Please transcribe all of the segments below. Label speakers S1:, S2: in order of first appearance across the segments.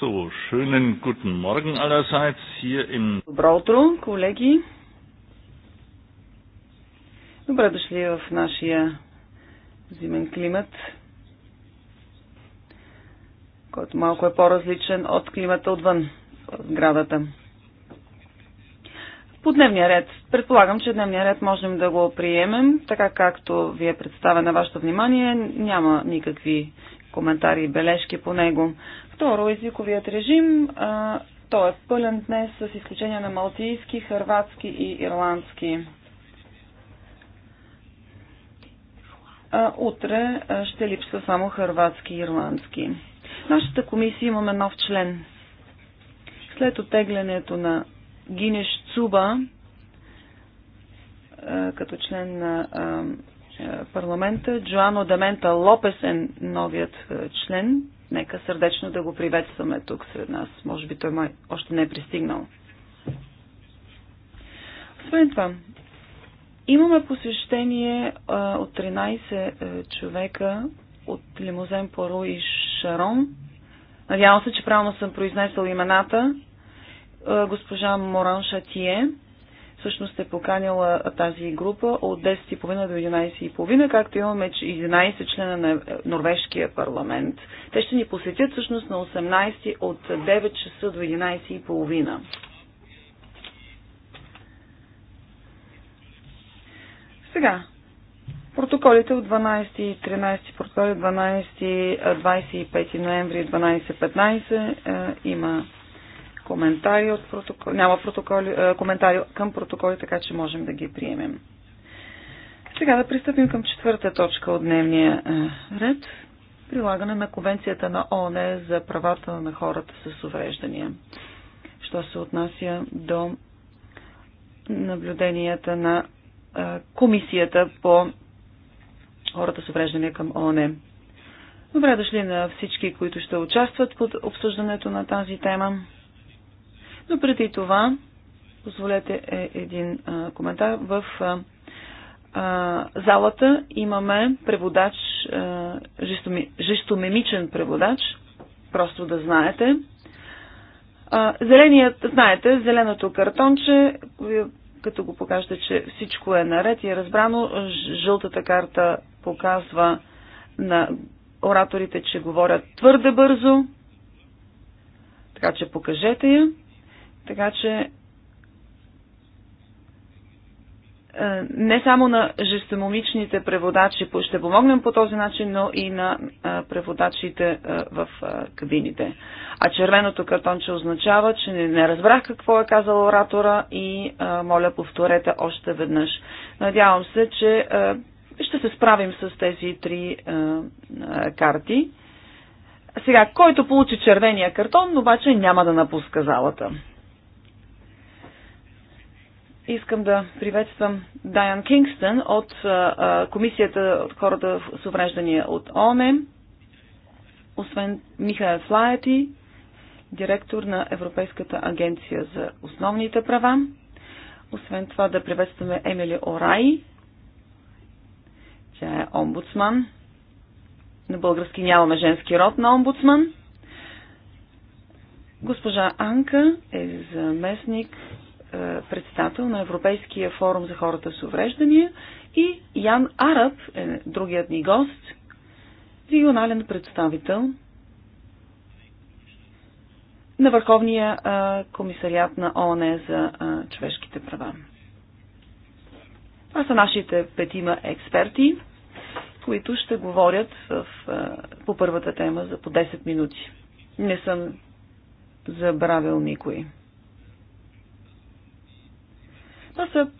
S1: So, schönen guten Morgen allerseits hier
S2: im... Добро утро, колеги! Добре дошли в нашия зимен климат, който малко е по-различен от климата отвън от градата. По дневния ред. Предполагам, че дневния ред можем да го приемем, така както ви е представя на вашето внимание. Няма никакви коментари и бележки по него. Второ, езиковият режим. А, той е пълен днес с изключение на малтийски, хърватски и ирландски. А, утре ще липсва само хърватски и ирландски. В нашата комисия имаме нов член. След отеглянето на Гинеш Цуба, като член на парламента, Джоано Дамента Лопес е новият член Нека сърдечно да го приветстваме тук сред нас. Може би той май още не е пристигнал. Освен това, имаме посещение а, от 13 а, е, човека от Лимузен Поро и Шарон. Надявам се, че правилно съм произнесъл имената. А, госпожа Моран Шатие, всъщност е поканила тази група от 10.30 до 11.30, както имаме 11 члена на Норвежкия парламент. Те ще ни посетят всъщност на 18 от 9 часа до 11.30. Сега, протоколите от 12 и 13 протоколи, 12, 25 ноември, 12.15 е, има коментари от протокол... няма е, коментари към протоколи, така че можем да ги приемем. Сега да пристъпим към четвърта точка от дневния ред. Прилагане на Конвенцията на ООН за правата на хората с увреждания. Що се отнася до наблюденията на Комисията по хората с увреждания към ООН. Добре дошли на всички, които ще участват под обсъждането на тази тема. Но преди това, позволете е един а, коментар. В а, а, залата имаме преводач, а, жестомемичен преводач, просто да знаете. А, зеленият, знаете, зеленото картонче, като го покажете, че всичко е наред и е разбрано, жълтата карта показва на ораторите, че говорят твърде бързо, така че покажете я. Така че е, не само на жестомомичните преводачи ще помогнем по този начин, но и на е, преводачите е, в кабините. А червеното картонче означава, че не разбрах какво е казал оратора и моля повторете още веднъж. Надявам се, че ще се справим с тези три карти. Сега, който получи червения картон, обаче няма да напуска залата. Искам да приветствам Дайан Кингстън от Комисията от хората с увреждания от ОНЕ, освен Михаил Флаети, директор на Европейската агенция за основните права. Освен това да приветстваме Емили Орай. Тя е омбудсман. На български нямаме женски род на омбудсман. Госпожа Анка е заместник е, председател на Европейския форум за хората с увреждания и Ян Араб е другият ни гост, регионален представител на Върховния е, комисариат на ООН за е, човешките права. Това са нашите петима експерти, които ще говорят в, по първата тема за по 10 минути. Не съм забравил никой. Това са,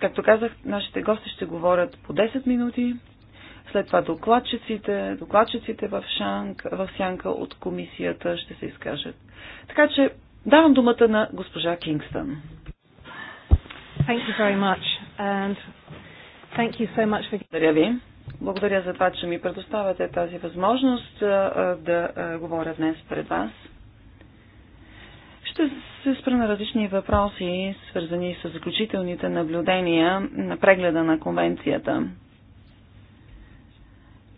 S2: както казах, нашите гости ще говорят по 10 минути, след това докладчиците, докладчиците в, Шанг, в сянка от комисията ще се изкажат. Така че давам думата на госпожа Кингстън. Thank you very much. And thank you so much for... Благодаря ви. Благодаря за това, че ми предоставяте тази възможност да говоря днес пред вас. Ще се спра на различни въпроси, свързани с заключителните наблюдения на прегледа на конвенцията.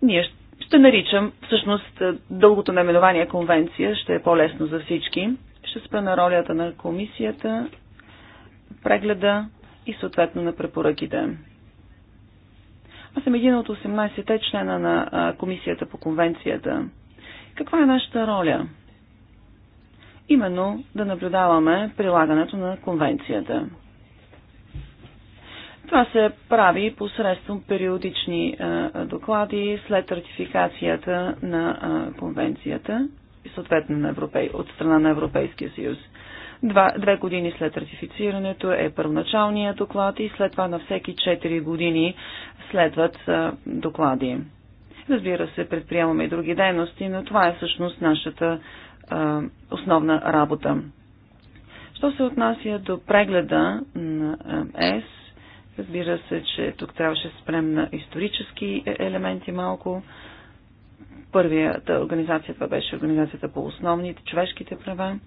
S2: Ние ще наричам, всъщност, дългото наименование конвенция, ще е по-лесно за всички. Ще спра на ролята на комисията, прегледа и съответно на препоръките. Аз съм един от 18-те члена на комисията по конвенцията. Каква е нашата роля? именно да наблюдаваме прилагането на конвенцията. Това се прави посредством периодични е, доклади след ратификацията на е, конвенцията и съответно на Европей, от страна на Европейския съюз. Два, две години след ратифицирането е първоначалният доклад и след това на всеки 4 години следват е, доклади. Разбира се, предприемаме и други дейности, но това е всъщност нашата основна работа. Що се отнася до прегледа на ЕС, разбира се, че тук трябваше да спрем на исторически е, елементи малко. Първията организация, това беше Организацията по основните човешките права.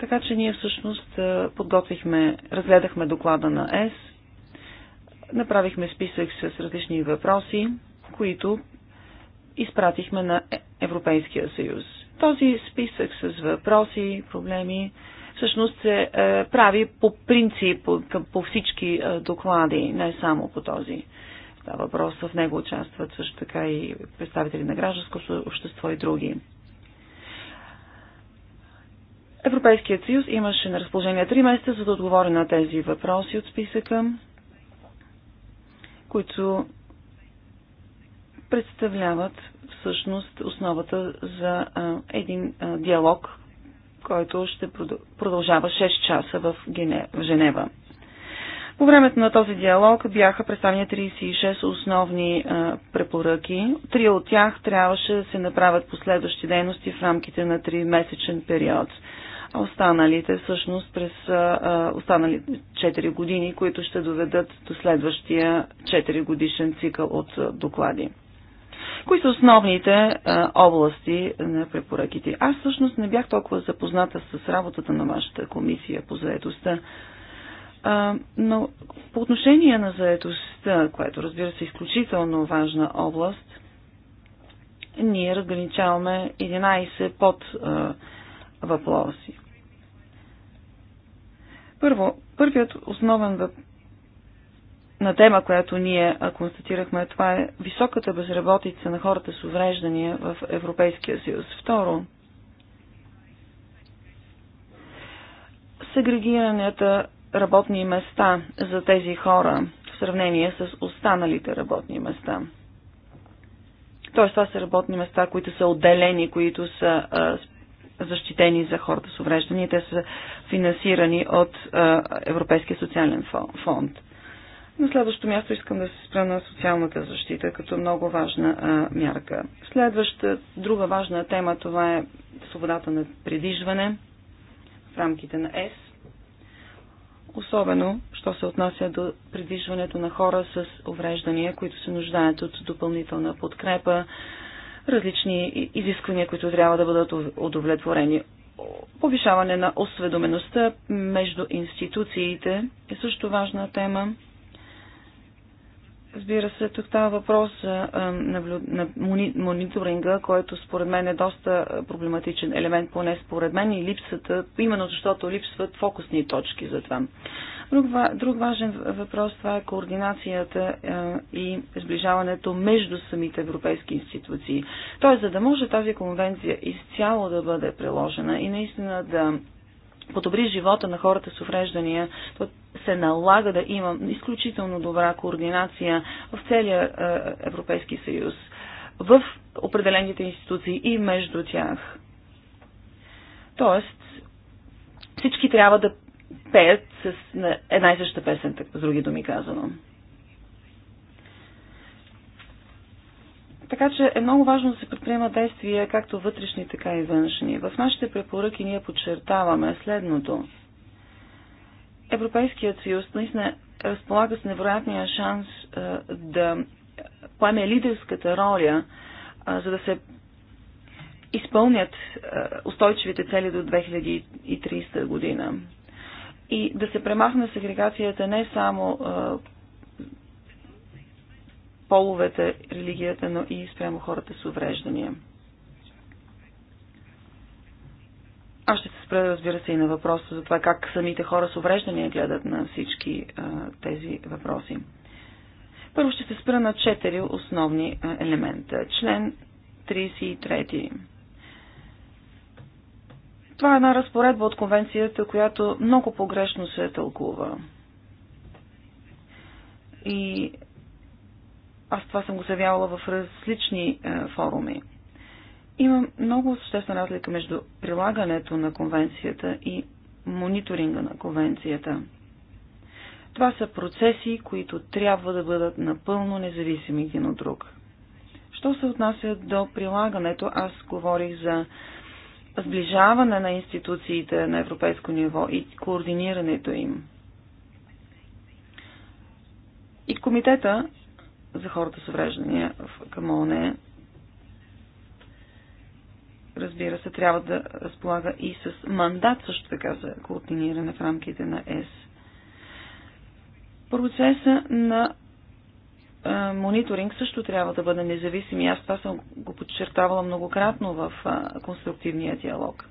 S2: Така че ние всъщност подготвихме, разгледахме доклада на ЕС, направихме списък с различни въпроси, които изпратихме на е, Европейския съюз. Този списък с въпроси, проблеми, всъщност се е, прави по принцип по, по всички е, доклади, не само по този. да, въпрос в него участват също така и представители на гражданското общество и други. Европейският съюз имаше на разположение 3 месеца, за да отговори на тези въпроси от списъка, които представляват всъщност основата за един диалог, който ще продължава 6 часа в Женева. По времето на този диалог бяха представени 36 основни препоръки. Три от тях трябваше да се направят последващи дейности в рамките на 3-месечен период. А останалите всъщност през останалите 4 години, които ще доведат до следващия 4 годишен цикъл от доклади. Кои са основните а, е, области на препоръките? Аз всъщност не бях толкова запозната с работата на вашата комисия по заедостта, а, но по отношение на заедостта, което разбира се е изключително важна област, ние разграничаваме 11 под а, е, въпроси. Първо, първият основен на тема, която ние констатирахме, това е високата безработица на хората с увреждания в Европейския съюз. Второ, сегрегираната работни места за тези хора в сравнение с останалите работни места. Тоест, това са работни места, които са отделени, които са а, защитени за хората с увреждания. Те са финансирани от а, Европейския социален фонд. На следващо място искам да се спра на социалната защита като много важна а, мярка. Следваща, друга важна тема, това е свободата на предижване в рамките на ЕС. Особено, що се отнася до предвижването на хора с увреждания, които се нуждаят от допълнителна подкрепа, различни изисквания, които трябва да бъдат удовлетворени. Повишаване на осведомеността между институциите е също важна тема. Разбира се, тук става въпрос за на мониторинга, който според мен е доста проблематичен елемент, поне според мен и липсата, именно защото липсват фокусни точки за това. Друг, друг важен въпрос това е координацията и сближаването между самите европейски институции. Тоест, за да може тази конвенция изцяло да бъде приложена и наистина да подобри живота на хората с увреждания, то се налага да има изключително добра координация в целия е, Европейски съюз, в определените институции и между тях. Тоест, всички трябва да пеят с една и съща песен, така с други думи казано. Така че е много важно да се предприема действия както вътрешни, така и външни. В нашите препоръки ние подчертаваме следното. Европейският съюз наистина разполага с невероятния шанс да поеме лидерската роля, за да се изпълнят устойчивите цели до 2030 година и да се премахне сегрегацията не само половете, религията, но и спрямо хората с увреждания. Аз ще се спра, разбира се, и на въпроса за това как самите хора с увреждания гледат на всички а, тези въпроси. Първо ще се спра на четири основни а, елемента. Член 33. Това е една разпоредба от конвенцията, която много погрешно се тълкува. И аз това съм го заявявала в различни е, форуми. Има много съществена разлика между прилагането на конвенцията и мониторинга на конвенцията. Това са процеси, които трябва да бъдат напълно независими един от друг. Що се отнася до прилагането, аз говорих за сближаване на институциите на европейско ниво и координирането им. И комитета за хората с увреждания към ООН, разбира се, трябва да разполага и с мандат също така за координиране в рамките на ЕС. Процеса на а, мониторинг също трябва да бъде независим и аз това съм го подчертавала многократно в а, конструктивния диалог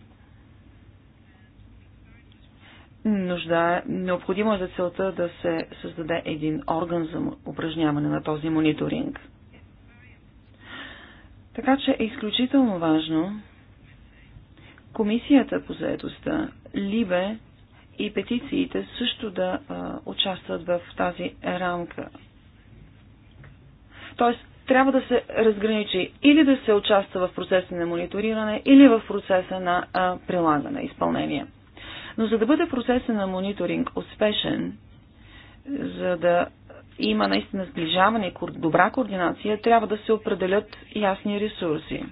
S2: нужда, необходимо е за целта да се създаде един орган за упражняване на този мониторинг. Така че е изключително важно Комисията по заедостта, Либе и петициите също да а, участват в тази рамка. Тоест, трябва да се разграничи или да се участва в процеса на мониториране, или в процеса на а, прилагане, изпълнение. Но за да бъде процеса на мониторинг успешен, за да има наистина сближаване и добра координация, трябва да се определят ясни ресурси.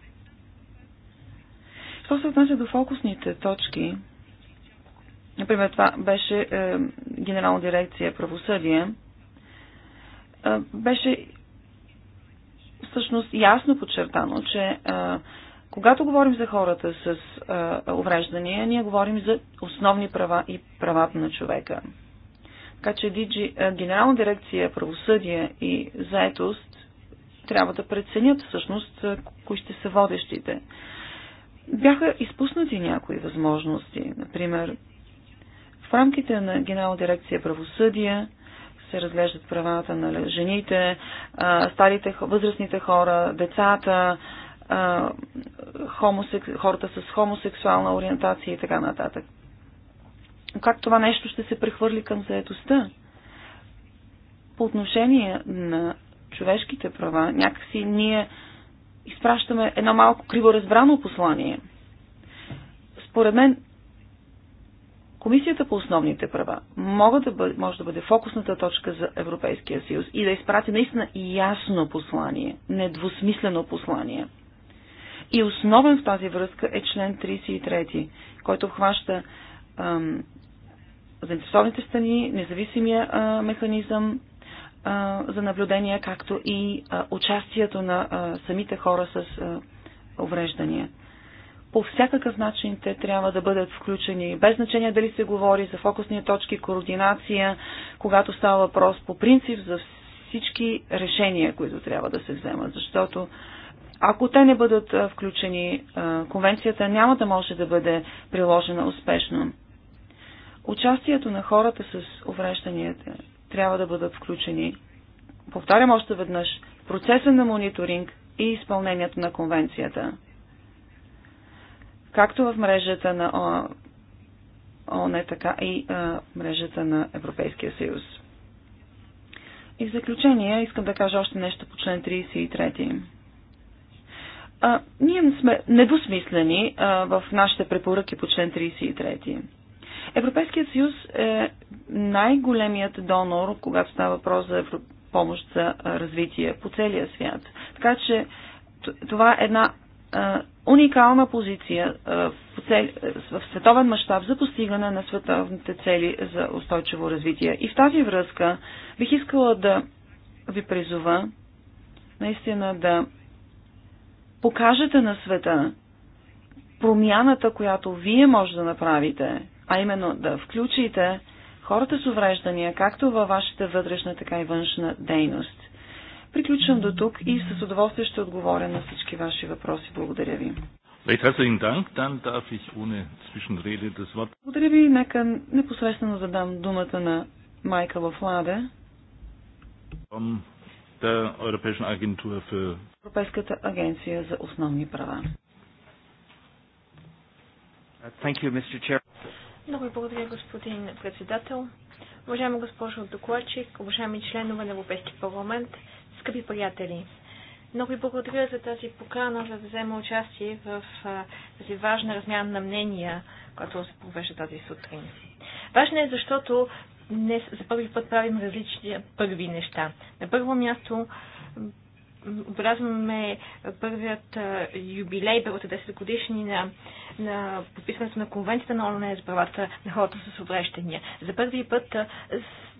S2: Що се отнася до фокусните точки, например, това беше е, Генерална дирекция правосъдие, е, беше всъщност ясно подчертано, че е, когато говорим за хората с а, увреждания, ние говорим за основни права и правата на човека. Така че а, Генерална дирекция правосъдие и заетост трябва да преценят всъщност кои ще са водещите. Бяха изпуснати някои възможности. Например, в рамките на Генерална дирекция правосъдие се разглеждат правата на жените, старите, възрастните хора, децата, а, хомосек... хората с хомосексуална ориентация и така нататък. Как това нещо ще се прехвърли към заедостта? По отношение на човешките права, някакси ние изпращаме едно малко криво разбрано послание. Според мен, Комисията по основните права могат да бъде, може да бъде фокусната точка за Европейския съюз и да изпрати наистина ясно послание, недвусмислено послание – и основен в тази връзка е член 33, който обхваща ам, заинтересованите страни, независимия а, механизъм а, за наблюдение, както и а, участието на а, самите хора с а, увреждания. По всякакъв начин те трябва да бъдат включени, без значение дали се говори за фокусни точки, координация, когато става въпрос по принцип за всички решения, които трябва да се вземат, защото ако те не бъдат включени, конвенцията няма да може да бъде приложена успешно. Участието на хората с увреждания е, трябва да бъдат включени. Повтарям още веднъж, процеса на мониторинг и изпълнението на конвенцията. Както в мрежата на ООН, така и а, мрежата на Европейския съюз. И в заключение искам да кажа още нещо по член 33. А, ние сме недосмислени а, в нашите препоръки по член 33. Европейският съюз е най-големият донор, когато става въпрос за помощ за развитие по целия свят. Така че това е една а, уникална позиция а, в, цел... в световен мащаб за постигане на световните цели за устойчиво развитие. И в тази връзка бих искала да ви призова наистина да покажете на света промяната, която вие може да направите, а именно да включите хората с увреждания, както във вашата вътрешна, така и външна дейност. Приключвам до тук и с удоволствие ще отговоря на всички ваши въпроси. Благодаря ви. Благодаря ви. Нека непосредствено задам думата на Майкъл Ладе. Европейската агенция за основни права.
S3: Thank you, Mr. Chair.
S4: Много ви благодаря, господин председател. Уважаема госпожо докладчик, уважаеми членове на Европейски парламент, скъпи приятели, много ви благодаря за тази покана, за да взема участие в тази важна размяна на мнения, която се провежда тази сутрин. Важно е, защото днес за първи път правим различни първи неща. На първо място отбелязваме първият юбилей, първата 10 годишни на, на подписването на конвенцията на ООН за правата на хората с увреждания. За първи път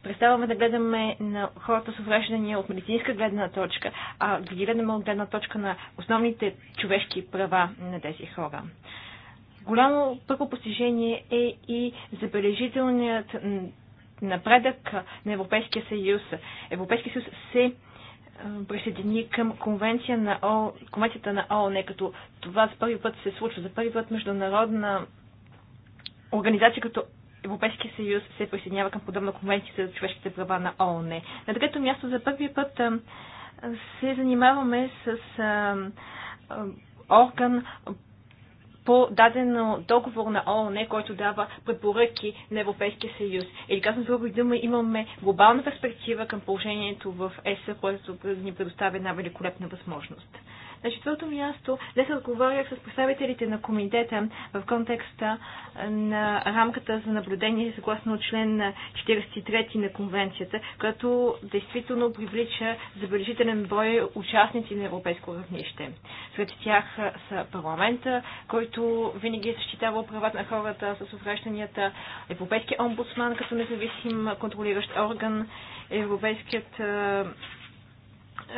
S4: представаме да гледаме на хората с увреждания от медицинска гледна точка, а да ги гледаме от гледна точка на основните човешки права на тези хора. Голямо първо постижение е и забележителният напредък на Европейския съюз. Европейския съюз се е, присъедини към конвенция на О, конвенцията на ООН, като това за първи път се случва. За първи път международна организация като Европейския съюз се присъединява към подобна конвенция за човешките права на ООН. На трето място за първи път е, се занимаваме с е, орган по дадено договор на ООН, който дава препоръки на Европейския съюз. Или казвам с други думи, имаме глобална перспектива към положението в ЕС, което ни предоставя една великолепна възможност. На четвърто място, днес отговарях с представителите на комитета в контекста на рамката за наблюдение съгласно член 43 на конвенцията, която действително привлича забележителен брой участници на европейско равнище. Сред тях са парламента, който винаги е защитавал правата на хората с увращанията, Европейския омбудсман като независим контролиращ орган, Европейският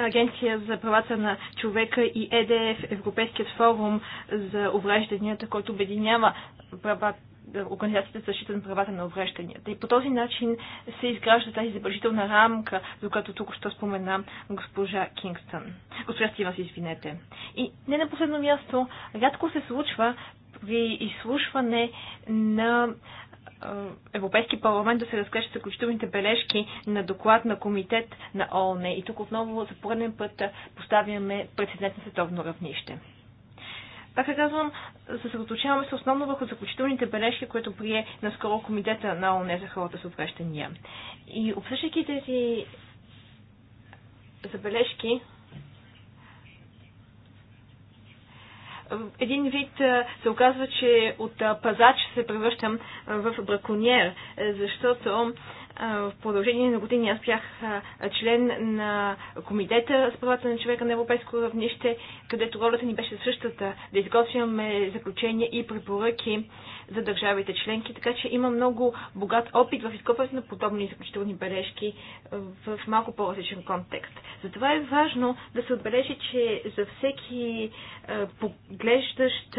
S4: Агенция за правата на човека и ЕДФ, Европейският форум за уврежданията, който обединява правата Организацията за защита на правата на уврежданията. И по този начин се изгражда тази забележителна рамка, за която тук ще спомена госпожа Кингстън. Госпожа Стивенс, извинете. И не на последно място, рядко се случва при изслушване на е, Европейски парламент да се разкаже заключителните бележки на доклад на комитет на ООН. И тук отново за пореден път поставяме прецедент на световно равнище. Така казвам, съсредоточаваме се основно върху заключителните бележки, които прие наскоро комитета на ООН за хората с увреждания. И обсъждайки тези забележки, един вид се оказва, че от пазач се превръщам в браконьер, е, защото в продължение на години аз бях член на Комитета с правата на човека на европейско равнище, където ролята ни беше същата да изготвяме заключения и препоръки за държавите членки, така че има много богат опит в изкопването на подобни заключителни бележки в малко по-различен контекст. Затова е важно да се отбележи, че за всеки поглеждащ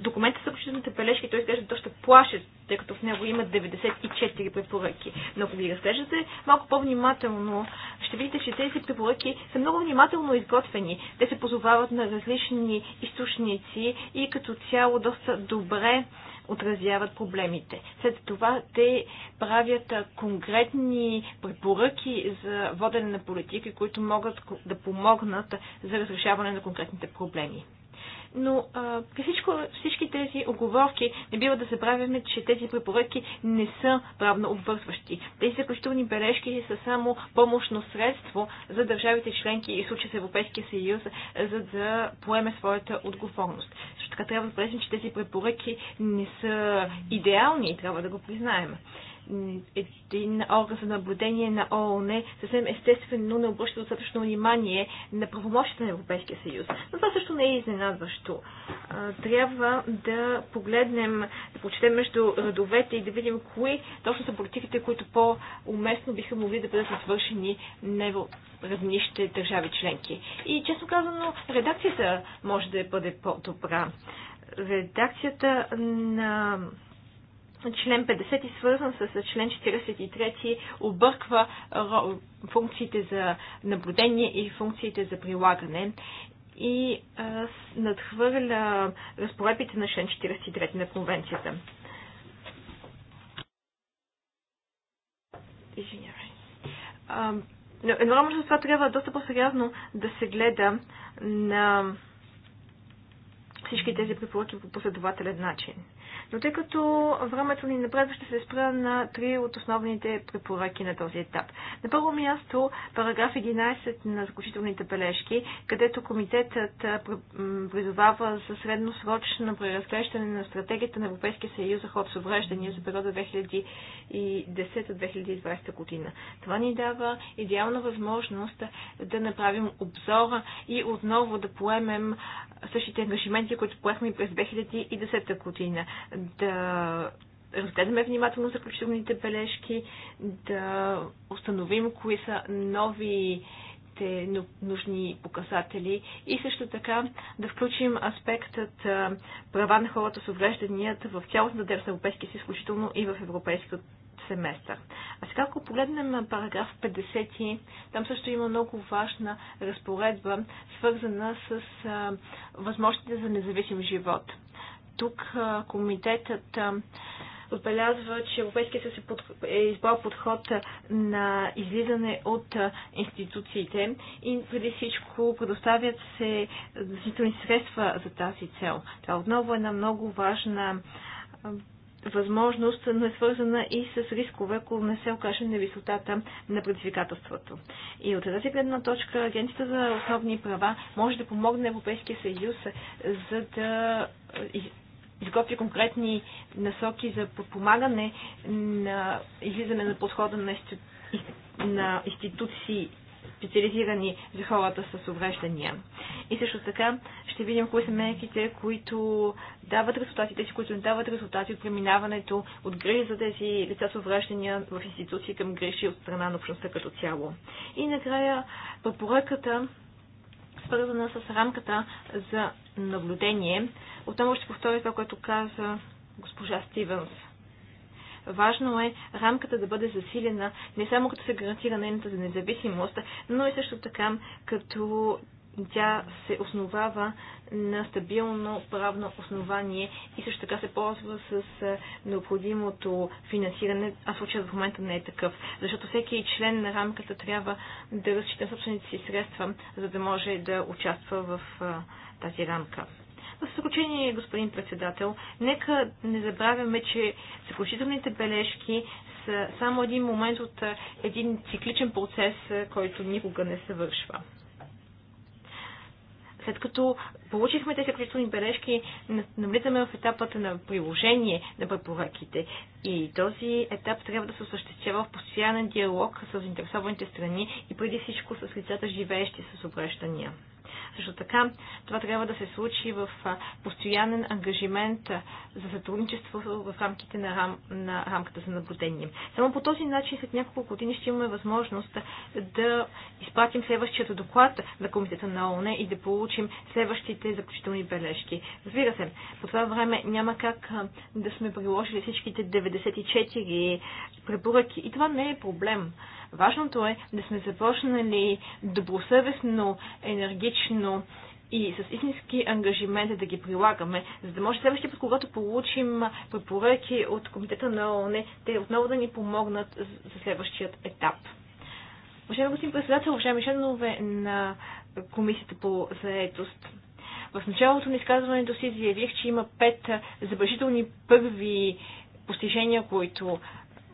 S4: документа са обществените бележки, той изглежда доста плаше, тъй като в него има 94 препоръки. Но ако ви разглеждате малко по-внимателно, ще видите, че тези препоръки са много внимателно изготвени. Те се позовават на различни източници и като цяло доста добре отразяват проблемите. След това те правят конкретни препоръки за водене на политики, които могат да помогнат за разрешаване на конкретните проблеми но а, при всичко, всички тези оговорки не бива да забравяме, че тези препоръки не са правно обвързващи. Тези заключителни бележки са само помощно средство за държавите членки и случай с Европейския съюз, за да поеме своята отговорност. Също така трябва да отбележим, че тези препоръки не са идеални и трябва да го признаем един орган за наблюдение на ООН съвсем естествено не обръща достатъчно внимание на правомощите на Европейския съюз. Но това също не е изненадващо. Трябва да погледнем, да прочетем между родовете и да видим кои точно са политиките, които по-уместно биха могли да бъдат извършени на разнищите държави членки. И честно казано, редакцията може да бъде по-добра. Редакцията на член 50 и е свързан с член 43 обърква функциите за наблюдение и функциите за прилагане и надхвърля разпоредбите на член 43 на конвенцията. Извинявай. Едновременно това трябва доста по-сериозно да се гледа на всички тези препоръки по последователен начин. Но тъй като времето ни напредва, ще се спра на три от основните препоръки на този етап. На първо място, параграф 11 на заключителните бележки, където комитетът призовава за средносрочно преразглеждане на стратегията на Европейския съюз за ход с увреждания за периода 2010-2020 година. Това ни дава идеална възможност да направим обзора и отново да поемем същите ангажименти, които поехме през 2010 година да разгледаме внимателно заключителните бележки, да установим кои са нови новите нужни показатели и също така да включим аспектът права на хората с уврежданията в цялото дейност на Европейски си, изключително и в европейски семестър. А сега, ако погледнем параграф 50, там също има много важна разпоредба, свързана с а, възможностите за независим живот. Тук комитетът отбелязва, че Европейския съюз е, е избрал подход на излизане от институциите и преди всичко предоставят се значителни средства за тази цел. Това е отново е една много важна възможност, но е свързана и с рискове, ако не се окаже на висотата на предизвикателството. И от тази гледна точка Агенцията за основни права може да помогне Европейския съюз за да изготви конкретни насоки за подпомагане на излизане на подхода на, на институции специализирани за хората с увреждания. И също така ще видим кои са мерките, които дават резултати, тези, които не дават резултати от преминаването от грижи за тези лица с увреждания в институции към грижи от страна на общността като цяло. И накрая препоръката, свързана с рамката за наблюдение. Отново ще повторя това, което каза госпожа Стивенс. Важно е рамката да бъде засилена не само като се гарантира нейната независимост, но и също така като тя се основава на стабилно правно основание и също така се ползва с е, необходимото финансиране, а случая в момента не е такъв. Защото всеки член на рамката трябва да разчита собствените си средства, за да може да участва в е, тази рамка. В заключение, господин председател, нека не забравяме, че заключителните бележки са само един момент от е, един цикличен процес, който никога не се вършва. След като получихме тези заключителни бележки, навлизаме в етапата на приложение на препоръките. И този етап трябва да се осъществява в постоянен диалог с заинтересованите страни и преди всичко с лицата, живеещи с обръщания. Също така, това трябва да се случи в постоянен ангажимент за сътрудничество в рамките на, рам, на рамката за наблюдение. Само по този начин след няколко години ще имаме възможност да изпратим следващия доклад на Комитета на ООН и да получим следващите заключителни бележки. Разбира се, по това време няма как да сме приложили всичките 94 препоръки. И това не е проблем. Важното е да сме започнали добросъвестно, енергично и с истински ангажимент да ги прилагаме, за да може следващия път, когато получим препоръки от Комитета на ООН, те отново да ни помогнат за следващият етап. Уважаеми господин председател, уважаеми членове на Комисията по заедост, в началото на изказването си заявих, че има пет забележителни първи постижения, които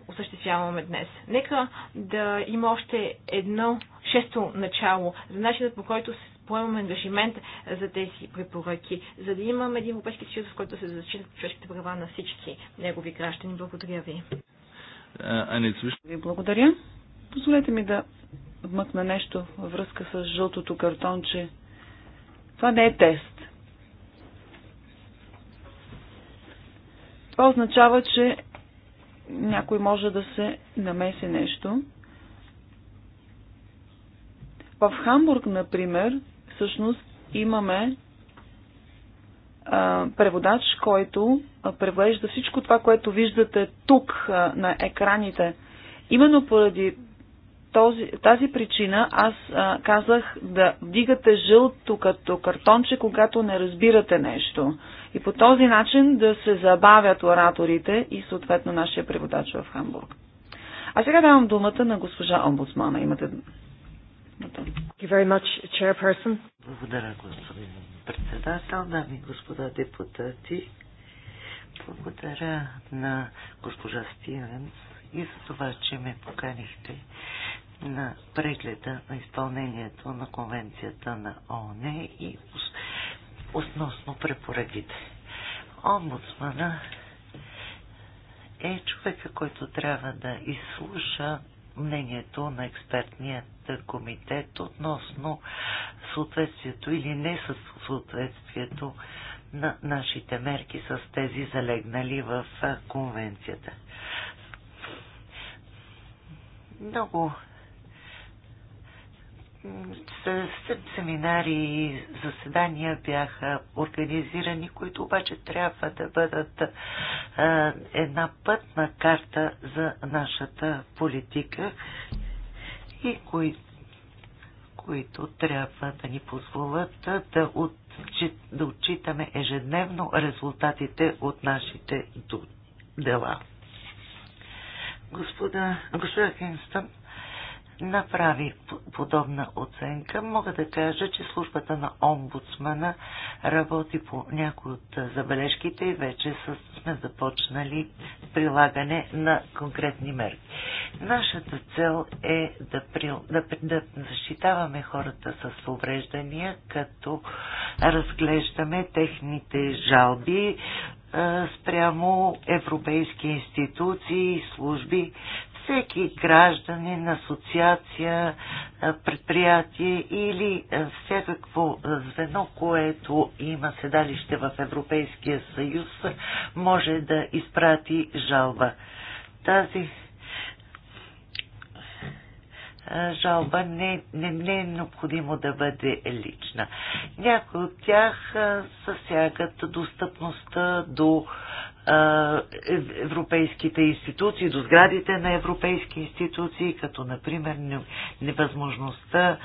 S4: осъществяваме днес. Нека да има още едно шесто начало за начинът по който се поемаме ангажимент за тези препоръки, за да имаме един европейски съюз, в който се зачитат човешките права на всички негови граждани. Благодаря ви.
S2: Ви благодаря. Позволете ми да вмъкна нещо във връзка с жълтото картонче. Това не е тест. Това означава, че някой може да се намеси нещо. В Хамбург, например, всъщност имаме а, преводач, който превежда всичко това, което виждате тук а, на екраните. Именно поради този, тази причина аз а, казах да вдигате жълто като картонче, когато не разбирате нещо. И по този начин да се забавят ораторите и съответно нашия преводач в Хамбург. А сега давам думата на госпожа омбудсмана. Имате much,
S5: Благодаря, господин председател, дами и господа депутати. Благодаря на госпожа Стивенс и за това, че ме поканихте на прегледа на изпълнението на конвенцията на ООН и относно препоръките. Омбудсмана е човека, който трябва да изслуша мнението на експертният комитет относно съответствието или не съответствието на нашите мерки с тези залегнали в конвенцията. Много семинари, заседания бяха организирани, които обаче трябва да бъдат една пътна карта за нашата политика и кои, които трябва да ни позволят да, отчит, да отчитаме ежедневно резултатите от нашите дела. Господа, господа Хинстън, направи подобна оценка, мога да кажа, че службата на омбудсмана работи по някои от забележките и вече сме започнали прилагане на конкретни мерки. Нашата цел е да, при, да, да защитаваме хората с увреждания, като разглеждаме техните жалби, спрямо европейски институции и служби, всеки гражданин, асоциация, предприятие или всякакво звено, което има седалище в Европейския съюз, може да изпрати жалба. Тази жалба не, не, не е необходимо да бъде лична. Някои от тях съсягат достъпността до европейските институции, до сградите на европейски институции, като например невъзможността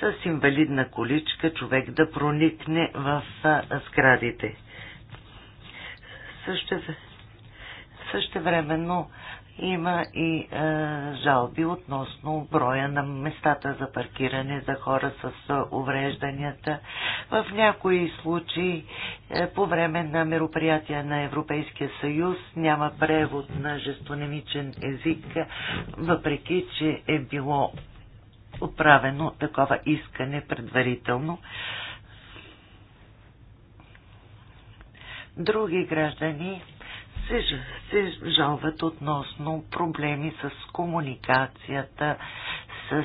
S5: с инвалидна количка човек да проникне в сградите. Също, времено има и е, жалби относно броя на местата за паркиране за хора с е, уврежданията. В някои случаи е, по време на мероприятия на Европейския съюз няма превод на жестонемичен език, въпреки че е било отправено такова искане предварително. Други граждани се, се жалват относно проблеми с комуникацията с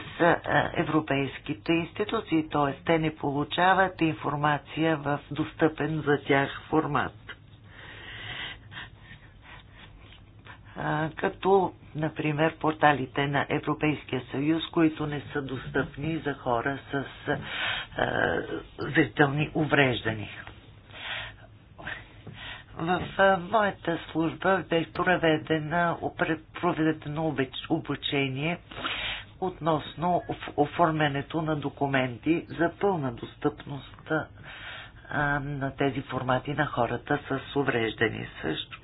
S5: европейските институции, т.е. те не получават информация в достъпен за тях формат. като, например, порталите на Европейския съюз, които не са достъпни за хора с зрителни увреждания. В моята служба бе проведено, проведено обучение относно оформянето на документи за пълна достъпност на тези формати на хората с увреждани също.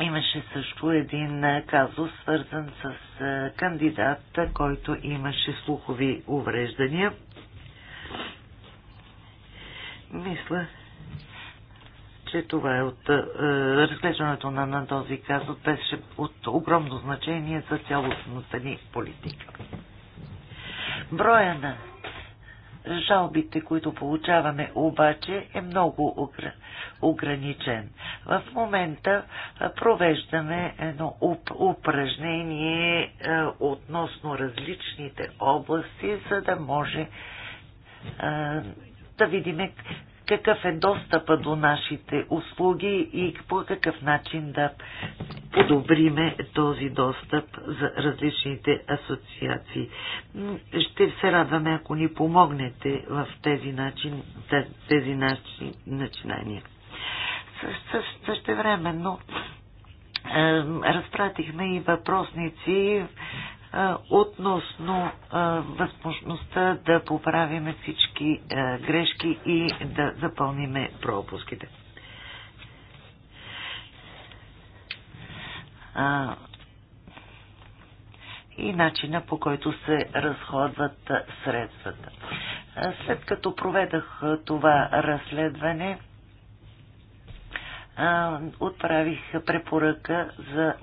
S5: Имаше също един казус, свързан с кандидат, който имаше слухови увреждания. Мисля, че това е от е, разглеждането на, на този казус беше от огромно значение за цялостната ни политика. Броя на жалбите, които получаваме обаче е много ограничен. В момента е, провеждаме едно упражнение е, относно различните области, за да може е, да видим какъв е достъпа до нашите услуги и по какъв начин да подобриме този достъп за различните асоциации. Ще се радваме, ако ни помогнете в тези, начин, тези начин, начинания. Същевременно разпратихме и въпросници относно възможността да поправиме всички грешки и да запълниме пропуските. и начина по който се разходват средствата. След като проведах това разследване, отправих препоръка за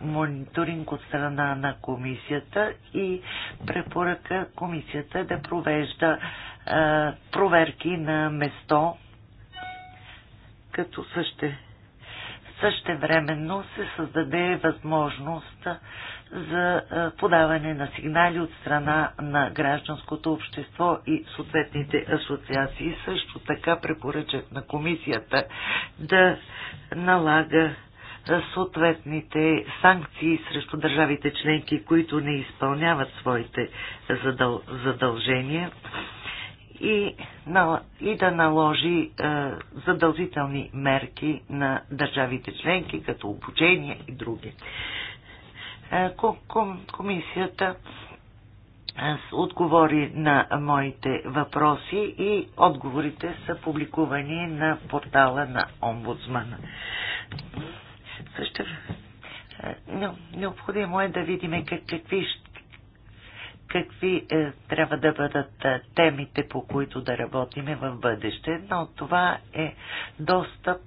S5: мониторинг от страна на комисията и препоръка комисията да провежда проверки на место, като съще, същевременно се създаде възможност за подаване на сигнали от страна на гражданското общество и съответните асоциации. Също така препоръчах на комисията да налага съответните санкции срещу държавите членки, които не изпълняват своите задъл... задължения и, и да наложи е, задължителни мерки на държавите членки, като обучение и други. Е, ком, комисията е, отговори на моите въпроси и отговорите са публикувани на портала на омбудсмана. Също е, необходимо е да видим какви, какви е, трябва да бъдат е, темите, по които да работиме в бъдеще. Но това е достъп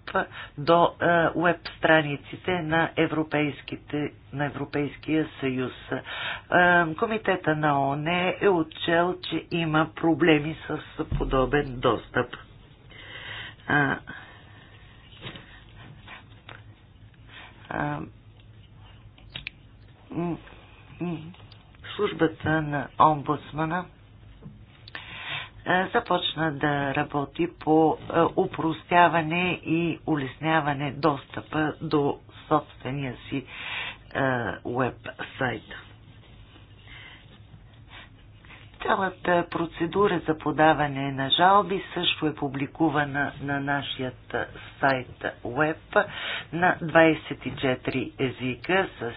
S5: до веб страниците на, европейските, на Европейския съюз. комитета на ОНЕ е отчел, че има проблеми с подобен достъп. службата на омбудсмана започна да работи по упростяване и улесняване достъпа до собствения си веб Цялата процедура за подаване на жалби също е публикувана на нашия сайт web на 24 езика с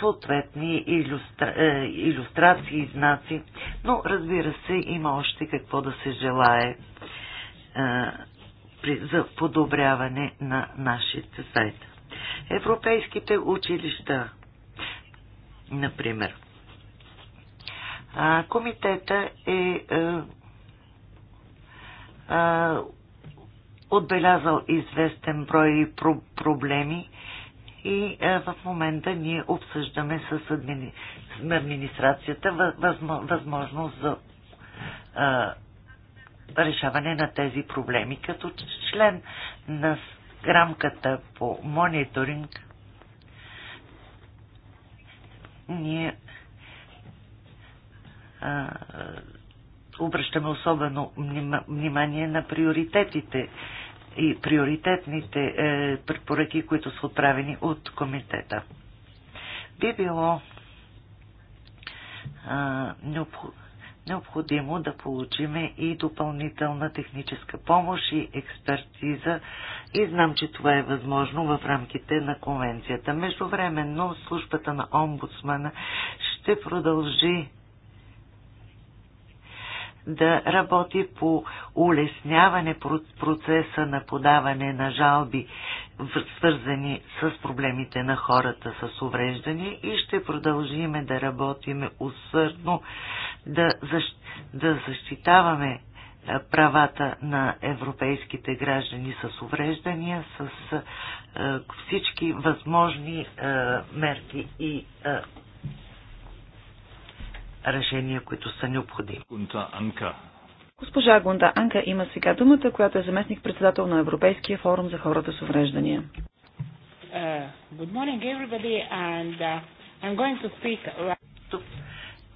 S5: съответни иллюстра... иллюстрации и знаци, но разбира се има още какво да се желае за подобряване на нашите сайта. Европейските училища, например. А, комитета е а, е, а, е, отбелязал известен брой про- проблеми и а, е, в момента ние обсъждаме с админи... администрацията възмо... възможност за а, решаване на тези проблеми. Като член на рамката по мониторинг, ние обръщаме особено внимание на приоритетите и приоритетните е, препоръки, които са отправени от комитета. Би било а, необходимо необходимо да получиме и допълнителна техническа помощ и експертиза и знам, че това е възможно в рамките на конвенцията. Междувременно службата на омбудсмана ще продължи да работи по улесняване процеса на подаване на жалби, свързани с проблемите на хората с увреждане и ще продължиме да работиме усърдно, да, защ... да защитаваме правата на европейските граждани с увреждания с всички възможни мерки и решения, които са необходими.
S2: Госпожа Гунда Анка има сега думата, която е заместник-председател на Европейския форум за хората с увреждания.
S4: Uh,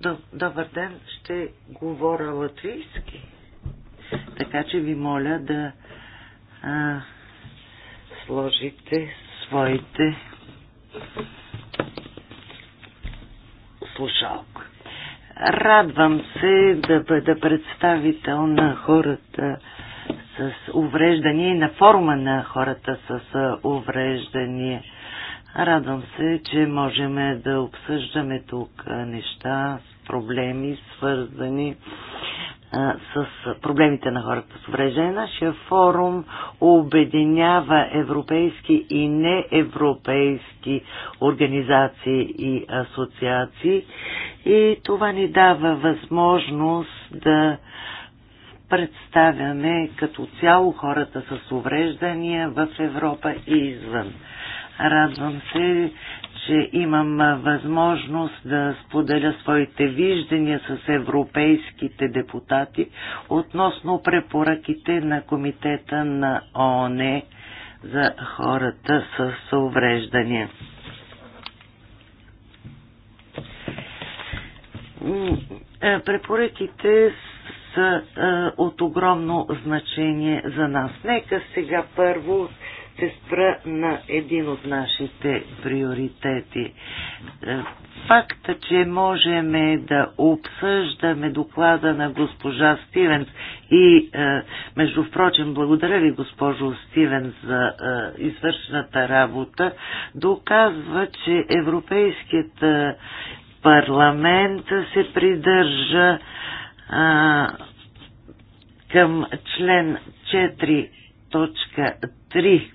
S4: uh, добър
S5: ден, ще говоря латвийски. Така че ви моля да а, сложите своите слушалки. Радвам се да бъда представител на хората с увреждания и на форума на хората с увреждания. Радвам се, че можем да обсъждаме тук неща, проблеми, свързани с с проблемите на хората с увреждане. Нашия форум обединява европейски и неевропейски организации и асоциации и това ни дава възможност да представяме като цяло хората с увреждания в Европа и извън. Радвам се, че имам възможност да споделя своите виждания с европейските депутати относно препоръките на Комитета на ООН за хората с увреждания. Препоръките са от огромно значение за нас. Нека сега първо се спра на един от нашите приоритети. Е, факта, че можем да обсъждаме доклада на госпожа Стивенс и, е, между впрочем, благодаря ви, госпожо Стивенс, за е, извършената работа, доказва, че Европейският парламент се придържа към член 4.3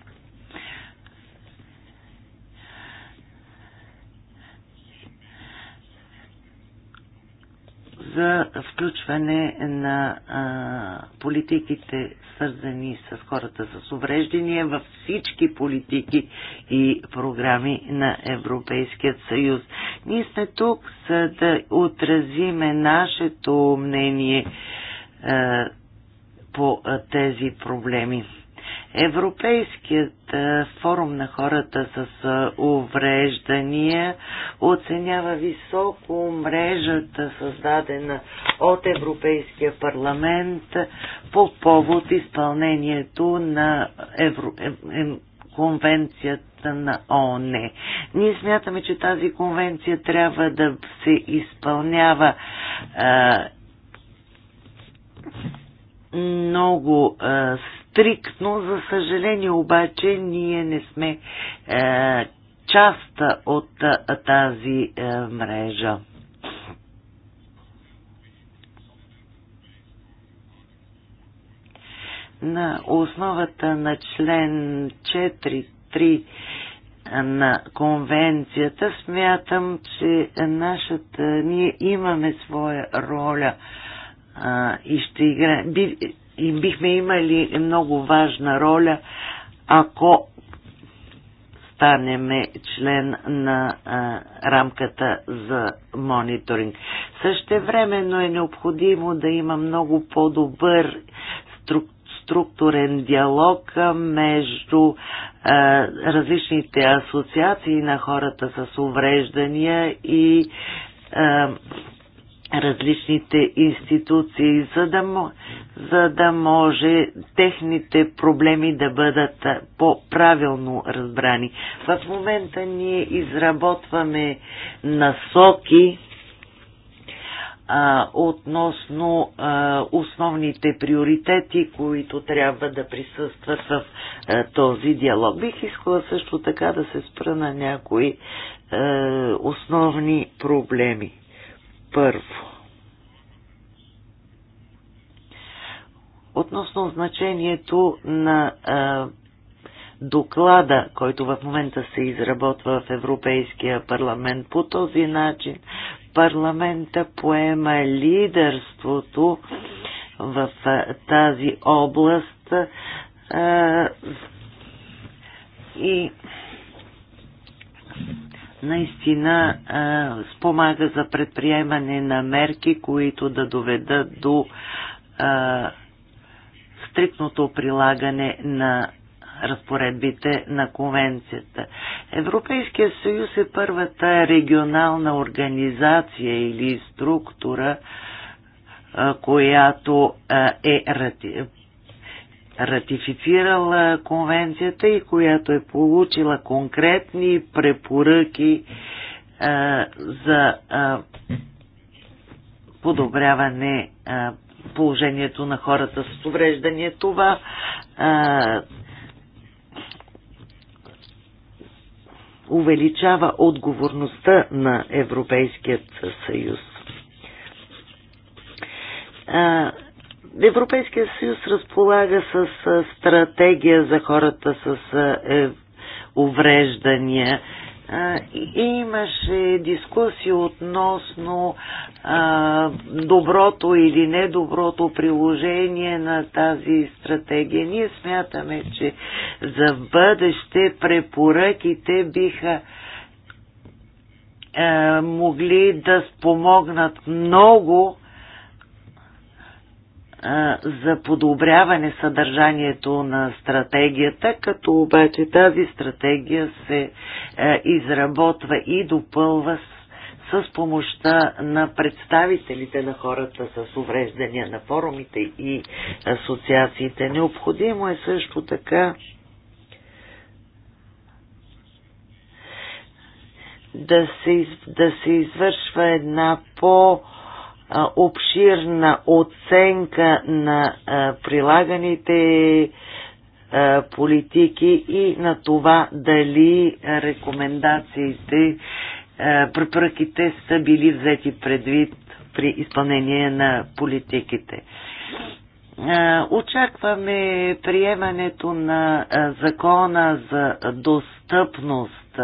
S5: за включване на а, политиките, свързани с хората с увреждания, във всички политики и програми на Европейският съюз. Ние сме тук, за да отразиме нашето мнение а, по а, тези проблеми. Европейският форум на хората с увреждания оценява високо мрежата, създадена от Европейския парламент по повод изпълнението на Евро... Е, е, конвенцията на ООН. Ние смятаме, че тази конвенция трябва да се изпълнява много а, стриктно. За съжаление обаче ние не сме е, част от е, тази е, мрежа. На основата на член 4.3 е, на конвенцията, смятам, че нашата, ние имаме своя роля а, е, и ще играем. Би, и бихме имали много важна роля, ако станеме член на а, рамката за мониторинг. времено е необходимо да има много по-добър струк, структурен диалог между а, различните асоциации на хората с увреждания и а, различните институции, за да, за да може техните проблеми да бъдат по-правилно разбрани. В момента ние изработваме насоки а, относно а, основните приоритети, които трябва да присъстват в а, този диалог. Бих искала също така да се спра на някои а, основни проблеми първо. Относно значението на а, доклада, който в момента се изработва в Европейския парламент. По този начин парламента поема лидерството в тази област а, и наистина а, спомага за предприемане на мерки, които да доведат до а, стрикното прилагане на разпоредбите на конвенцията. Европейския съюз е първата регионална организация или структура, която е ратифицирала конвенцията и която е получила конкретни препоръки а, за а, подобряване а, положението на хората с увреждане. Това а, увеличава отговорността на Европейският съюз. А, Европейския съюз разполага с стратегия за хората с е, увреждания. Имаше дискусии относно а, доброто или недоброто приложение на тази стратегия. Ние смятаме, че за бъдеще препоръките биха а, могли да спомогнат много за подобряване съдържанието на стратегията, като обаче тази стратегия се е, изработва и допълва с, с помощта на представителите на хората с увреждания на форумите и асоциациите. Необходимо е също така да се, да се извършва една по- обширна оценка на прилаганите политики и на това дали рекомендациите, препоръките са били взети предвид при изпълнение на политиките. Очакваме приемането на закона за достъпност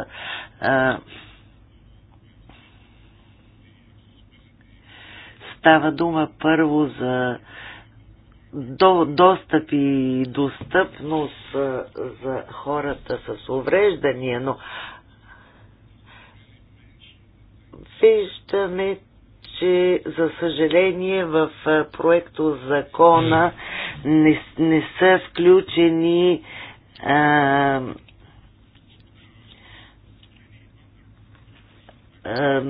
S5: Става дума първо за до, достъп и достъпност за хората с увреждания, но виждаме, че за съжаление в проекто закона не, не са включени а, а,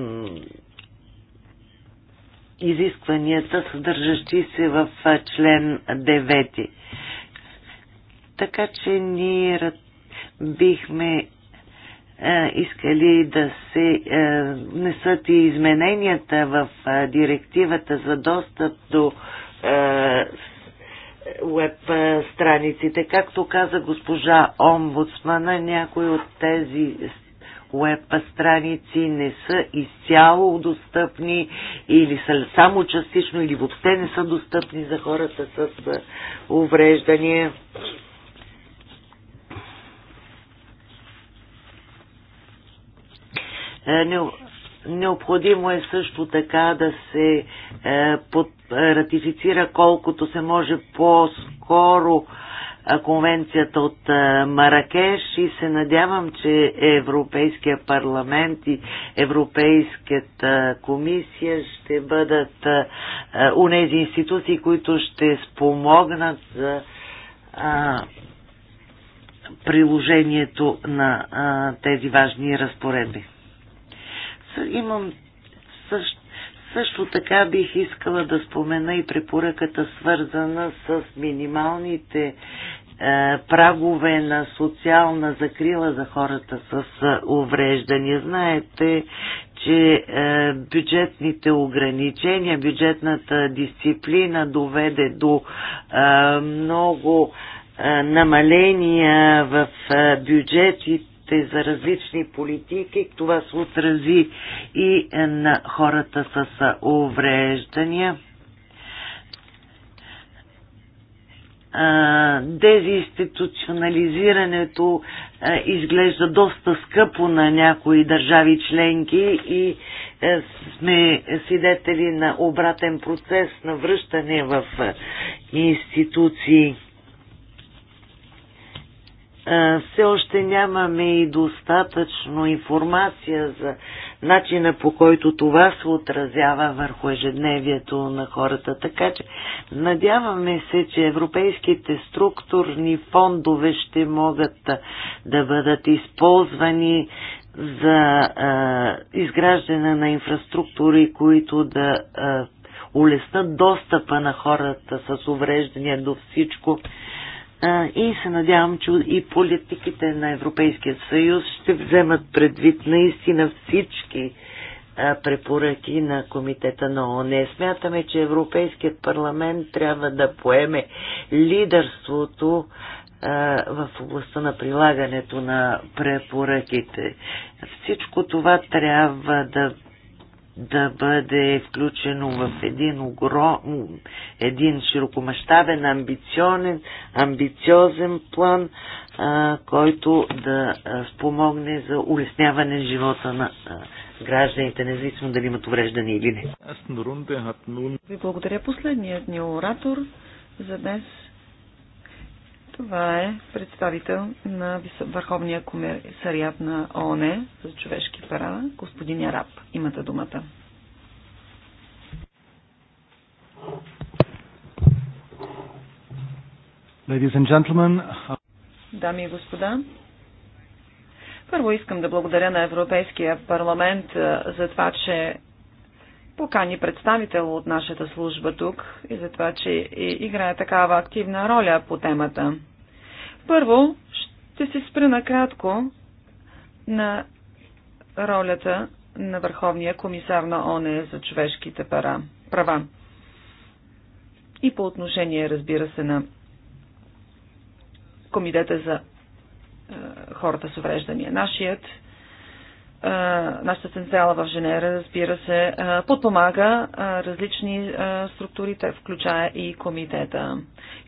S5: изискванията, съдържащи се в член 9. Така че ние бихме искали да се внесат и измененията в директивата за достъп до веб страниците. Както каза госпожа омбудсмана, някои от тези веб страници не са изцяло достъпни или са само частично или въобще не са достъпни за хората с увреждания. Е, необходимо е също така да се е, под, ратифицира колкото се може по-скоро е, конвенцията от Маракеш и се надявам, че Европейския парламент и Европейската комисия ще бъдат унези институции, които ще спомогнат за приложението на а, тези важни разпоредби. Имам също, също така бих искала да спомена и препоръката свързана с минималните е, прагове на социална закрила за хората с е, увреждания. Знаете, че е, бюджетните ограничения, бюджетната дисциплина доведе до много намаления в бюджетите за различни политики. Това се отрази и на хората с увреждания. дезинституционализирането изглежда доста скъпо на някои държави членки и е, сме свидетели на обратен процес на връщане в е, институции. Все още нямаме и достатъчно информация за начина по който това се отразява върху ежедневието на хората. Така че надяваме се, че европейските структурни фондове ще могат да бъдат използвани за а, изграждане на инфраструктури, които да а, улеснат достъпа на хората с увреждания до всичко, и се надявам, че и политиките на Европейския съюз ще вземат предвид наистина всички препоръки на Комитета на ООН. Смятаме, че Европейският парламент трябва да поеме лидерството в областта на прилагането на препоръките. Всичко това трябва да да бъде включено в един, огром, един широкомащабен, амбиционен, амбициозен план, а, който да а, спомогне за улесняване живота на а, гражданите, независимо дали имат увреждане или не.
S2: Ви благодаря последният ни оратор за днес това е представител на Върховния комисариат на ООН за човешки права, господин Араб. Имате думата. Дами и господа, първо искам да благодаря на Европейския парламент за това, че покани представител от нашата служба тук и за това, че играе такава активна роля по темата. Първо, ще се спра накратко на ролята на Върховния комисар на ОНЕ за човешките пара, права. И по отношение, разбира се, на Комитета за е, хората с увреждания. Нашият нашата централа в Женера, разбира се, подпомага различни структури, те включая и комитета,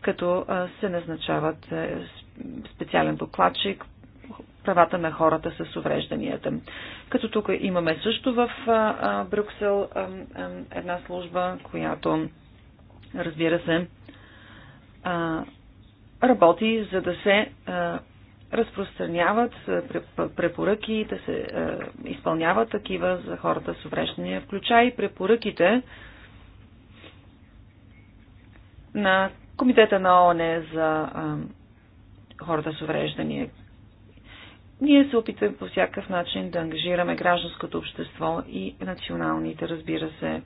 S2: като се назначават специален докладчик, правата на хората с уврежданията. Като тук имаме също в Брюксел една служба, която, разбира се, работи за да се разпространяват е, препоръки, да се е, изпълняват такива за хората с увреждания, включая и препоръките на Комитета на ООН за е, хората с увреждания. Ние се опитваме по всякакъв начин да ангажираме гражданското общество и националните, разбира се,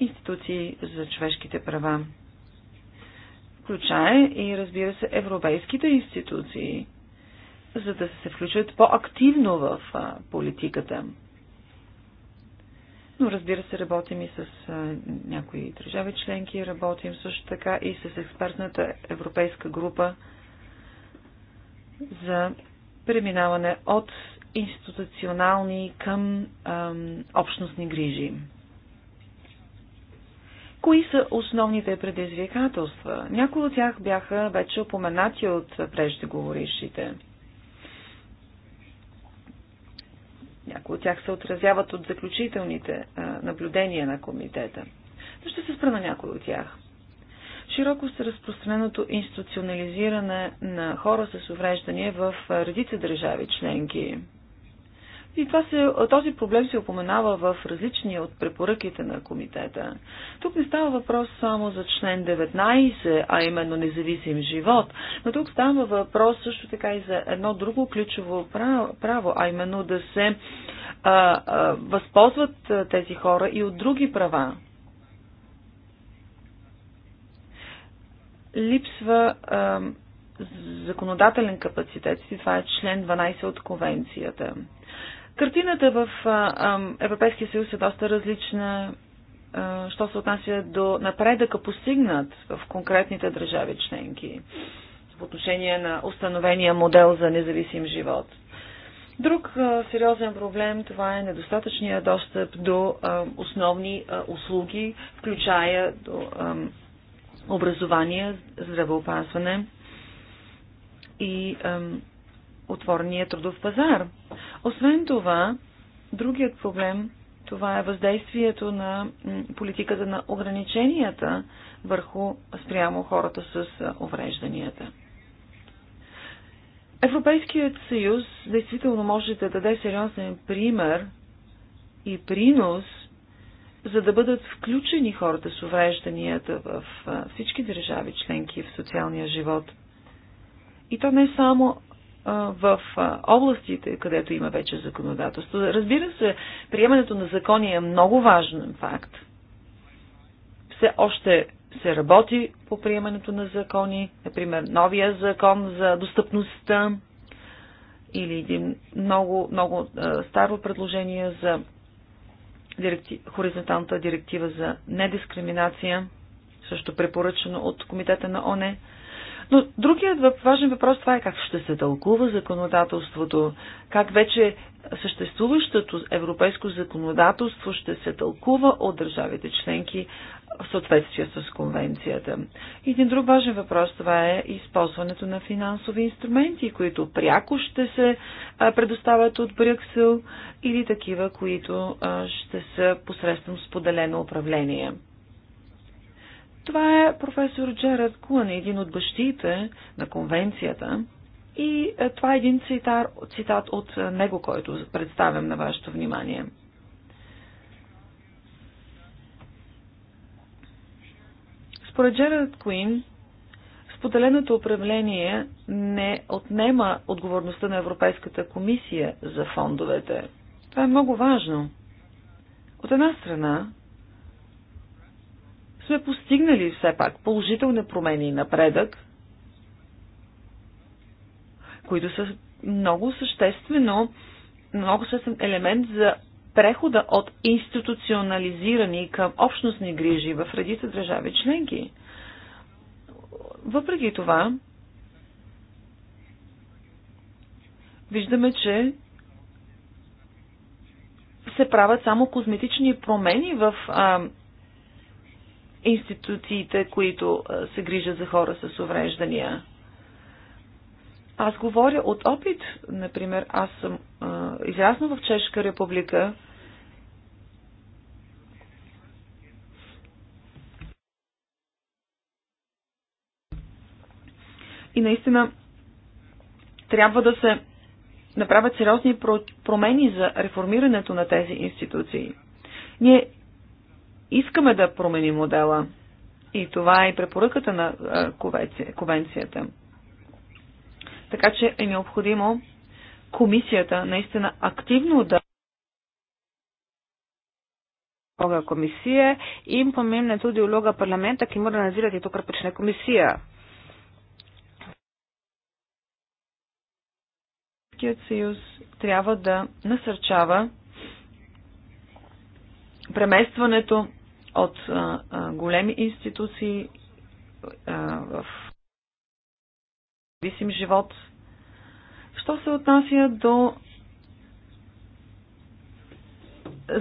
S2: институции за човешките права включая и, разбира се, европейските институции, за да се включат по-активно в политиката. Но разбира се, работим и с някои държави членки, работим също така и с експертната европейска група за преминаване от институционални към ам, общностни грижи. Кои са основните предизвикателства? Някои от тях бяха вече упоменати от преждеговорившите. Някои от тях се отразяват от заключителните наблюдения на комитета. Но ще се спра на някои от тях. Широко се разпространеното институционализиране на хора с увреждания в редица държави членки – и това се, този проблем се упоменава в различни от препоръките на комитета. Тук не става въпрос само за член 19, а именно независим живот, но тук става въпрос също така и за едно друго ключово право, а именно да се а, а, възползват тези хора и от други права. Липсва а, законодателен капацитет, и това е член 12 от конвенцията. Картината в Европейския съюз е доста различна, що се отнася до напредъка постигнат в конкретните държави членки в отношение на установения модел за независим живот. Друг сериозен проблем това е недостатъчния достъп до основни услуги, включая до образование, здравеопазване и отворения трудов пазар. Освен това, другият проблем, това е въздействието на политиката на ограниченията върху спрямо хората с уврежданията. Европейският съюз действително може да даде сериозен пример и принос, за да бъдат включени хората с уврежданията в всички държави членки в социалния живот. И то не само в областите, където има вече законодателство. Разбира се, приемането на закони е много важен факт. Все още се работи по приемането на закони, например новия закон за достъпността или един много, много старо предложение за директи... хоризонталната директива за недискриминация, също препоръчено от Комитета на ОНЕ. Но другият важен въпрос това е как ще се тълкува законодателството, как вече съществуващото европейско законодателство ще се тълкува от държавите членки в съответствие с конвенцията. И един друг важен въпрос това е използването на финансови инструменти, които пряко ще се предоставят от Брюксел или такива, които ще са посредством споделено управление. Това е професор Джерард Куан, един от бащите на конвенцията. И е, това е един цитар, цитат от е, него, който представям на вашето внимание. Според Джерард Куин, споделеното управление не отнема отговорността на Европейската комисия за фондовете. Това е много важно. От една страна, сме постигнали все пак положителни промени и напредък, които са много съществено, много съществен елемент за прехода от институционализирани към общностни грижи в редица държави членки. Въпреки това, виждаме, че се правят само козметични промени в а, институциите, които се грижат за хора с увреждания. Аз говоря от опит, например, аз съм а, в Чешка република. И наистина трябва да се направят сериозни промени за реформирането на тези институции. Ние искаме да променим модела. И това е и препоръката на конвенцията. Така че е необходимо комисията наистина активно да uloga комисия и им je туди улога парламента, ки мора назирати тук kar комисия. Съюз трябва да насърчава преместването от а, а, големи институции а, в зависим живот. Що се отнася до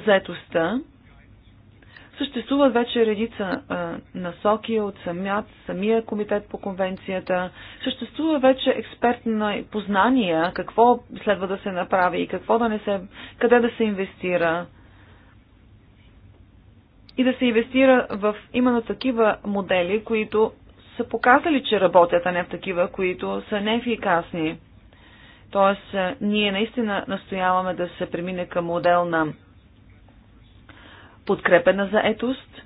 S2: заетостта, съществуват вече редица а, насоки от самият, самия комитет по конвенцията. Съществува вече експертна познания какво следва да се направи и какво да не се, къде да се инвестира и да се инвестира в именно такива модели, които са показали, че работят, а не в такива, които са неефикасни. Тоест, е, ние наистина настояваме да се премине към модел на подкрепена заетост,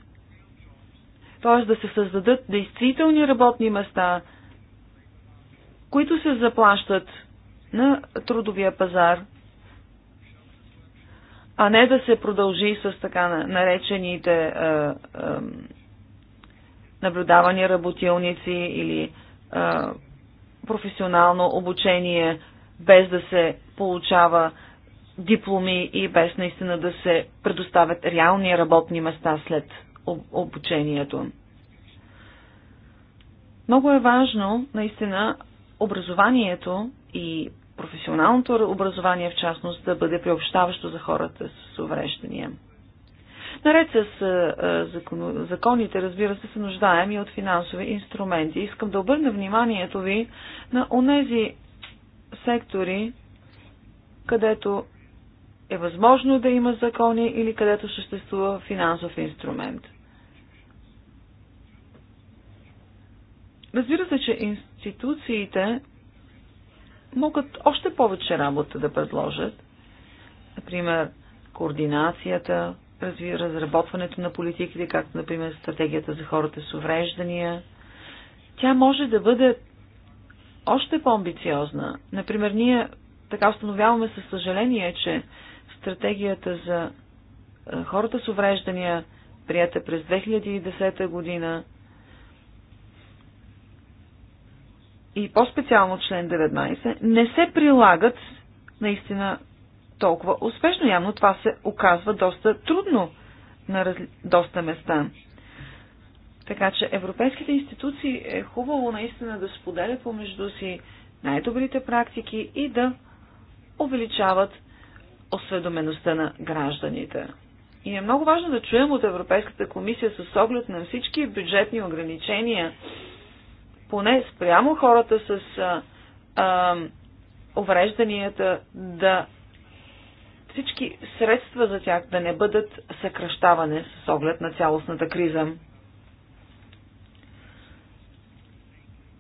S2: т.е. да се създадат действителни работни места, които се заплащат на трудовия пазар а не да се продължи с така наречените е, е, наблюдавани работилници или е, професионално обучение, без да се получава дипломи и без наистина да се предоставят реални работни места след обучението. Много е важно наистина образованието и професионалното образование в частност да бъде приобщаващо за хората с увреждания. Наред с закон, законите, разбира се, се нуждаем и от финансови инструменти. Искам да обърна вниманието ви на онези сектори, където е възможно да има закони или където съществува финансов инструмент. Разбира се, че институциите могат още повече работа да предложат. Например, координацията, разработването на политиките, както, например, стратегията за хората с увреждания. Тя може да бъде още по-амбициозна. Например, ние така установяваме със съжаление, че стратегията за е, хората с увреждания, прията през 2010 година, и по-специално член 19 не се прилагат наистина толкова успешно. Явно това се оказва доста трудно на разли... доста места. Така че европейските институции е хубаво наистина да споделят помежду си най-добрите практики и да увеличават осведомеността на гражданите. И е много важно да чуем от Европейската комисия с оглед на всички бюджетни ограничения, поне спрямо хората с а, а, уврежданията да всички средства за тях да не бъдат съкръщаване с оглед на цялостната криза.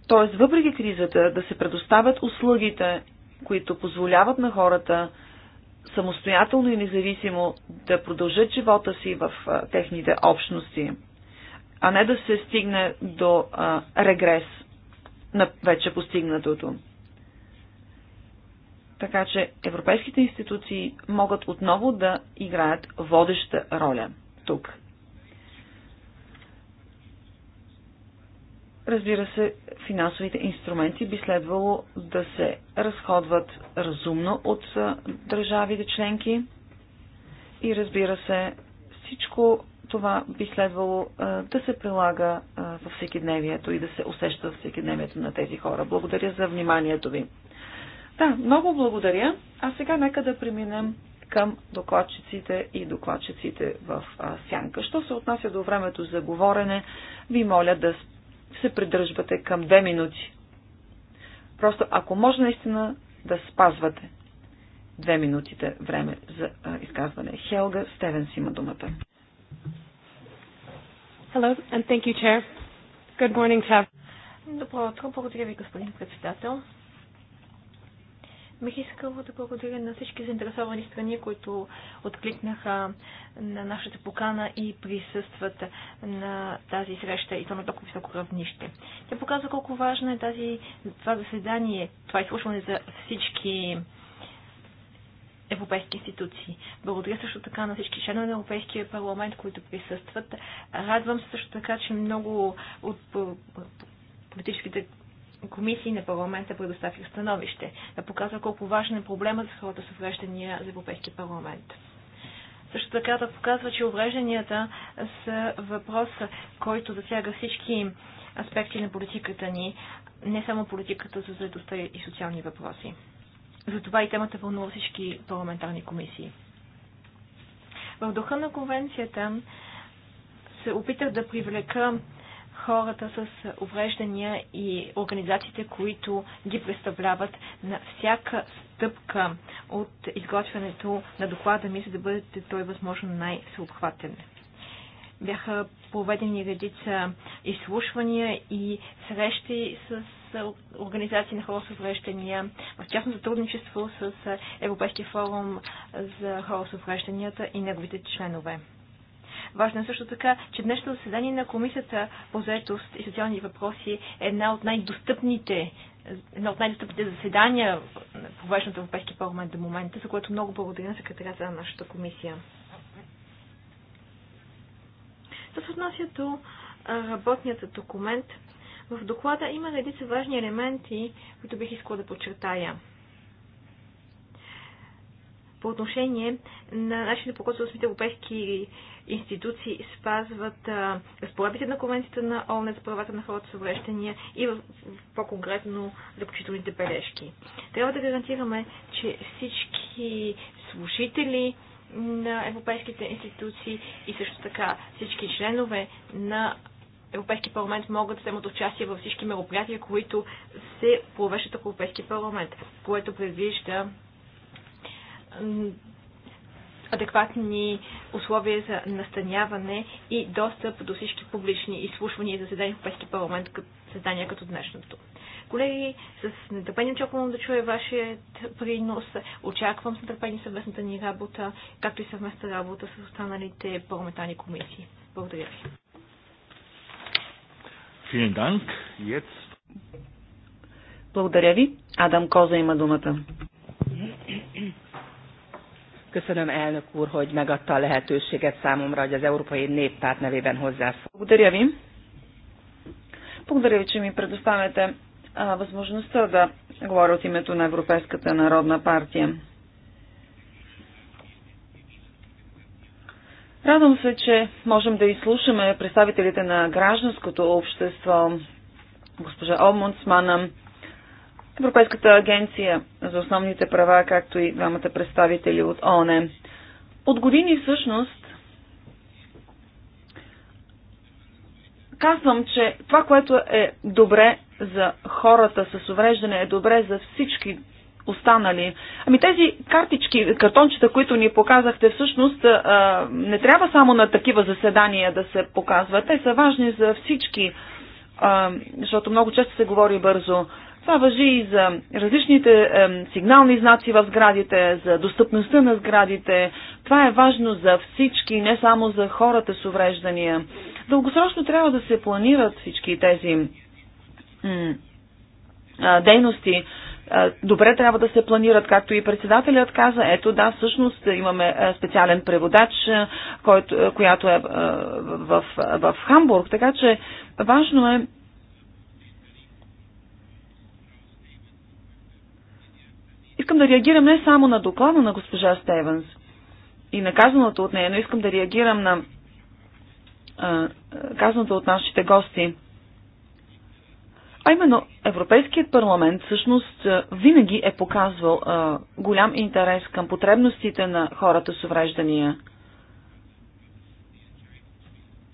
S2: Тоест, въпреки кризата, да се предоставят услугите, които позволяват на хората самостоятелно и независимо да продължат живота си в техните общности а не да се стигне до а, регрес на вече постигнатото. Така че европейските институции могат отново да играят водеща роля тук. Разбира се, финансовите инструменти би следвало да се разходват разумно от държавите членки и разбира се, всичко това би следвало а, да се прилага а, във всекидневието и да се усеща във всекидневието на тези хора. Благодаря за вниманието ви. Да, много благодаря. А сега нека да преминем към докладчиците и докладчиците в а, сянка. Що се отнася до времето за говорене, ви моля да се придържвате към две минути. Просто ако може наистина да спазвате две минутите време за а, изказване. Хелга Стевенс има думата.
S4: Hello, and thank you, Chair. Good morning, Chair. Добро утро. Благодаря ви, господин председател. Бих искала да благодаря на всички заинтересовани страни, които откликнаха на нашата покана и присъстват на тази среща и то на толкова високо равнище. Тя показва колко важно е тази, това заседание, това изслушване за всички европейски институции. Благодаря също така на всички членове на Европейския парламент, които присъстват. Радвам се също така, че много от политическите комисии на парламента предоставих становище. Да показва колко важен е проблема за хората с увреждания за Европейския парламент. Също така да показва, че уврежданията са въпрос, който засяга всички аспекти на политиката ни, не само политиката за заедостта и социални въпроси. Затова и темата вълнува всички парламентарни комисии. В духа на конвенцията се опитах да привлека хората с увреждания и организациите, които ги представляват на всяка стъпка от изготвянето на доклада ми, за да бъде той възможно най-съобхватен. Бяха проведени редица изслушвания и срещи с организации на хора с увреждания, в частно сътрудничество с е, Европейския форум за хора с увреждания и неговите членове. Важно е също така, че днешното заседание на Комисията по заетост и социални въпроси е една от най-достъпните едно от най-достъпните заседания по Вечната Европейски парламент до момента, за което много благодаря на секретарята на нашата комисия. С отнася до работният документ, в доклада има редица важни елементи, които бих искала да подчертая. По отношение на начина по който осмите европейски институции спазват а, разпоредбите на Конвенцията на ООН за правата на хората с увреждания и по-конкретно заключителните бележки. Трябва да гарантираме, че всички служители на европейските институции и също така всички членове на Европейски парламент могат да вземат участие във всички мероприятия, които се провеждат в Европейски парламент, което предвижда адекватни условия за настаняване и достъп до всички публични изслушвания и заседания в Европейски парламент, заседания като днешното. Колеги, с нетърпение очаквам да чуя вашият принос. Очаквам с нетърпение съвместната ни работа, както и съвместна работа с останалите парламентарни комисии. Благодаря ви. Благодаря ви.
S2: Адам Коза има думата. Köszönöm, elnök úr, hogy megadta a lehetőséget számomra, hogy az Európai Néppárt nevében hozzászól. Благодаря ви. Благодаря ви, че ми предоставяте възможността да говоря от името на Европейската народна партия. Радвам се, че можем да изслушаме представителите на гражданското общество, госпожа Омонсмана, Европейската агенция за основните права, както и двамата представители от ОНЕ. От години всъщност казвам, че това, което е добре за хората с увреждане, е добре за всички останали. Ами тези картички, картончета, които ни показахте, всъщност не трябва само на такива заседания да се показват. Те са важни за всички, защото много често се говори бързо. Това въжи и за различните сигнални знаци в сградите, за достъпността на сградите. Това е важно за всички, не само за хората с увреждания. Дългосрочно трябва да се планират всички тези дейности добре трябва да се планират, както и председателят каза. Ето да, всъщност имаме специален преводач, който, която е в, в Хамбург, така че важно е Искам да реагирам не само на доклада на госпожа Стевенс и на казаното от нея, но искам да реагирам на казаното от нашите гости. А именно, Европейският парламент всъщност винаги е показвал а, голям интерес към потребностите на хората с увреждания.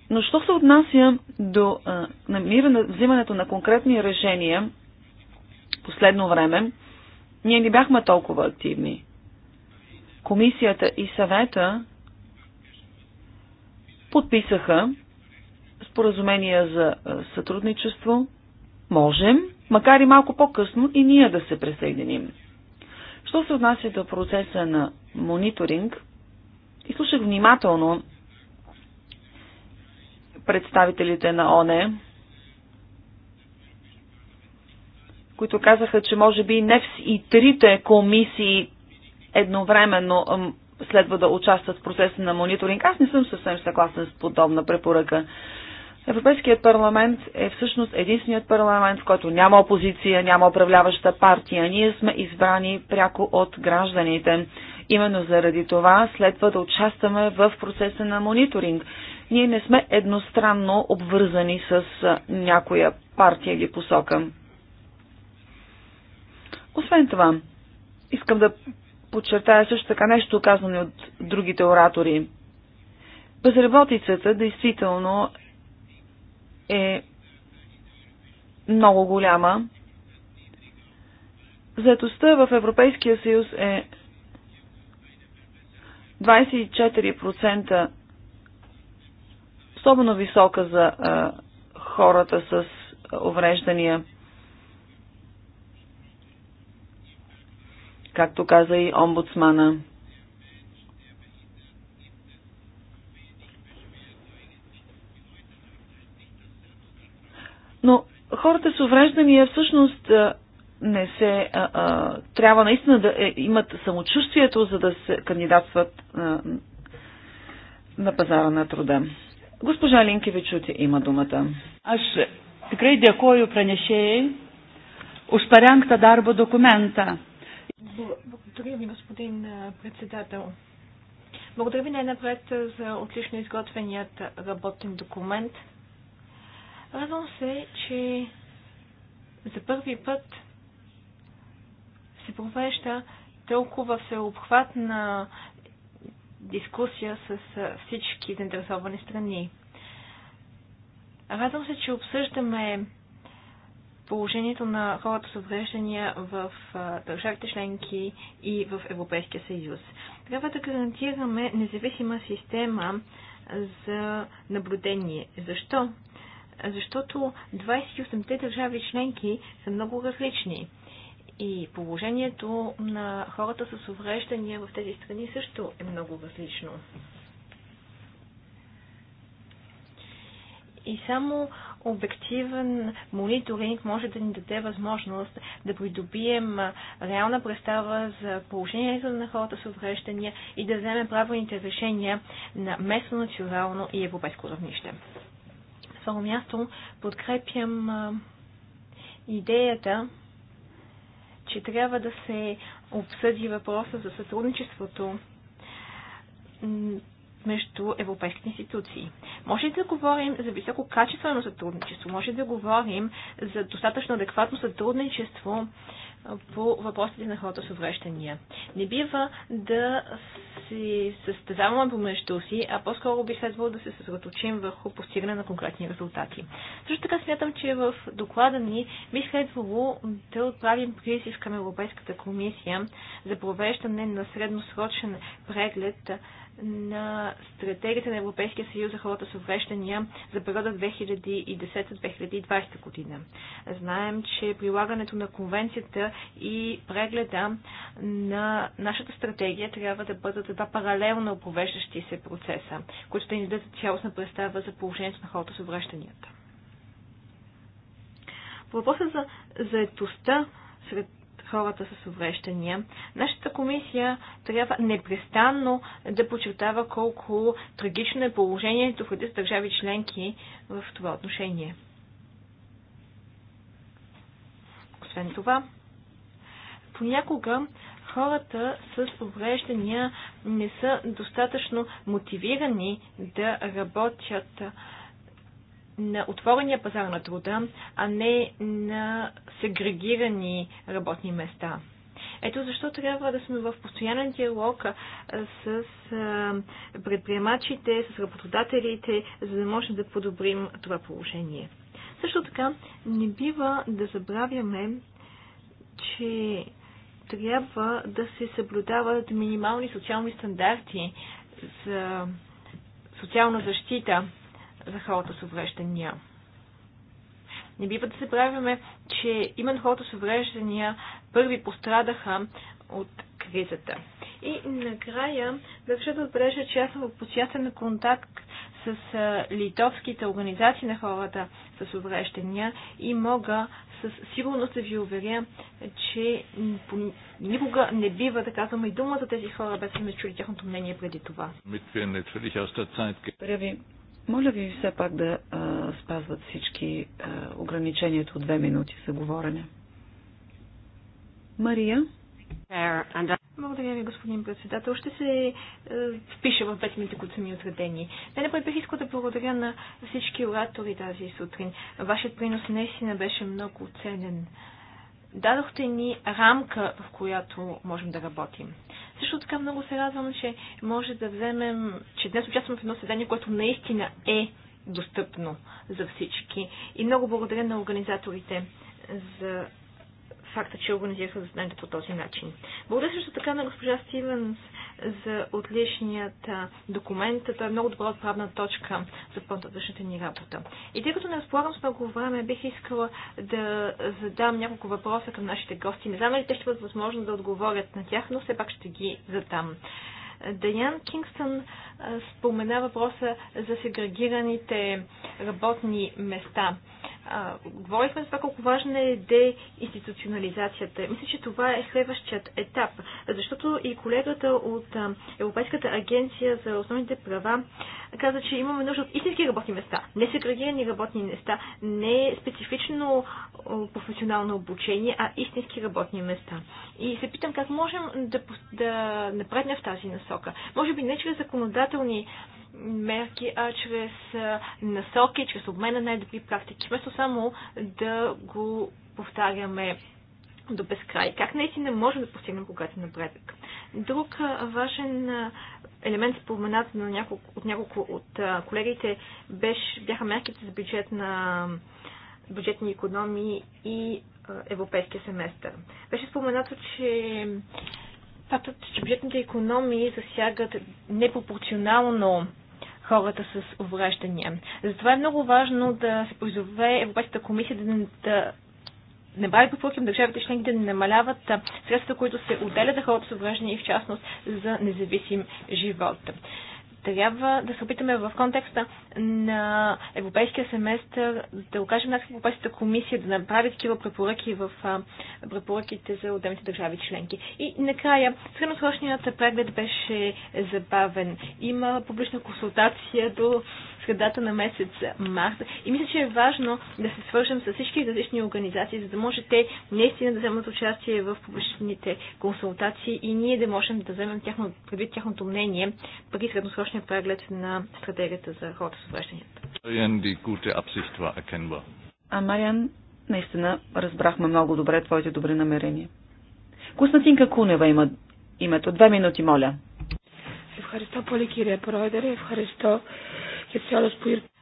S2: Но що се отнася до а, намиране, взимането на конкретни решения последно време, ние не бяхме толкова активни. Комисията и съвета подписаха споразумения за сътрудничество – можем, макар и малко по-късно, и ние да се присъединим. Що се отнася до процеса на мониторинг, изслушах внимателно представителите на ОНЕ, които казаха, че може би НЕФС и трите комисии едновременно следва да участват в процеса на мониторинг. Аз не съм съвсем съгласен с подобна препоръка. Европейският парламент е всъщност единственият парламент, в който няма опозиция, няма управляваща партия. Ние сме избрани пряко от гражданите. Именно заради това следва да участваме в процеса на мониторинг. Ние не сме едностранно обвързани с някоя партия или посока. Освен това, искам да подчертая също така нещо казано от другите оратори. Безработицата действително е много голяма. Заетостта в Европейския съюз е 24%, особено висока за а, хората с увреждания. Както каза и омбудсмана. Но хората с увреждания всъщност не се а, а, трябва наистина да е, имат самочувствието, за да се кандидатстват а, на пазара на труда. Госпожа Линкевичути има думата. Аз tikrai дякую pranešėjai už parengtą darbo
S4: Благодаря ви, господин председател. Благодаря ви най-напред за отлично изготвеният работен документ. Радвам се, че за първи път се провежда толкова всеобхватна дискусия с всички заинтересовани страни. Радвам се, че обсъждаме положението на хората с увреждания в държавите членки и в Европейския съюз. Трябва да гарантираме независима система за наблюдение. Защо? защото 28-те държави членки са много различни. И положението на хората с увреждания в тези страни също е много различно. И само обективен мониторинг може да ни даде възможност да придобием реална представа за положението на хората с увреждания и да вземем правилните решения на местно, национално и европейско равнище свое място подкрепям идеята, че трябва да се обсъди въпроса за сътрудничеството между европейските институции. Може да говорим за високо качествено сътрудничество, може да говорим за достатъчно адекватно сътрудничество по въпросите на хората с увръщания. Не бива да се състезаваме помежду си, а по-скоро би следвало да се съсредоточим върху постигане на конкретни резултати. Също така смятам, че в доклада ни би следвало да отправим призив към Европейската комисия за провеждане на средносрочен преглед на стратегията на Европейския съюз за хората с увреждания за периода 2010-2020 година. Знаем, че прилагането на конвенцията и прегледа на нашата стратегия трябва да бъдат два паралелно провеждащи се процеса, които да ни дадат цялостна представа за положението на хората с увреждания. По въпроса за заетостта сред хората с увреждания. Нашата комисия трябва непрестанно да почертава колко трагично е положението в редица държави членки в това отношение. Освен това, понякога хората с увреждания не са достатъчно мотивирани да работят на отворения пазар на труда, а не на сегрегирани работни места. Ето защо трябва да сме в постоянен диалог с предприемачите, с работодателите, за да можем да подобрим това положение. Също така, не бива да забравяме, че трябва да се съблюдават минимални социални стандарти за социална защита за хората с увреждания. Не бива да се правиме, че именно хората с увреждания първи пострадаха от кризата. И накрая държа да отбележа, че аз съм в постоянен контакт с литовските организации на хората с увреждания и мога със сигурност да ви уверя, че никога не бива да казваме и дума за тези хора, без да сме чули тяхното мнение преди това. Първи моля ви все пак да а, спазват
S2: всички а, ограничението от две минути за говорене.
S4: Мария? Благодаря ви, господин председател. Ще се е, впиша в петните, които са ми отредени. Не, не бих искал да благодаря на всички оратори тази сутрин. Вашият принос наистина беше много ценен дадохте ни рамка, в която можем да работим. Също така много се радвам, че може да вземем, че днес участвам в едно съдание, което наистина е достъпно за всички. И много благодаря на организаторите за факта, че организираха заседанието по този начин. Благодаря също така на госпожа Стивенс за отличният документ. Той е много добра отправна точка за по-нататъчната ни работа. И тъй като не разполагам с много време, бих искала да задам няколко въпроса към нашите гости. Не знам ли те ще бъдат възможно да отговорят на тях, но все пак ще ги задам. Даян Кингстън спомена въпроса за сегрегираните работни места. А, говорихме за това колко важна е деинституционализацията. Мисля, че това е следващият етап, защото и колегата от Европейската агенция за основните права каза, че имаме нужда от истински работни места, не сегрегирани работни места, не специфично професионално обучение, а истински работни места. И се питам как можем да, да напреднем в тази насока. Може би не чрез законодателни мерки, а чрез насоки, чрез обмена на добри практики, вместо само да го повтаряме до безкрай. Как наистина можем да постигнем когато напредък? Друг важен елемент, споменат на няколко, от няколко от колегите, беше, бяха мерките за бюджет на бюджетни економии и европейския семестър. Беше споменато, че фактът, че бюджетните економии засягат непропорционално хората с увреждания. Затова е много важно да се призове Европейската комисия да, да не прави препоръки на държавите членки да не намаляват средствата, които се отделят за хората с увреждания и в частност за независим живот. Трябва да се опитаме в контекста на европейския семестър да окажем на Европейската комисия да направи такива препоръки в препоръките за отделните държави членки. И накрая, средносрочният преглед беше забавен. Има публична консултация до средата на месец март. И мисля, че е важно да се свържем с всички различни организации, за да може те наистина да вземат участие в публичните консултации и ние да можем да вземем тяхно, предвид тяхното мнение при средносрочния преглед на стратегията за хората с уврежданията. А Мариан, наистина разбрахме много
S2: добре твоите добри намерения. Костантинка Кунева има името. Две минути, моля.
S4: Ευχαριστώ πολύ κύριε Πρόεδρε, ευχαριστώ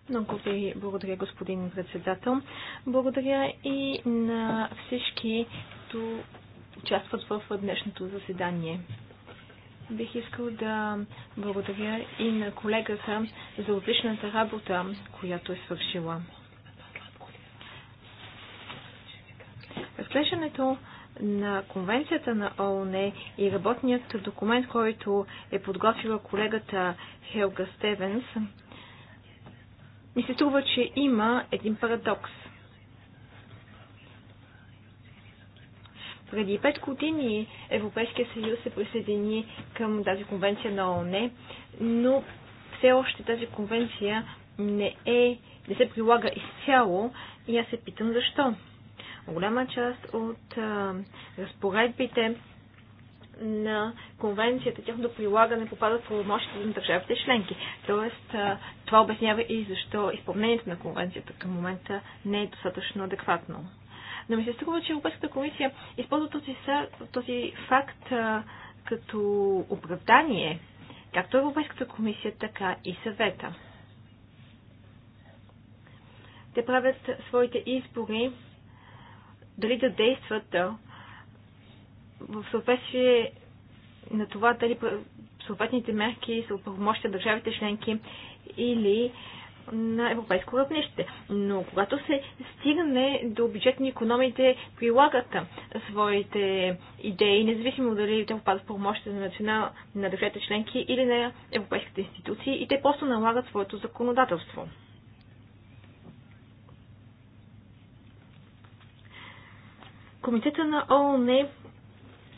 S4: много ви благодаря, господин председател. Благодаря и на всички, които участват в днешното заседание. Бих искал да благодаря и на колегата за отличната работа, която е свършила. Разглеждането на конвенцията на ООН и работният документ, който е подготвила колегата Хелга Стевенс, ми се струва, че има един парадокс. Преди пет години Европейския съюз се присъедини към тази конвенция на ООН, но все още тази конвенция не, е, не се прилага изцяло и аз се питам защо. Голяма част от а, разпоредбите на конвенцията, тяхното прилагане попада в правомощите на държавите членки. Тоест, това обяснява и защо изпълнението на конвенцията към момента не е достатъчно адекватно. Но ми се струва, че Европейската комисия използва този, този факт а, като оправдание, както Европейската комисия, така и съвета. Те правят своите избори дали да действат в съответствие на това дали съответните мерки са от правомощите на държавите членки или на европейско равнище. Но когато се стигне до бюджетни економии, прилагат своите идеи, независимо дали те попадат в правомощите на национал, на държавите членки или на европейските институции и те просто налагат своето законодателство. Комитета на ООН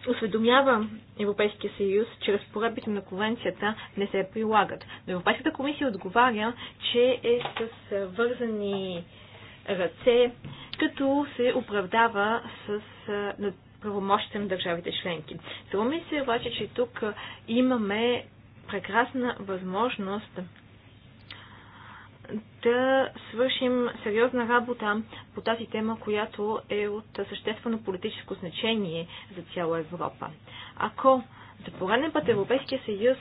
S4: осведомява Европейския съюз, че разпоредбите на конвенцията не се прилагат. Но Европейската комисия отговаря, че е с вързани ръце, като се оправдава с правомощите на държавите членки. Това ми се обаче, че тук имаме прекрасна възможност да свършим сериозна работа по тази тема, която е от съществено политическо значение за цяла Европа. Ако за пореден път Европейския съюз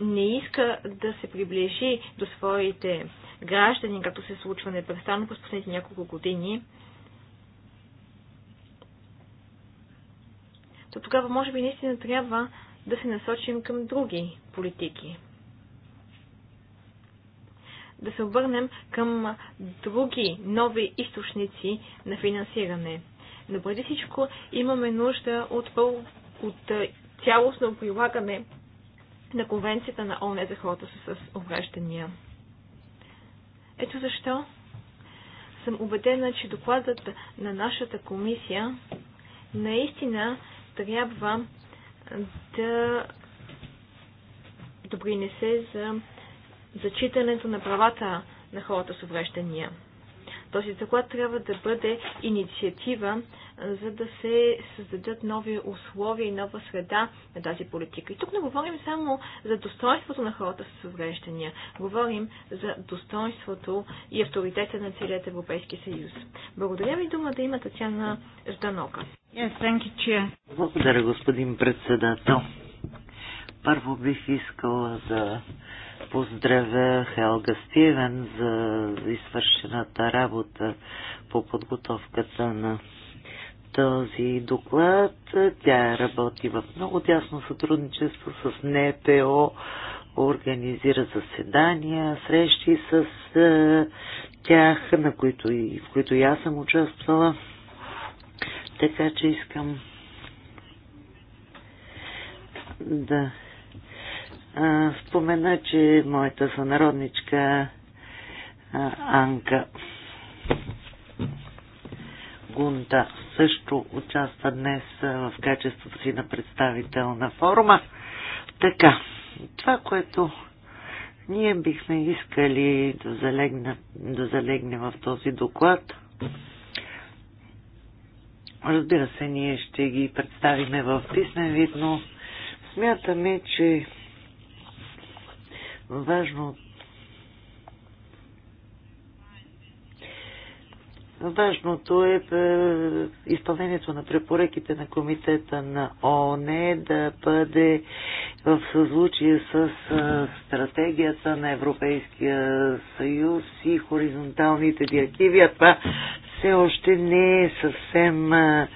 S4: не иска да се приближи до своите граждани, както се случва непрестанно през последните няколко години, то тогава може би наистина трябва да се насочим към други политики да се обърнем към други нови източници на финансиране. Но преди всичко имаме нужда от, пъл... от цялостно прилагане на Конвенцията на ОНЕ за хората с увреждания. Ето защо съм убедена, че докладът на нашата комисия наистина трябва да допринесе за зачитането на правата на хората с увреждания. Този заклад трябва да бъде инициатива, за да се създадат нови условия и нова среда на тази политика. И тук не говорим само за достоинството на хората с увреждания, говорим за достоинството и авторитета на целият Европейски съюз. Благодаря ви дума да има Татьяна Жданока. Yes,
S5: Благодаря, господин председател. Първо бих искала да за поздравя Хелга Стивен за извършената работа по подготовката на този доклад. Тя работи в много тясно сътрудничество с НПО, организира заседания, срещи с е, тях, на които и, в които и аз съм участвала. Така че искам да спомена, че моята сънародничка а, Анка Гунта също участва днес в качеството си на представител на форума. Така, това, което ние бихме искали да залегне, да залегне в този доклад, разбира се, ние ще ги представиме в писмен вид, но смятаме, че Важно Важното е, е изпълнението на препоръките на комитета на ООН да бъде в съзвучие с е, стратегията на Европейския съюз и хоризонталните директиви, а това все още не е съвсем е,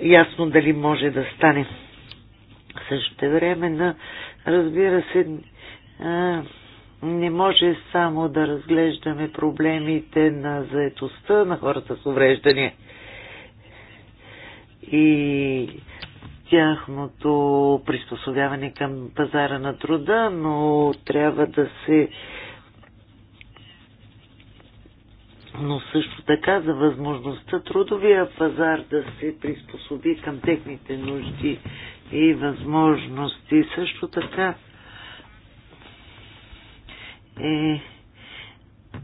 S5: ясно дали може да стане. Също време на, разбира се, не може само да разглеждаме проблемите на заетостта на хората с увреждания и тяхното приспособяване към пазара на труда, но трябва да се но също така за възможността трудовия пазар да се приспособи към техните нужди и възможности. Също така е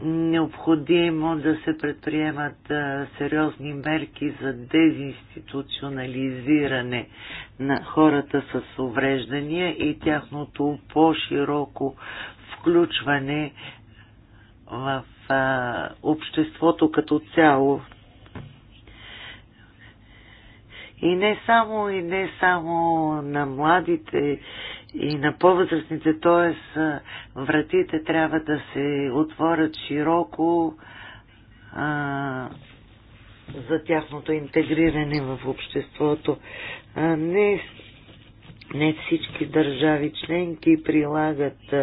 S5: необходимо да се предприемат сериозни мерки за дезинституционализиране на хората с увреждания и тяхното по-широко включване в обществото като цяло. И не само, и не само на младите и на по-възрастните, т.е. вратите трябва да се отворят широко а, за тяхното интегриране в обществото. А, не, не всички държави членки прилагат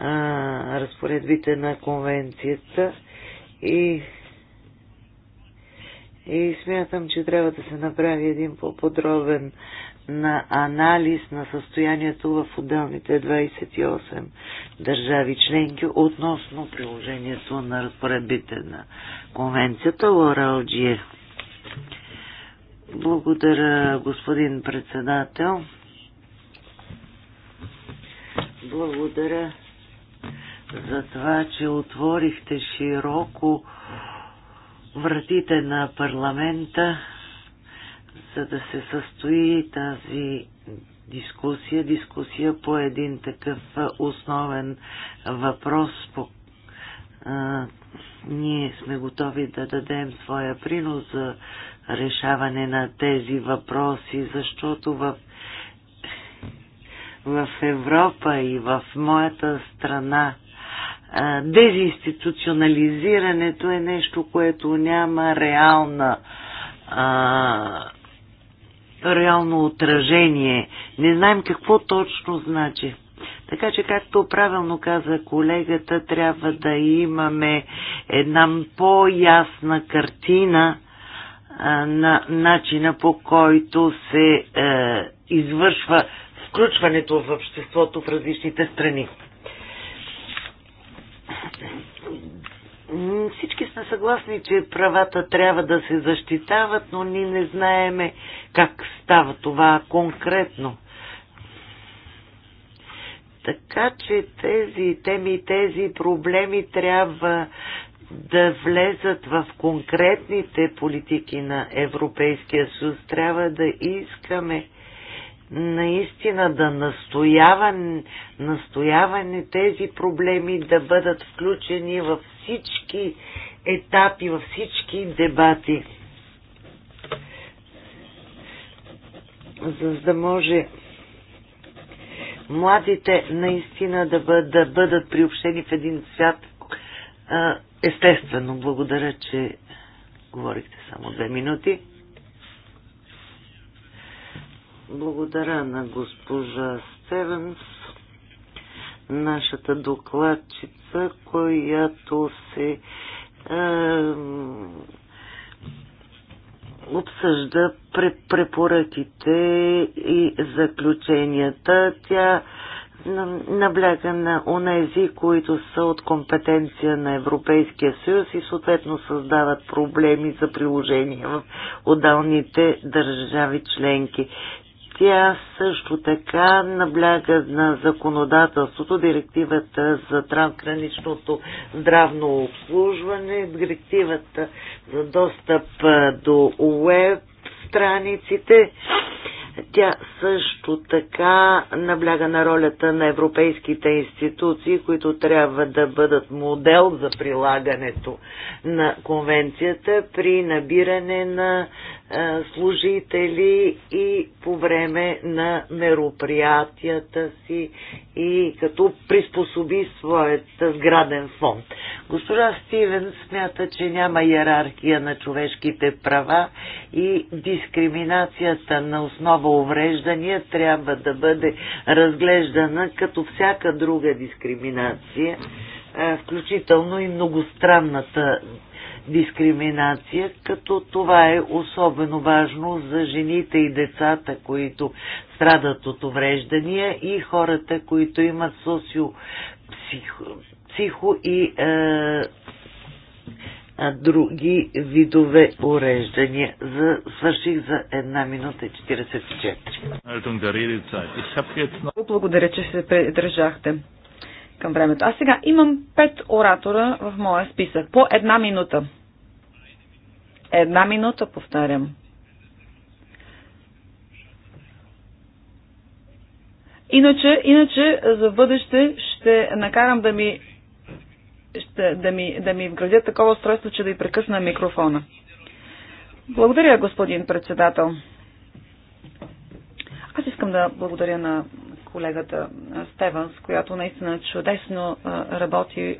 S5: а, разпоредбите на конвенцията и и смятам, че трябва да се направи един по-подробен на анализ на състоянието в отделните 28 държави членки относно приложението на разпоредбите на конвенцията Лора Алджие. Благодаря, господин председател. Благодаря за това, че отворихте широко вратите на парламента за да се състои тази дискусия, дискусия по един такъв основен въпрос, по а, ние сме готови да дадем своя принос за решаване на тези въпроси, защото в, в Европа и в моята страна а, дезинституционализирането е нещо, което няма реална а, реално отражение. Не знаем какво точно значи. Така че, както правилно каза колегата, трябва да имаме една по-ясна картина а, на начина по който се е, извършва включването в обществото в различните страни. Всички сме съгласни, че правата трябва да се защитават, но ние не знаеме как става това конкретно. Така че тези теми, тези проблеми трябва да влезат в конкретните политики на Европейския съюз. Трябва да искаме наистина да настояван, настояване тези проблеми да бъдат включени във всички етапи, във всички дебати, за да може младите наистина да бъдат, да бъдат приобщени в един свят. Естествено, благодаря, че говорихте само две минути. Благодаря на госпожа Стевенс, нашата докладчица, която се е, обсъжда препоръките и заключенията. Тя набляга на онези, които са от компетенция на Европейския съюз и съответно създават проблеми за приложение в отдалните държави членки. Тя също така набляга на законодателството, директивата за трансграничното здравно обслужване, директивата за достъп до уеб страниците. Тя също така набляга на ролята на европейските институции, които трябва да бъдат модел за прилагането на конвенцията при набиране на е, служители и по време на мероприятията си и като приспособи своят сграден фонд. Госпожа Стивен смята, че няма иерархия на човешките права и дискриминацията на основа увреждания трябва да бъде разглеждана като всяка друга дискриминация, е, включително и многостранната дискриминация, като това е особено важно за жените и децата, които страдат от увреждания и хората, които имат социо психо, психо и е, други видове уреждания. За, свърших за една минута и
S1: 44.
S2: Благодаря, че се придържахте към времето. Аз сега имам пет оратора в моя списък. По една минута. Една минута, повтарям. Иначе, иначе за бъдеще ще накарам да ми, ще, да ми, да ми вградя такова устройство, че да и прекъсна микрофона. Благодаря, господин председател. Аз искам да благодаря на колегата Стеванс, която наистина чудесно работи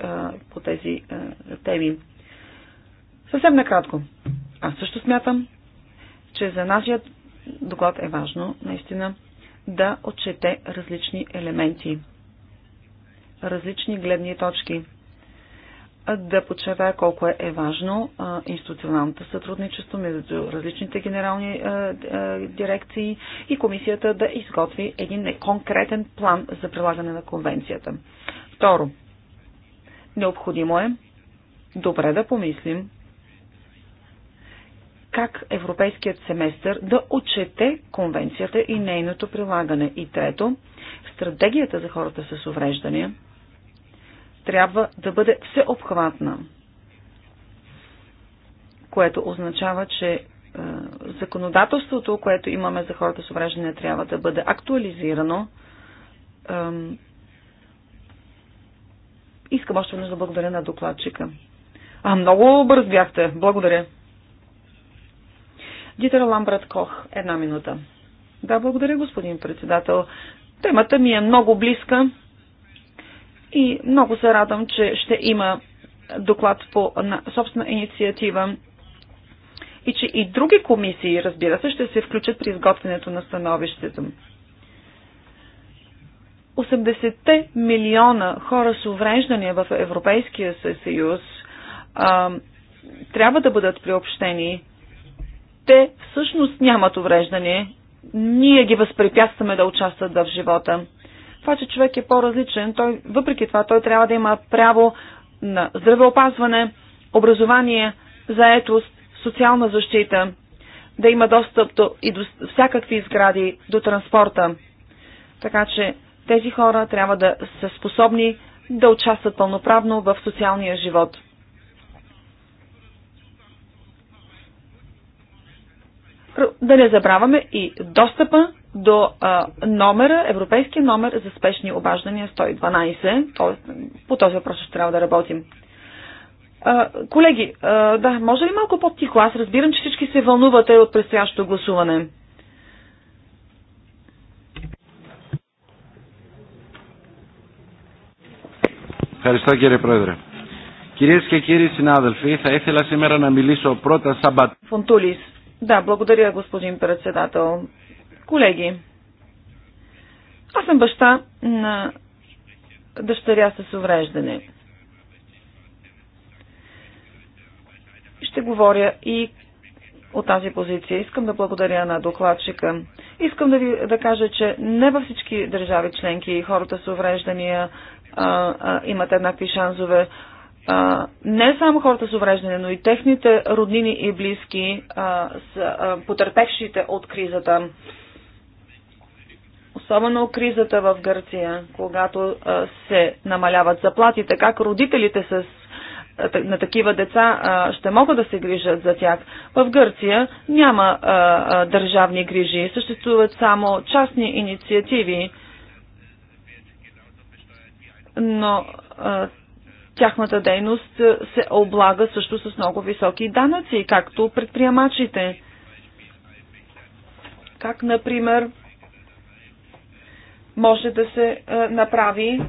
S2: по тези теми. Съвсем накратко. Аз също смятам, че за нашия доклад е важно наистина да отчете различни елементи, различни гледни точки – да подчертая колко е, е важно институционалното сътрудничество между различните генерални дирекции и комисията да изготви един конкретен план за прилагане на конвенцията. Второ, необходимо е добре да помислим как европейският семестър да отчете конвенцията и нейното прилагане. И трето, стратегията за хората с увреждания – трябва да бъде всеобхватна, което означава, че е, законодателството, което имаме за хората с увреждане, трябва да бъде актуализирано. Искам още веднъж да благодаря на докладчика. А, много бърз бяхте. Благодаря. Дитер Ламбрат Кох, една минута. Да, благодаря, господин председател. Темата ми е много близка. И много се радвам, че ще има доклад по на собствена инициатива и че и други комисии, разбира се, ще се включат при изготвянето на становището. 80-те милиона хора с увреждания в Европейския съюз а, трябва да бъдат приобщени. Те всъщност нямат увреждане. Ние ги възпрепятстваме да участват в живота. Това, че човек е по-различен, той, въпреки това, той трябва да има право на здравеопазване, образование, заетост, социална защита, да има достъп до, и до всякакви сгради, до транспорта. Така че тези хора трябва да са способни да участват пълноправно в социалния живот. да не забравяме и достъпа до а, номера, европейския номер за спешни обаждания 112. Т.е. по този въпрос ще трябва да работим. А, колеги, а, да, може ли малко по-тихо? Аз разбирам, че всички се вълнувате от предстоящото гласуване.
S5: Ευχαριστώ κύριε Πρόεδρε. Κυρίες και κύριοι συνάδελφοι, θα ήθελα σήμερα να μιλήσω πρώτα σαν
S2: Φοντούλης. Да, благодаря, господин председател. Колеги, аз съм баща на дъщеря с увреждане. Ще говоря и от тази позиция. Искам да благодаря на докладчика. Искам да ви да кажа, че не във всички държави членки хората с увреждания а, а, имат еднакви шансове а, не само хората с увреждане, но и техните роднини и близки а, са а, потърпевшите от кризата. Особено кризата в Гърция, когато а, се намаляват заплатите, как родителите с на такива деца ще могат да се грижат за тях. В Гърция няма а, а, държавни грижи, съществуват само частни инициативи, но а, тяхната дейност е, се облага също с много високи данъци, както предприемачите. Как, например, може да се е, направи е,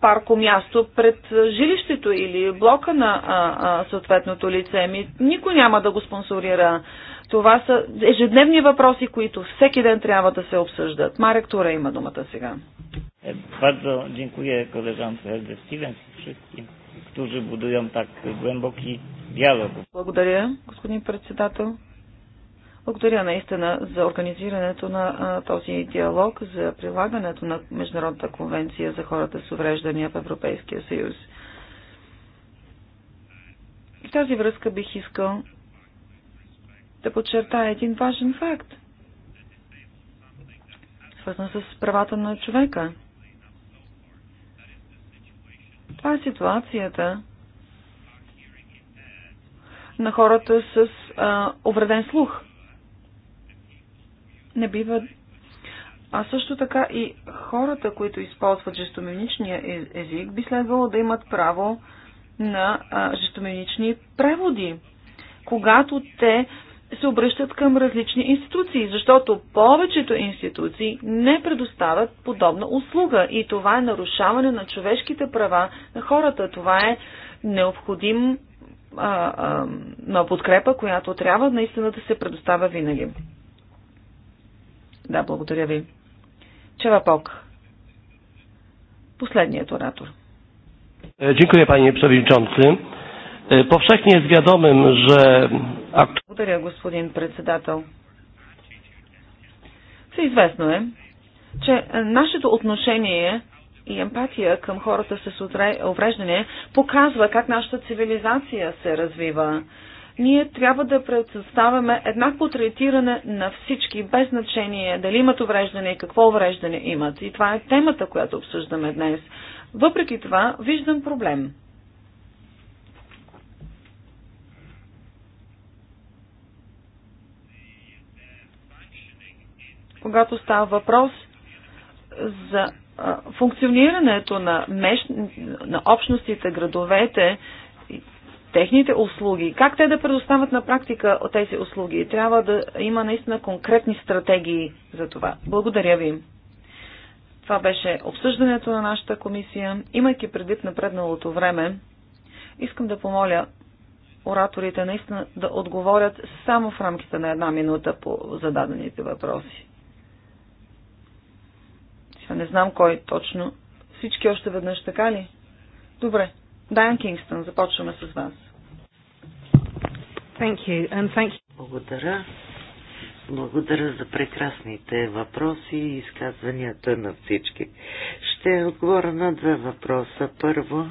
S2: парко място пред жилището или блока на съответното лице. Ами, никой няма да го спонсорира. Това са ежедневни въпроси, които всеки ден трябва да се обсъждат. Марек Тура има думата сега.
S5: Bardzo dziękuję koleżance Helge Stevens i wszystkim, którzy budują tak głęboki диалог.
S2: Благодаря, господин председател. Благодаря наистина за организирането на а, този диалог, за прилагането на Международната конвенция за хората с увреждания в Европейския съюз. В тази връзка бих искал да подчертая един важен факт, свързан с правата на човека. Това е ситуацията на хората с а, увреден слух. Не бива. А също така и хората, които използват жестомимичния е, език, би следвало да имат право на а, жестомимични преводи, когато те се обръщат към различни институции, защото повечето институции не предоставят подобна услуга и това е нарушаване на човешките права на хората. Това е необходим а, а, на подкрепа, която трябва наистина да се предоставя винаги. Да, благодаря ви. Чева Пок. Последният оратор.
S3: Е, дякую, пани przewodniczący. Повшехни е звядомен, е че...
S2: Благодаря, господин председател. Всеизвестно е, че нашето отношение и емпатия към хората с увреждане показва как нашата цивилизация се развива. Ние трябва да предоставяме еднакво третиране на всички, без значение дали имат увреждане и какво увреждане имат. И това е темата, която обсъждаме днес. Въпреки това, виждам проблем – когато става въпрос за функционирането на, меж... на общностите, градовете, техните услуги, как те да предоставят на практика от тези услуги. Трябва да има наистина конкретни стратегии за това. Благодаря ви. Това беше обсъждането на нашата комисия. Имайки предвид напредналото време, искам да помоля ораторите наистина да отговорят само в рамките на една минута по зададените въпроси. Кингстън. не знам кой точно. Всички още веднъж, така ли? Добре. Дайан Кингстън, започваме с вас. Thank you, and thank you.
S5: Благодаря. Благодаря за прекрасните въпроси и изказванията на всички. Ще отговоря на две въпроса. Първо,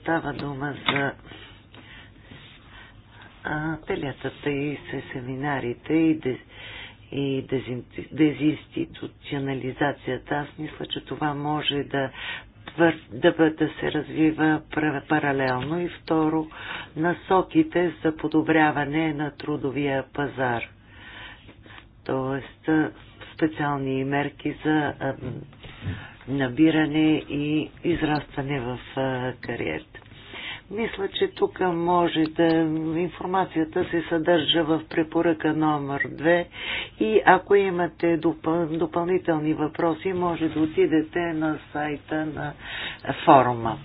S5: става дума за телятата и се семинарите и и дезинституционализацията. Аз мисля, че това може да да, да се развива паралелно и второ насоките за подобряване на трудовия пазар. Тоест специални мерки за набиране и израстване в кариерата. Мисля, че тук може да информацията се съдържа в препоръка номер 2 и ако имате допъл... допълнителни въпроси, може да отидете на сайта на форума.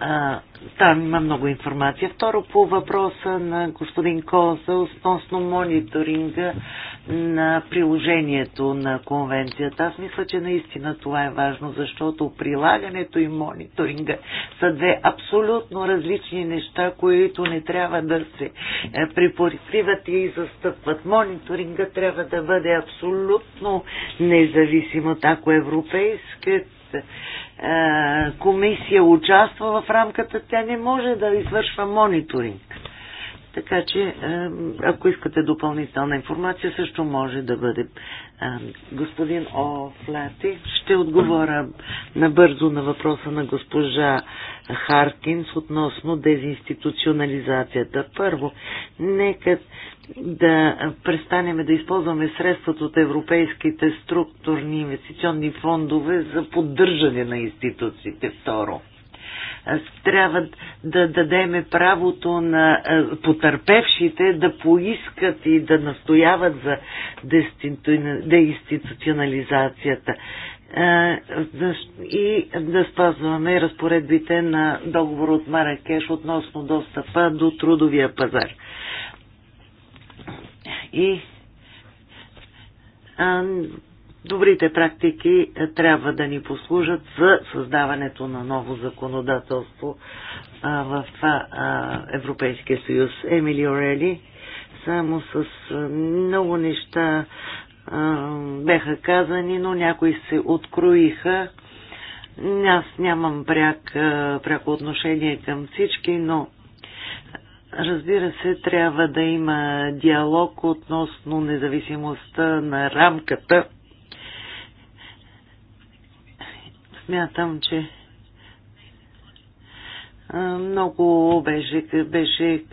S5: А, там има много информация. Второ по въпроса на господин Коза относно мониторинга на приложението на конвенцията. Аз мисля, че наистина това е важно, защото прилагането и мониторинга са две абсолютно различни неща, които не трябва да се е, препоритриват и застъпват. Мониторинга трябва да бъде абсолютно независим от ако европейският е, комисия участва в рамката, тя не може да извършва мониторинг. Така че, е, ако искате допълнителна информация, също може да бъде. Е, господин Офлати, ще отговоря набързо на въпроса на госпожа Харкинс относно дезинституционализацията. Първо, нека да престанем да използваме средствата от европейските структурни инвестиционни фондове за поддържане на институциите. Второ, трябва да дадеме правото на е, потърпевшите да поискат и да настояват за деинституционализацията е, и да спазваме разпоредбите на договор от Маракеш относно достъпа до трудовия пазар. И добрите практики е, трябва да ни послужат за създаването на ново законодателство е, в е, Европейския съюз. Емили Орели, само с много неща беха казани, но някои се откроиха. Аз нямам пряк, пряко отношение към всички, но Разбира се, трябва да има диалог относно независимостта на рамката смятам, че много беше, беше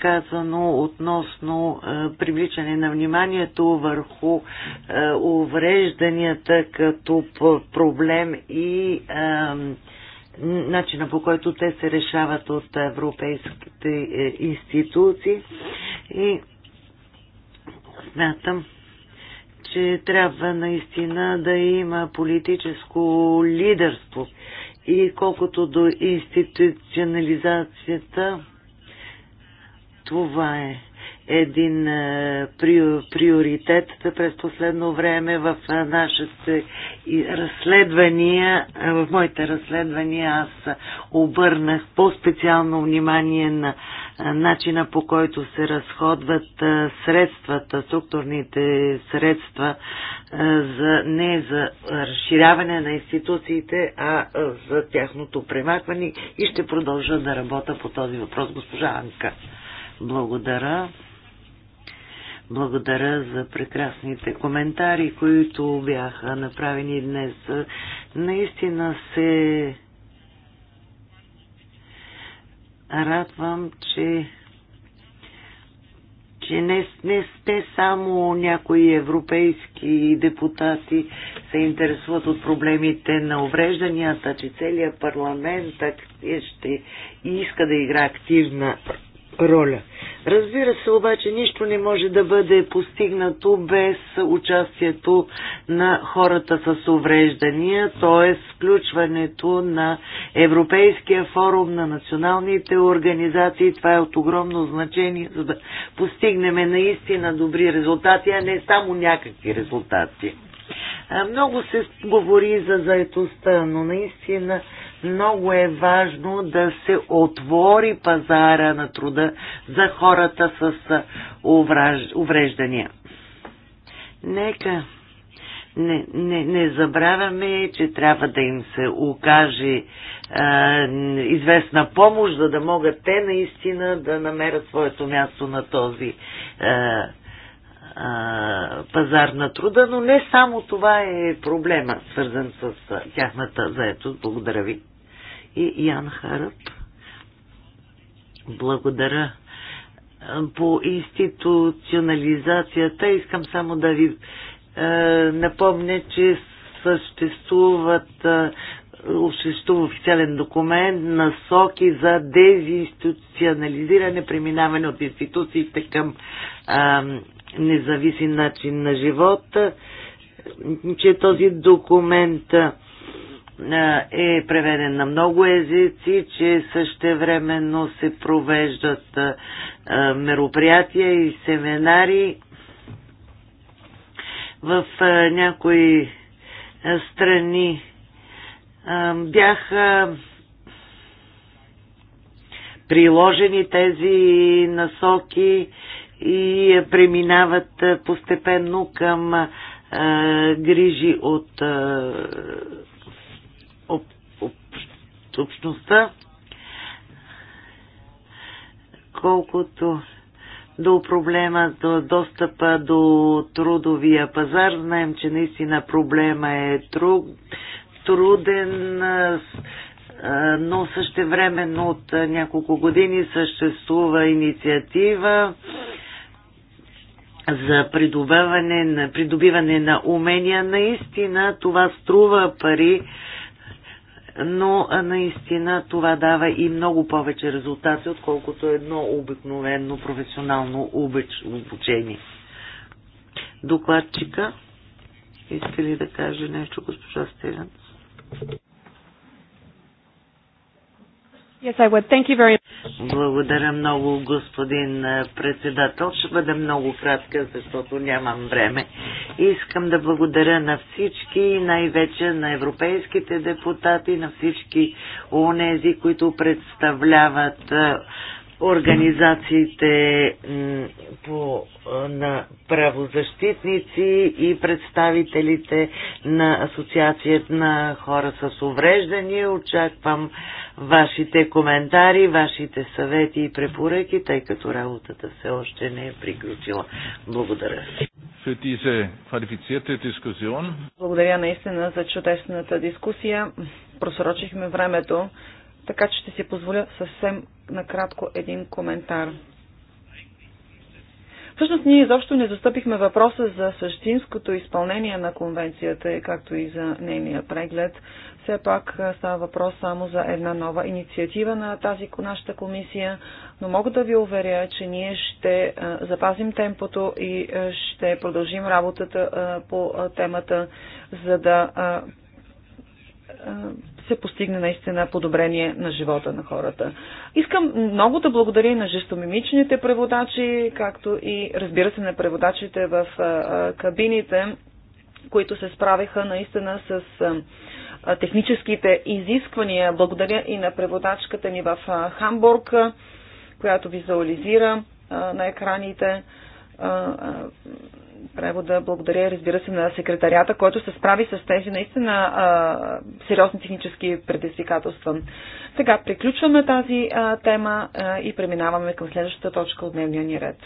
S5: казано относно привличане на вниманието върху уврежданията като проблем и начина по който те се решават от европейските е, институции. И смятам, че трябва наистина да има политическо лидерство. И колкото до институционализацията, това е един е, приоритет през последно време в е, нашите разследвания, е, в моите разследвания аз обърнах по-специално внимание на начина по който се разходват средствата, структурните средства за, не за разширяване на институциите, а за тяхното премахване и ще продължа да работя по този въпрос, госпожа Анка. Благодаря. Благодаря за прекрасните коментари, които бяха направени днес. Наистина се радвам, че че не, не сте само някои европейски депутати се интересуват от проблемите на уврежданията, че целият парламент ще иска да игра активна роля. Разбира се, обаче нищо не може да бъде постигнато без участието на хората с увреждания, т.е. включването на Европейския форум на националните организации. Това е от огромно значение, за да постигнем наистина добри резултати, а не само някакви резултати. Много се говори за заетостта, но наистина много е важно да се отвори пазара на труда за хората с увреждания. Нека не, не, не забравяме, че трябва да им се окаже е, известна помощ, за да могат те наистина да намерят своето място на този е, е, пазар на труда, но не само това е проблема, свързан с тяхната заетост. Благодаря ви и Ян Харъп. Благодаря. По институционализацията искам само да ви е, напомня, че съществуват е, обществува официален документ насоки за дезинституционализиране, преминаване от институциите към е, независим начин на живота, че този документ е, е преведен на много езици, че същевременно се провеждат мероприятия и семинари в някои страни бяха приложени тези насоки и преминават постепенно към грижи от общността, колкото до проблема до достъпа до трудовия пазар. Знаем, че наистина проблема е труд, труден, но същевременно от няколко години съществува инициатива за придобиване на, придобиване на умения. Наистина това струва пари но наистина това дава и много повече резултати, отколкото едно обикновено професионално обучение. Докладчика, иска ли да каже нещо госпожа Стивенс? Yes, I would. Thank you very much. Благодаря много, господин председател. Ще бъда много кратка, защото нямам време. Искам да благодаря на всички, най-вече на европейските депутати, на всички онези, които представляват организациите по, на правозащитници и представителите на Асоциацията на хора с увреждания. Очаквам вашите коментари, вашите съвети и препоръки,
S2: тъй като работата все още не е
S5: приключила. Благодаря.
S2: Благодаря наистина за чудесната дискусия. Просрочихме времето така че ще си позволя съвсем накратко един коментар. Всъщност ние изобщо не застъпихме въпроса за същинското изпълнение на конвенцията, както и за нейния преглед. Все пак става въпрос само за една нова инициатива на тази нашата комисия, но мога да ви уверя, че ние ще запазим темпото и ще продължим работата по темата, за да се постигне наистина подобрение на живота на хората. Искам много да благодаря и на жестомимичните преводачи, както и разбира се на преводачите в кабините, които се справиха наистина с техническите изисквания. Благодаря и на преводачката ни в Хамбург, която визуализира на екраните право да благодаря, разбира се, на секретарията, който се справи с тези наистина а, сериозни технически предизвикателства. Сега приключваме тази а, тема а, и преминаваме към следващата точка от дневния ни ред.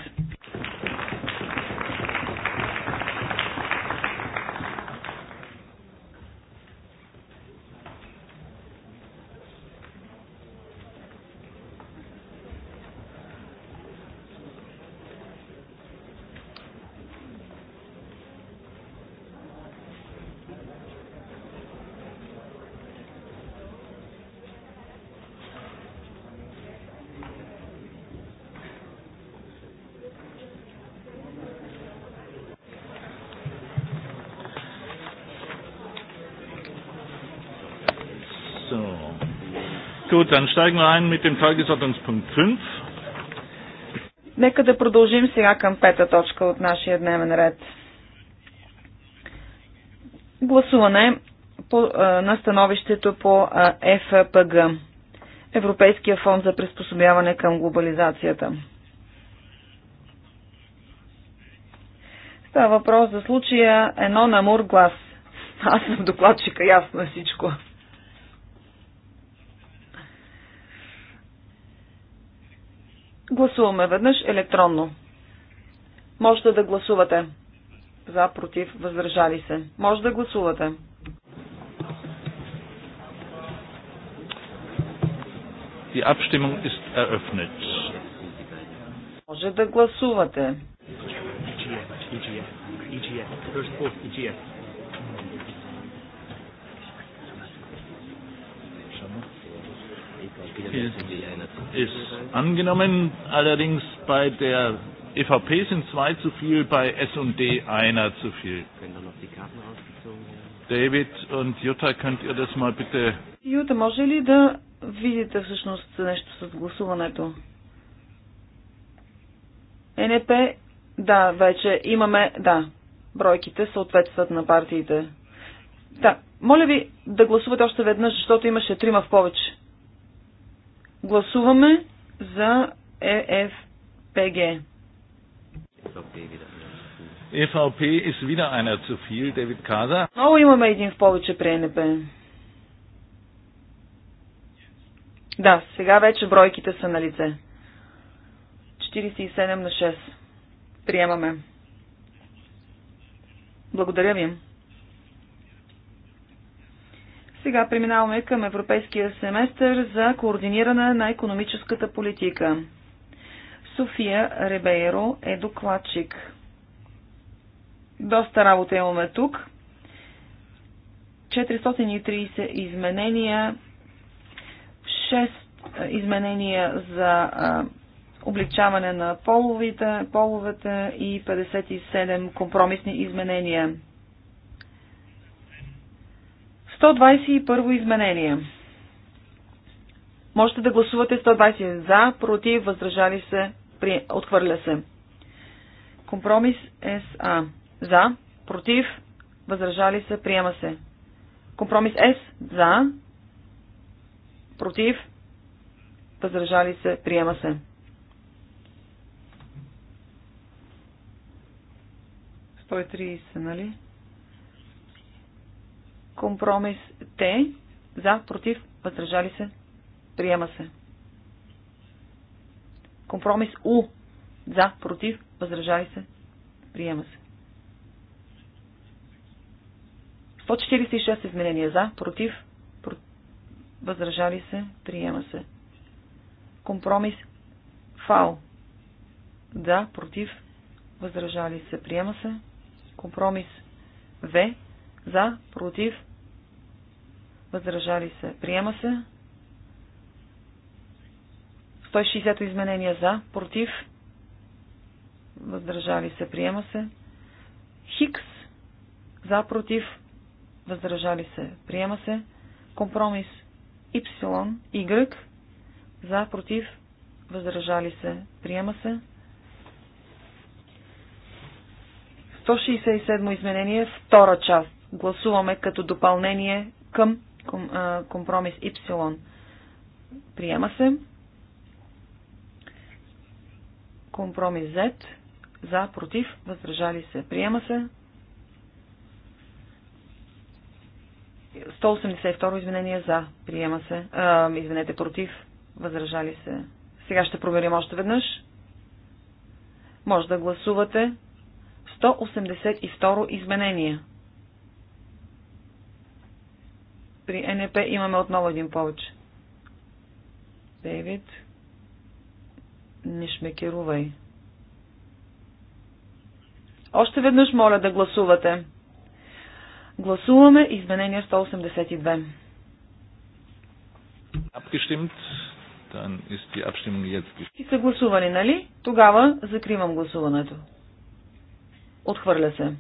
S1: Gut, dann steigen wir ein mit dem Tagesordnungspunkt 5.
S2: Нека да продължим сега към пета точка от нашия дневен ред. Гласуване по, а, на становището по а, ФПГ, Европейския фонд за приспособяване към глобализацията. Става въпрос за случая едно на глас. Аз съм докладчика, ясно е всичко. гласуваме веднъж електронно. Можете да гласувате. За, против, въздържали се. Може да гласувате.
S1: Die Abstimmung ist eröffnet.
S2: Може да гласувате.
S3: Vielen ist angenommen.
S1: Allerdings bei der EVP sind zwei zu viel, bei S&D einer zu viel. David und Jutta, könnt ihr das mal bitte...
S2: Юта, може ли да видите всъщност нещо с гласуването? Е, НП, да, вече имаме, да, бройките съответстват на партиите. Да, моля ви да гласувате още веднъж, защото имаше трима в повече. Гласуваме за ЕФПГ.
S1: EVP е ist wieder einer zu viel, David Kaza.
S2: Много имаме един в повече при е НП. Да, сега вече бройките са на лице. 47 на 6. Приемаме. Благодаря ви. Сега преминаваме към Европейския семестър за координиране на економическата политика. София Ребейро е докладчик. Доста работа имаме тук. 430 изменения, 6 изменения за облегчаване на половите, половете и 57 компромисни изменения. 121 изменение. Можете да гласувате 120 за, против, въздържали се, при... отхвърля се. Компромис СА. За, против, въздържали се, приема се. Компромис С. За, против, въздържали се, приема се. 130, нали? Компромис те, За, против, въздържали се, приема се. Компромис У. За, против, въздържали се, приема се. 146 изменения за, против, про... въздържали се, приема се. Компромис ФАО. За, против, въздържали се, приема се. Компромис В. За, против, въздържали се, приема се. 160 изменения за, против, въздържали се, приема се. Хикс, за, против, въздържали се, приема се. Компромис И, Y, за, против, въздържали се, приема се. 167 изменение, втора част гласуваме като допълнение към компромис Y. Приема се. Компромис Z. За, против, въздържали се. Приема се. 182 изменение за. Приема се. извинете, против. възражали се. Сега ще проверим още веднъж. Може да гласувате 182 изменение. При НП имаме отново един повече. Дейвид, не шмекерувай. Още веднъж моля да гласувате. Гласуваме изменение 182.
S1: Abgestimmt,
S2: И са гласувани, нали? Тогава закривам гласуването. Отхвърля се.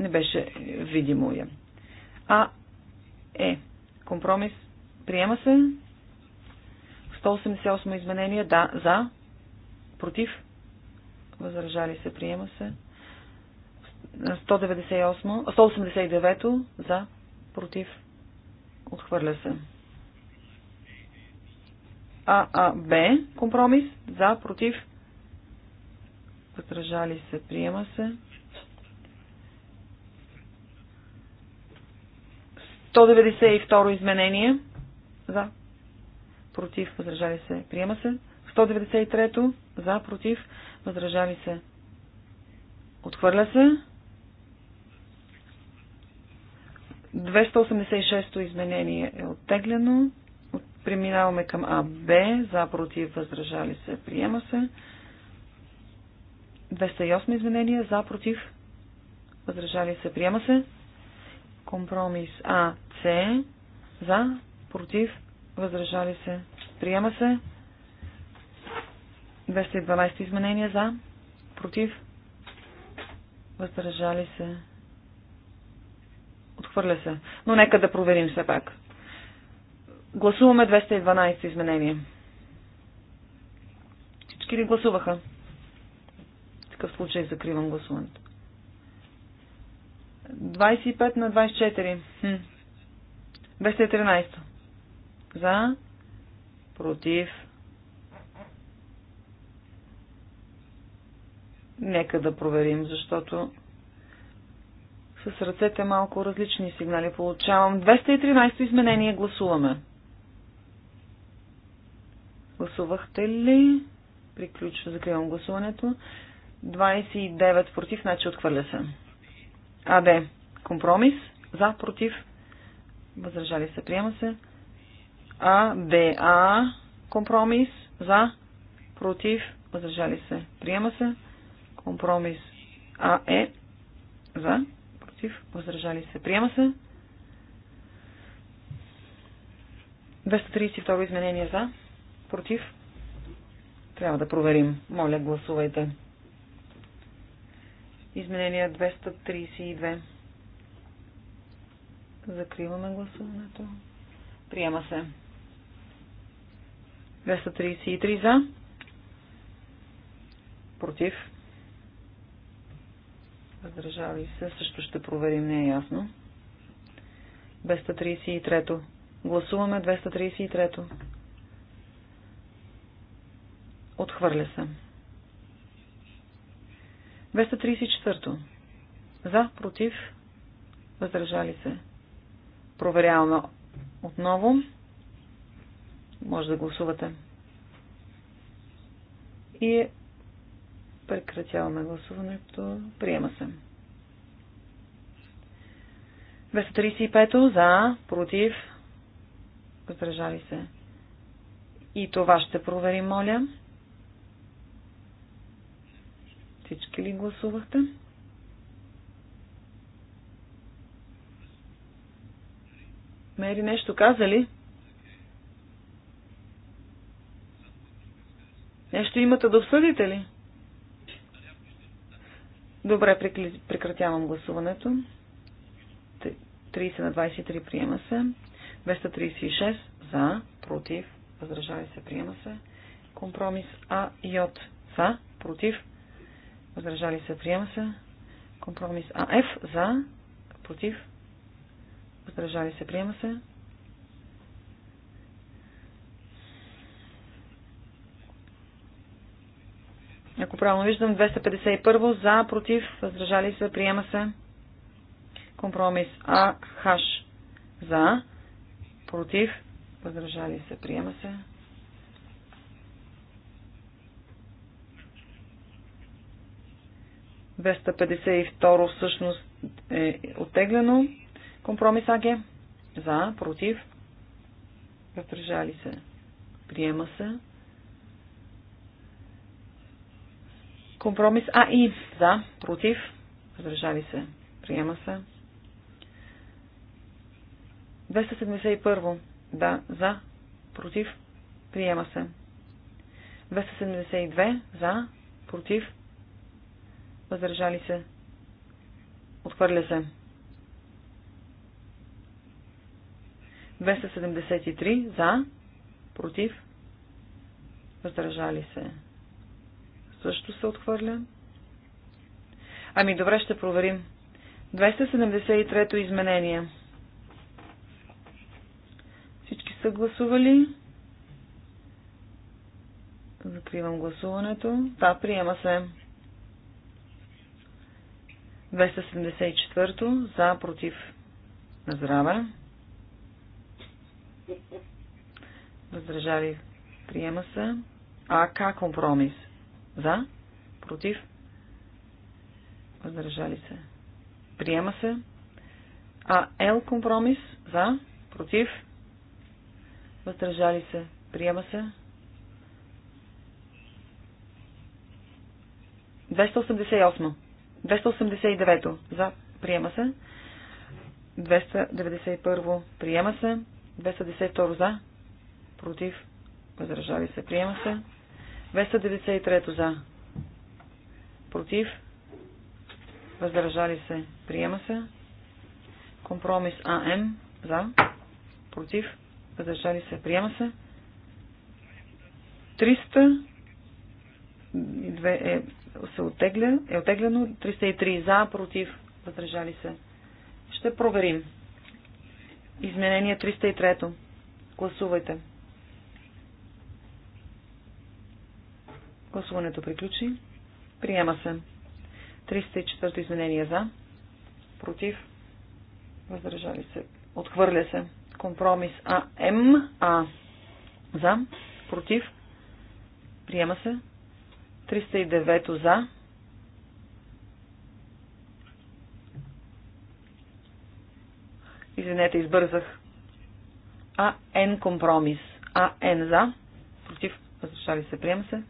S2: Не беше видимо я. А е. Компромис. Приема се. 188 изменения. Да. За. Против. Възражали се. Приема се. 198. 189. За. Против. Отхвърля се. А, А, Б. Компромис. За. Против. Възражали се. Приема се. 192 изменение. За. Против. Въздържали се. Приема се. 193. За. Против. Въздържали се. Отхвърля се. 286 изменение е оттеглено. Преминаваме към АБ. За. Против. Въздържали се. Приема се. 208 изменение. За. Против. Въздържали се. Приема се. Компромис А, С. За, против, възражали се. Приема се. 212 изменения за, против, въздържали се. Отхвърля се. Но нека да проверим все пак. Гласуваме 212 изменения. Всички ли гласуваха? В такъв случай закривам гласуването. 25 на 24. Хм. 213. За. Против. Нека да проверим, защото с ръцете малко различни сигнали получавам. 213 изменение гласуваме. Гласувахте ли? Приключва, закривам гласуването. 29 против, значи отхвърля се. АД. Компромис. За, против. възражали се. Приема се. А, Д, А. Компромис. За, против. възражали се. Приема се. Компромис. А, Е. За, против. възражали се. Приема се. 232 изменение за. Против. Трябва да проверим. Моля, гласувайте. Изменение 232. Закриваме гласуването. Приема се. 233 за. Против. Въздържали се. Също ще проверим, не е ясно. 233. Гласуваме 233. Отхвърля се. 234. За, против, въздържали се. Проверяваме отново. Може да гласувате. И прекратяваме гласуването. Приема се. 235 за, против, въздържали се. И това ще проверим, моля. Всички ли гласувахте? Мери нещо каза ли? Нещо имате да обсъдите ли? Добре, прекратявам гласуването. 30 на 23 приема се. 236 за, против, въздържали се, приема се. Компромис А и от за, против, Въздържали се, приема се. Компромис АФ за, против. Въздържали се, приема се. Ако правилно виждам, 251 за, против, въздържали се, приема се. Компромис А, хаш за, против, въздържали се, приема се. 252 всъщност е оттеглено. Компромис АГ. За, против. Въздържали се. Приема се. Компромис АИ. За, против. Въздържали се. Приема се. 271. Да, за, против. Приема се. 272. За, против. Възражали се. Отхвърля се. 273 за, против, въздържали се. Също се отхвърля. Ами добре, ще проверим. 273-то изменение. Всички са гласували. Закривам гласуването. Да, приема се. 274 за, против, здраве. Въздържали, приема се. АК компромис. За, против, въздържали се. Приема се. А компромис. За, против, въздържали се. Приема се. 288. 289 за, приема се. 291 приема се. 292 за, против, въздържали се, приема се. 293 за, против, въздържали се, приема се. Компромис АМ за, против, въздържали се, приема се. 300 е се отегля, е отегляно. 303 за, против, въздържали се. Ще проверим. Изменение 303. Гласувайте. Гласуването приключи. Приема се. 304 изменение за. Против. Въздържали се. Отхвърля се. Компромис АМА. За. Против. Приема се. 309 за. Извинете, избързах. А, Н компромис. А, Н за. Против. Въздържали се. Приема се.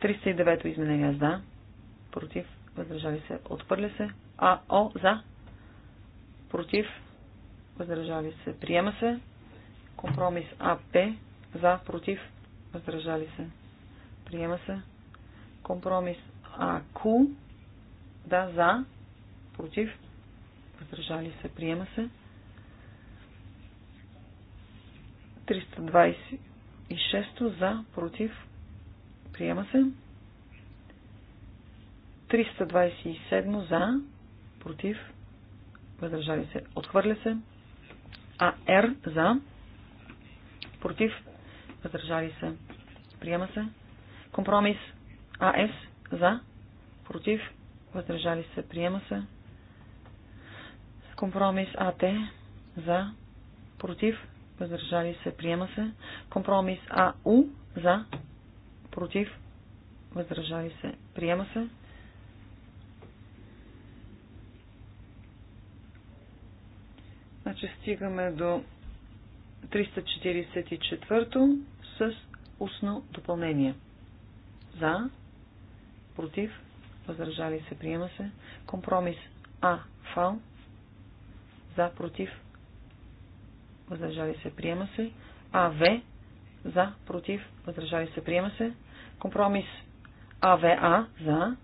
S2: 309 изменение за. Против. Въздържали се. Отпърля се. А, О за. Против. Въздържали се. Приема се. Компромис АП. За. Против. Въздържали се. Приема се. Компромис АКУ. Да, за. Против. Въздържали се. Приема се. 326 за. Против. Приема се. 327 за. Против. Въздържали се. Отхвърля се. АР за. Против. Въздържали се. Приема се. Компромис АС за, против, въздържали се, приема се. Компромис АТ за, против, въздържали се, приема се. Компромис АУ за, против, въздържали се, приема се. Значи стигаме до 344 с устно допълнение. За. Против. Въздържали се. Приема се. Компромис А. Фал. За. Против. Въздържали се. Приема се. А. В. За. Против. Въздържали се. Приема се. Компромис АВА. За.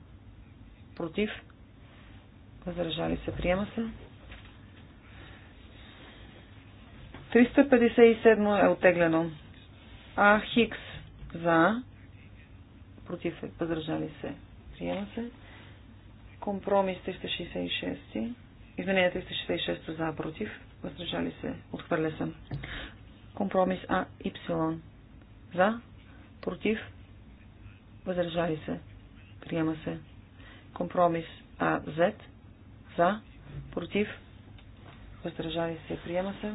S2: Против. Въздържали се. Приема се. 357 е отеглено. А. Хикс. За против, възражали се, приема се. Компромис 366, Извинение 366 за, против, въздържали се, отхвърля се. Компромис А, Y, за, против, Възражали се, приема се. Компромис А, Z, за, против, въздържали се, приема се.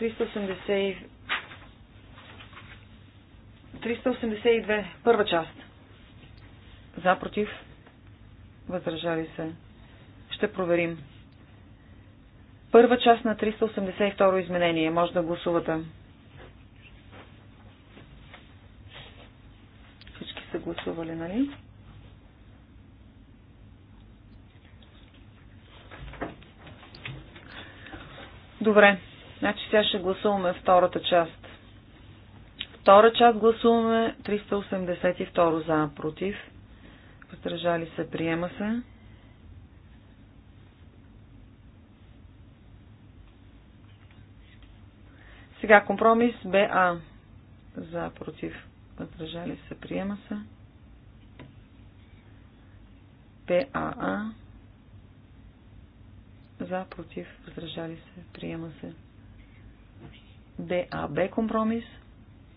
S2: 385 382. Първа част. Запротив? Възражали въздържали се. Ще проверим. Първа част на 382 изменение. Може да гласувате. Всички са гласували, нали? Добре. Значи сега ще гласуваме втората част. Втора част гласуваме 382 за, против. Въздържали се, приема се. Сега компромис БА. За, против. Въздържали се, приема се. ПАА. За, против. Въздържали се, приема се. ДАБ компромис.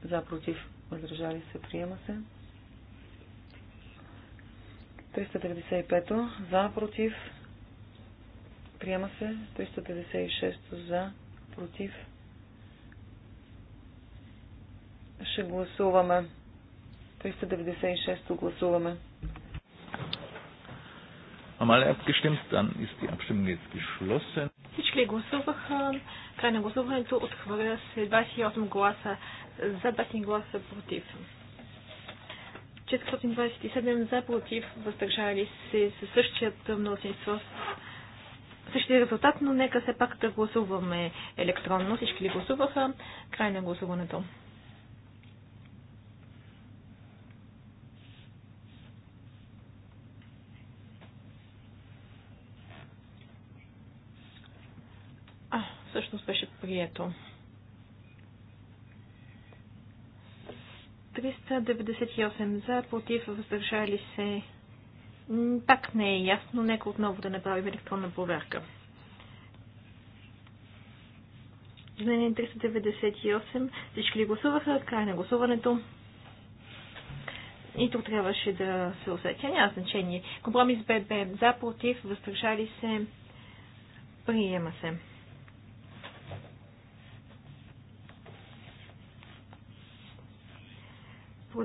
S2: За, против, въздържали се, приема се. 395 за, против, приема се. 396 за, против. Ще гласуваме. 396 гласуваме.
S1: Haben alle abgestimmt, dann ist die Abstimmung jetzt geschlossen.
S4: Всички ли гласуваха? Край на гласуването отхвърля се 28 гласа за 20 гласа против. 427 за против, въздържали се със същият мнозинство същия резултат, но нека все пак да гласуваме електронно. Всички ли гласуваха? Край на гласуването. прието. 398 за, против, въздържали се. Пак не е ясно. Нека отново да направим електронна проверка. Изменение 398. Всички ли гласуваха? Край на гласуването. И тук трябваше да се усетя. Няма значение. Компромис ББ. За, против, въздържали се. Приема се.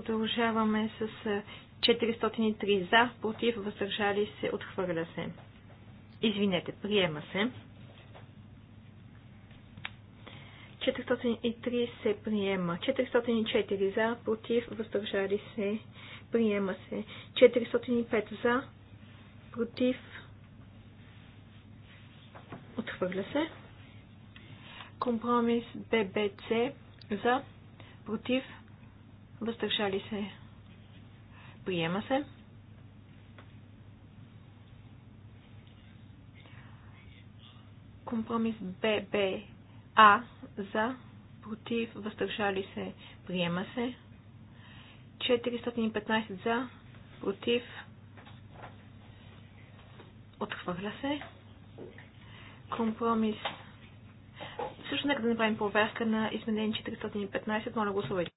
S4: Продължаваме с 403 за, против, въздържали се, отхвърля се. Извинете, приема се. 403 се приема. 404 за, против, въздържали се, приема се. 405 за, против, отхвърля се. Компромис ББЦ за, против, Въздържали се. Приема се. Компромис ББА за против, въздържали се, приема се. 415 за, против, отхвърля се. Компромис. Също нека да направим проверка на изменение 415. Моля гласувайте.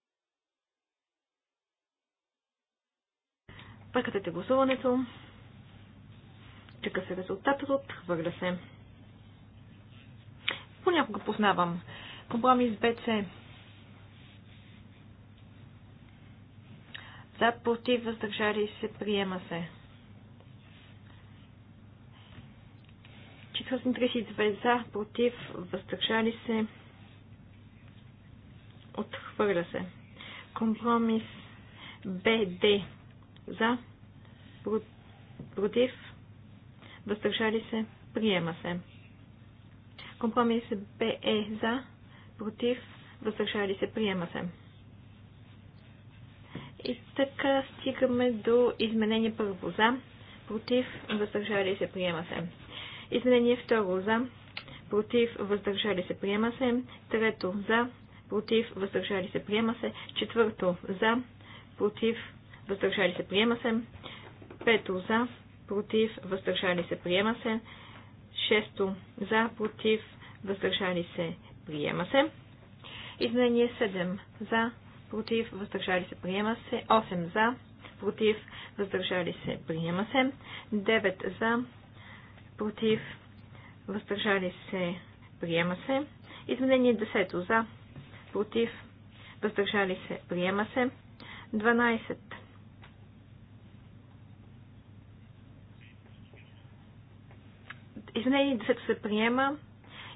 S4: Прекратете гласуването. Чека се резултатът от хвърля се? Понякога познавам компромис БЦ. За, против, въздържали се, приема се. 432 за, против, въздържали се, отхвърля се. Компромис БД за. Против. Въздържали се. Приема се. Компромис БЕ за. Против. Въздържали се. Приема се. И така стигаме до изменение първо за. Против. Въздържали се. Приема се. Изменение второ за. Против. Въздържали се. Приема се. Трето за. Против. Въздържали се. Приема се. Четвърто за. Против въздържали се, приема се. Пето за, против, въздържали се, приема се. Шесто за, против, въздържали се, приема се. Изменение 7 за, против, въздържали се, приема се. 8 за, против, въздържали се, приема се. 9 за, против, въздържали се, приема се. Изменение 10 за, против, въздържали се, приема се. 12 Изменение 10 се приема.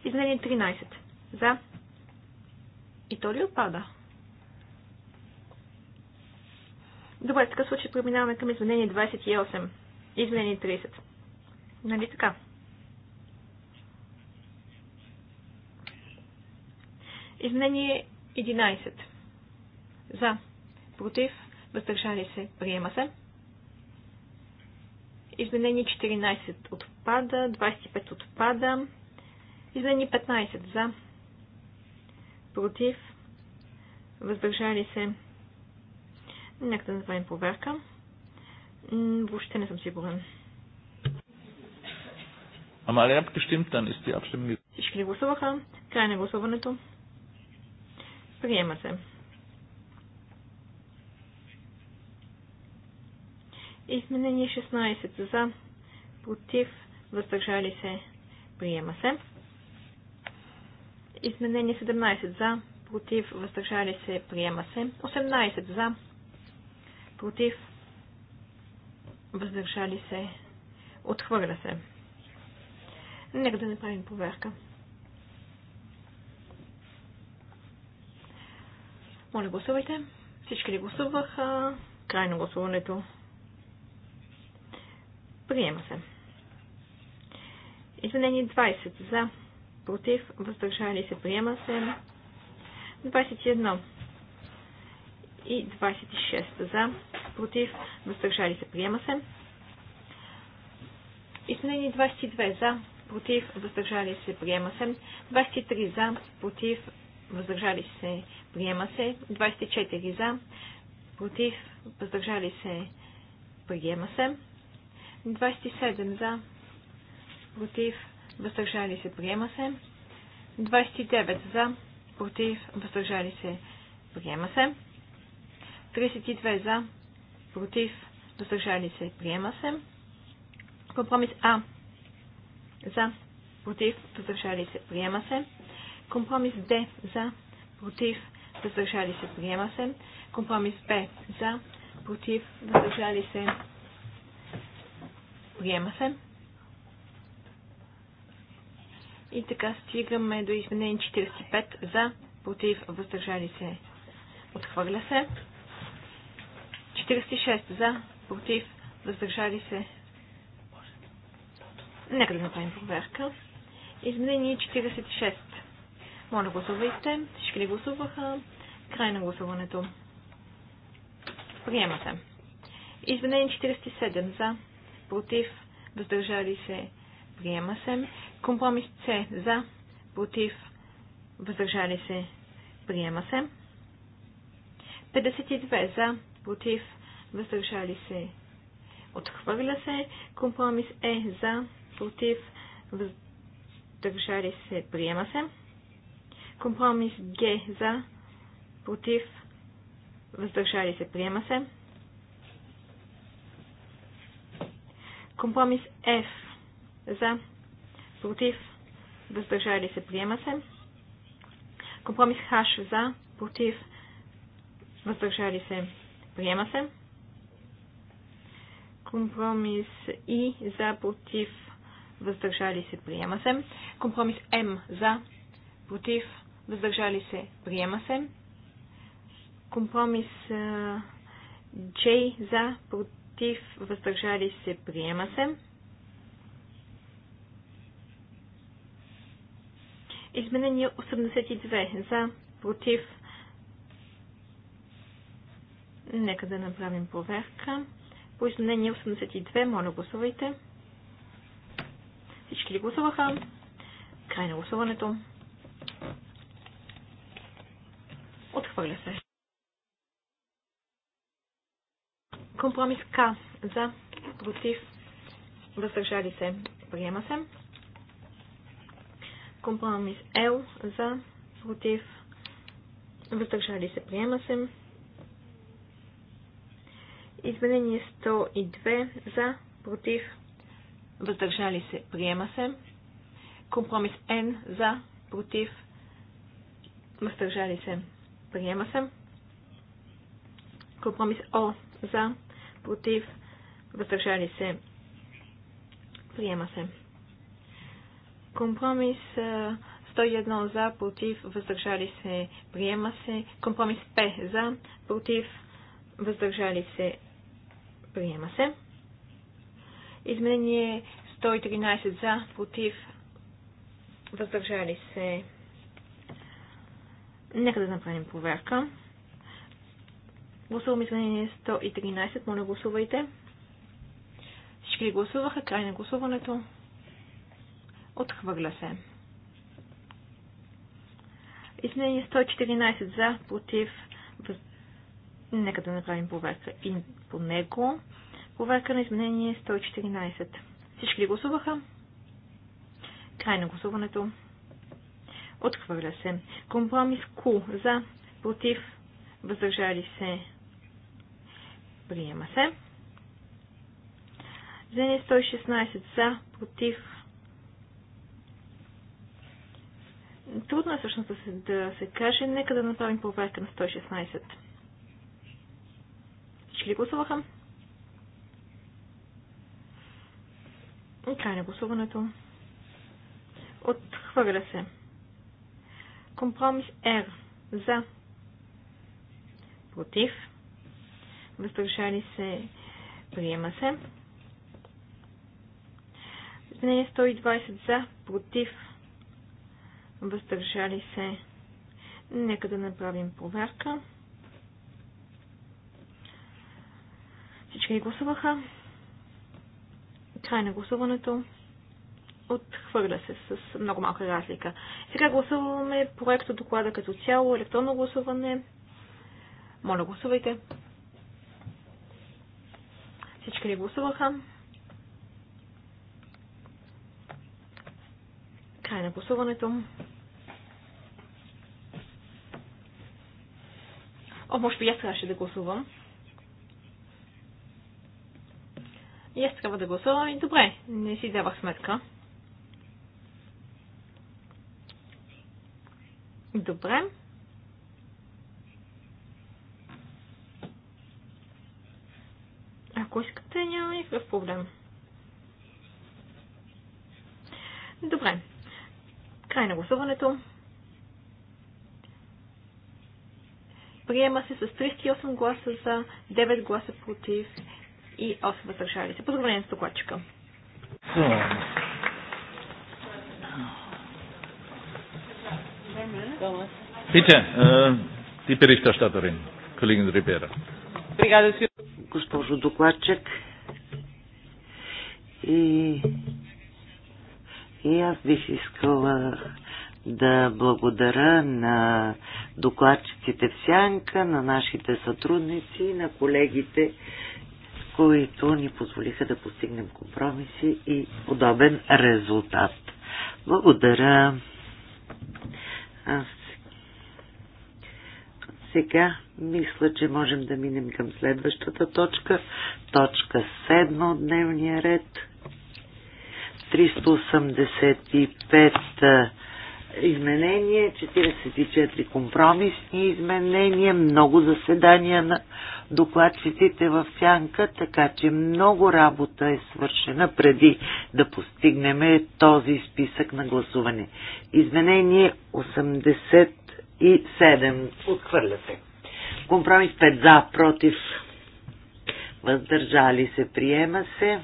S4: Изменение 13. За. И то ли отпада. Добре, в такъв случай преминаваме към изменение 28. Изменение 30. Нали така? Изменение 11. За. Против. Въздържали се. Приема се. Изменение 14 от отпада, 25 отпада, измени 15 за, против, въздържали се. Нека да направим проверка. Въобще не съм сигурен.
S1: Ама ли abgestimmt, dann ist die Abstimmung...
S4: Всички ли гласуваха? Край на гласуването. Приема се. Изменение 16 за, против, въздържали се, приема се. Изменение 17 за, против, въздържали се, приема се. 18 за, против, въздържали се, отхвърля се. Нека да направим проверка. Моля, гласувайте. Всички ли гласуваха? Крайно гласуването. Приема се. Изменение 20 за, против, въздържали се, приема се. 21 и 26 за, против, въздържали се, приема се. Изменение 22 за, против, въздържали се, приема се. 23 за, против, въздържали се, приема се. 24 за, против, въздържали се, приема се. 27 за, против, въздържали се, приема се. 29 за, против, въздържали се, приема се. 32 за, против, въздържали се, приема се. Компромис А за, против, въздържали се, приема се. Компромис Д за, против, въздържали се, приема се. Компромис Б за, против, въздържали се, приема се. И така стигаме до изменение 45 за, против, въздържали се, отхвърля се. 46 за, против, въздържали се. Нека да направим проверка. Изменение 46. Моля гласувайте. Всички ли гласуваха? Край на гласуването. Приема се. Изменение 47 за, против, въздържали се, приема се. Компромис С за, против, въздържали се, приема се. 52 за, против, въздържали се, отхвърля се. Компромис Е за, против, въздържали се, приема се. Компромис Г за, против, въздържали се, приема се. Компромис F за, против, въздържали се, приема се. Компромис Хаш за, против, въздържали се, приема се. Компромис И за, против, въздържали се, приема се. Компромис М за, против, въздържали се, приема се. Компромис J за, против, въздържали се, приема се. Изменение 82. За, против. Нека да направим проверка. По изменение 82, моля гласувайте. Всички ли гласуваха? Край на гласуването. Отхвърля се. Компромис К. За, против, въздържали се. Приема се. Компромис L за, против, въздържали се, приема се. Изменение 102 за, против, въздържали се, приема се. Компромис N за, против, въздържали се, приема се. Компромис О за, против, въздържали се, приема се. Компромис 101 за, против, въздържали се, приема се. Компромис П за, против, въздържали се, приема се. Изменение 113 за, против, въздържали се. Нека да направим проверка. Гласувам изменение 113. Моля, гласувайте. Всички гласуваха. Край на гласуването. Отхвърля се. Изменение 114 за, против, въз... нека да направим проверка и по него. Проверка на изменение 114. Всички ли гласуваха? Край на гласуването. Отхвърля се. Компромис Q за, против, въздържали се. Приема се. Изменение 116 за, против, Трудно е всъщност да се, да се каже. Нека да направим проверка на 116. Всички ли гласуваха? Край на гласуването. Отхвърля се. Компромис Р. За. Против. Въздържали се. Приема се. Изменение 120 за. Против въздържали се. Нека да направим проверка. Всички гласуваха. Край на гласуването. Отхвърля се с много малка разлика. Сега гласуваме проекта доклада като цяло, електронно гласуване. Моля, гласувайте. Всички ли гласуваха? Край на гласуването. О, може би аз трябваше да гласувам. И аз трябва да гласувам и добре, не си давах сметка. Добре. Ако искате, няма никакъв проблем. Добре. Край на гласуването. Приема се с 38 гласа за, 9 гласа против и 8 въздържали се. Поздравление с докладчика.
S1: Bitte, äh, die Berichterstatterin, Kollegin
S5: Ribera. Госпожо докладчик, и, и аз бих искала да благодаря на докладчиците в Сянка, на нашите сътрудници, на колегите, които ни позволиха да постигнем компромиси и подобен резултат. Благодаря. Аз сега мисля, че можем да минем към следващата точка. Точка 7 от дневния ред. 385 изменения, 44 компромисни изменения, много заседания на докладчиците в сянка, така че много работа е свършена преди да постигнем този списък на гласуване. Изменение 87. Отхвърляте. Компромис 5 за, против. Въздържали се, приема се.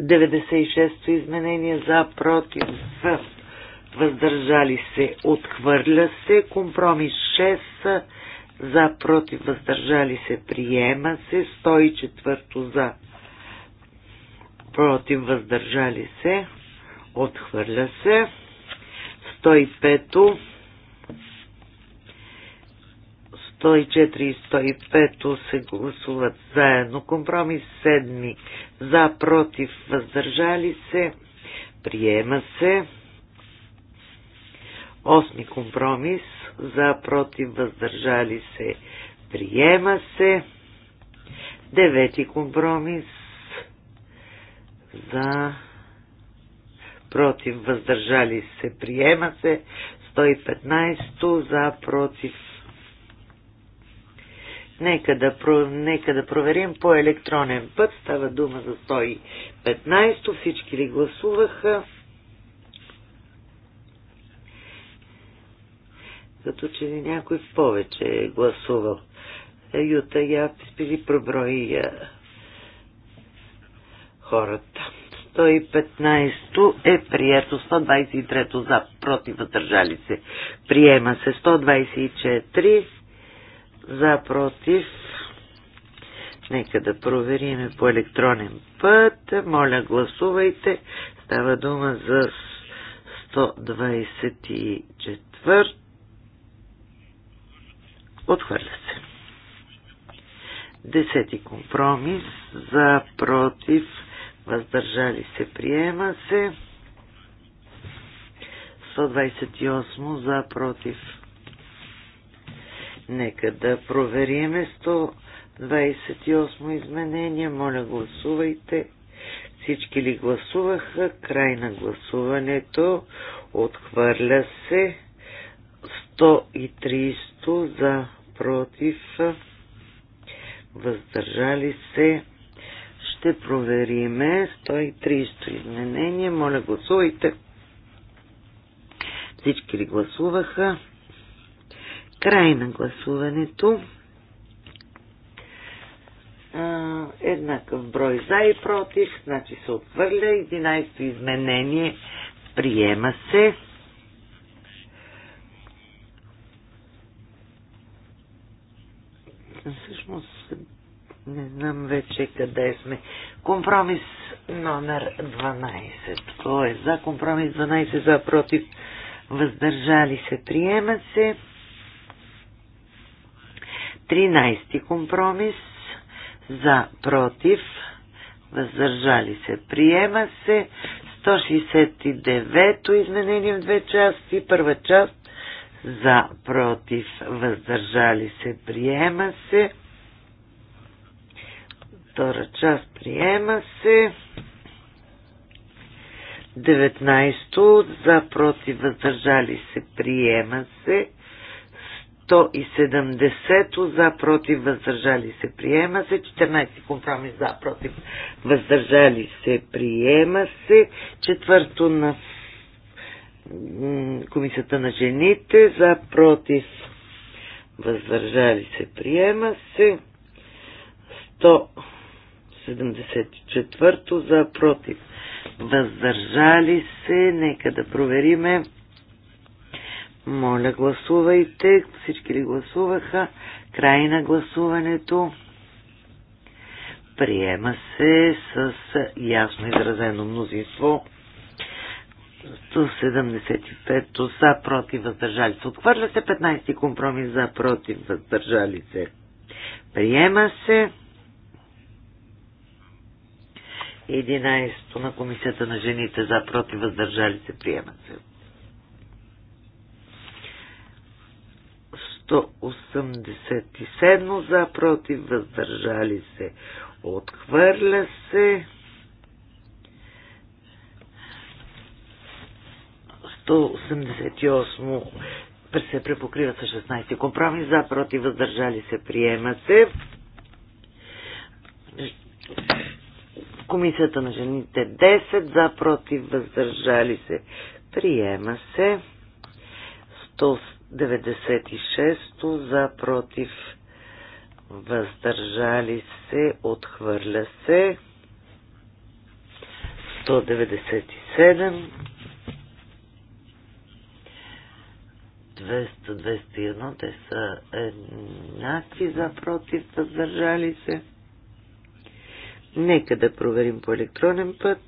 S5: 96-то изменение за против въздържали се отхвърля се. Компромис 6 за против въздържали се приема се. 104-то за против въздържали се отхвърля се. 105-то 104 и 105 се гласуват заедно. Компромис 7 за, против, въздържали се, приема се. Осми компромис, за, против, въздържали се, приема се. Девети компромис, за, против, въздържали се, приема се. 115 за, против, Нека да, про... Нека да проверим по електронен път. Става дума за 115. Всички ли гласуваха? Като че ли някой повече е гласувал. Юта, я спили проброи хората. 115 е прието, 123 за, против, въздържали се. Приема се 124 за против. Нека да провериме по електронен път. Моля, гласувайте. Става дума за 124. Отхвърля се. Десети компромис за против. Въздържали се. Приема се. 128 за против Нека да провериме 128 изменение. Моля, гласувайте. Всички ли гласуваха? Край на гласуването. Отхвърля се. 130 за против. Въздържали се. Ще провериме. 130 изменение. Моля, гласувайте. Всички ли гласуваха? Край на гласуването. А, еднакъв брой за и против, значи се отвърля. 11 изменение приема се. Всъщност не знам вече къде сме. Компромис номер 12. Кой е за компромис 12, за против, въздържали се, приема се. 13 компромис за против въздържали се. Приема се 169-то изменение в две части. Първа част за против въздържали се. Приема се. Втора част приема се. 19 за против въздържали се. Приема се. 170 за против въздържали се приема се, 14 компромис за против въздържали се приема се, четвърто на Комисията на жените за против въздържали се приема се, 174 за против въздържали се, нека да провериме моля, гласувайте. Всички ли гласуваха? Край на гласуването. Приема се с ясно изразено мнозинство. 175 за, против, въздържали се. Отхвърля се 15 компромис за, против, въздържали се. Приема се 11 на комисията на жените за, против, въздържали се. Приема се. 187 за, против, въздържали се. Отхвърля се. 188 се препокрива с 16 компромис, за, против, въздържали се, приема се. Комисията на жените 10, за, против, въздържали се, приема се. 100 96 за против въздържали се, отхвърля се. 197 200-201, те са еднакви за против, въздържали се. Нека да проверим по електронен път.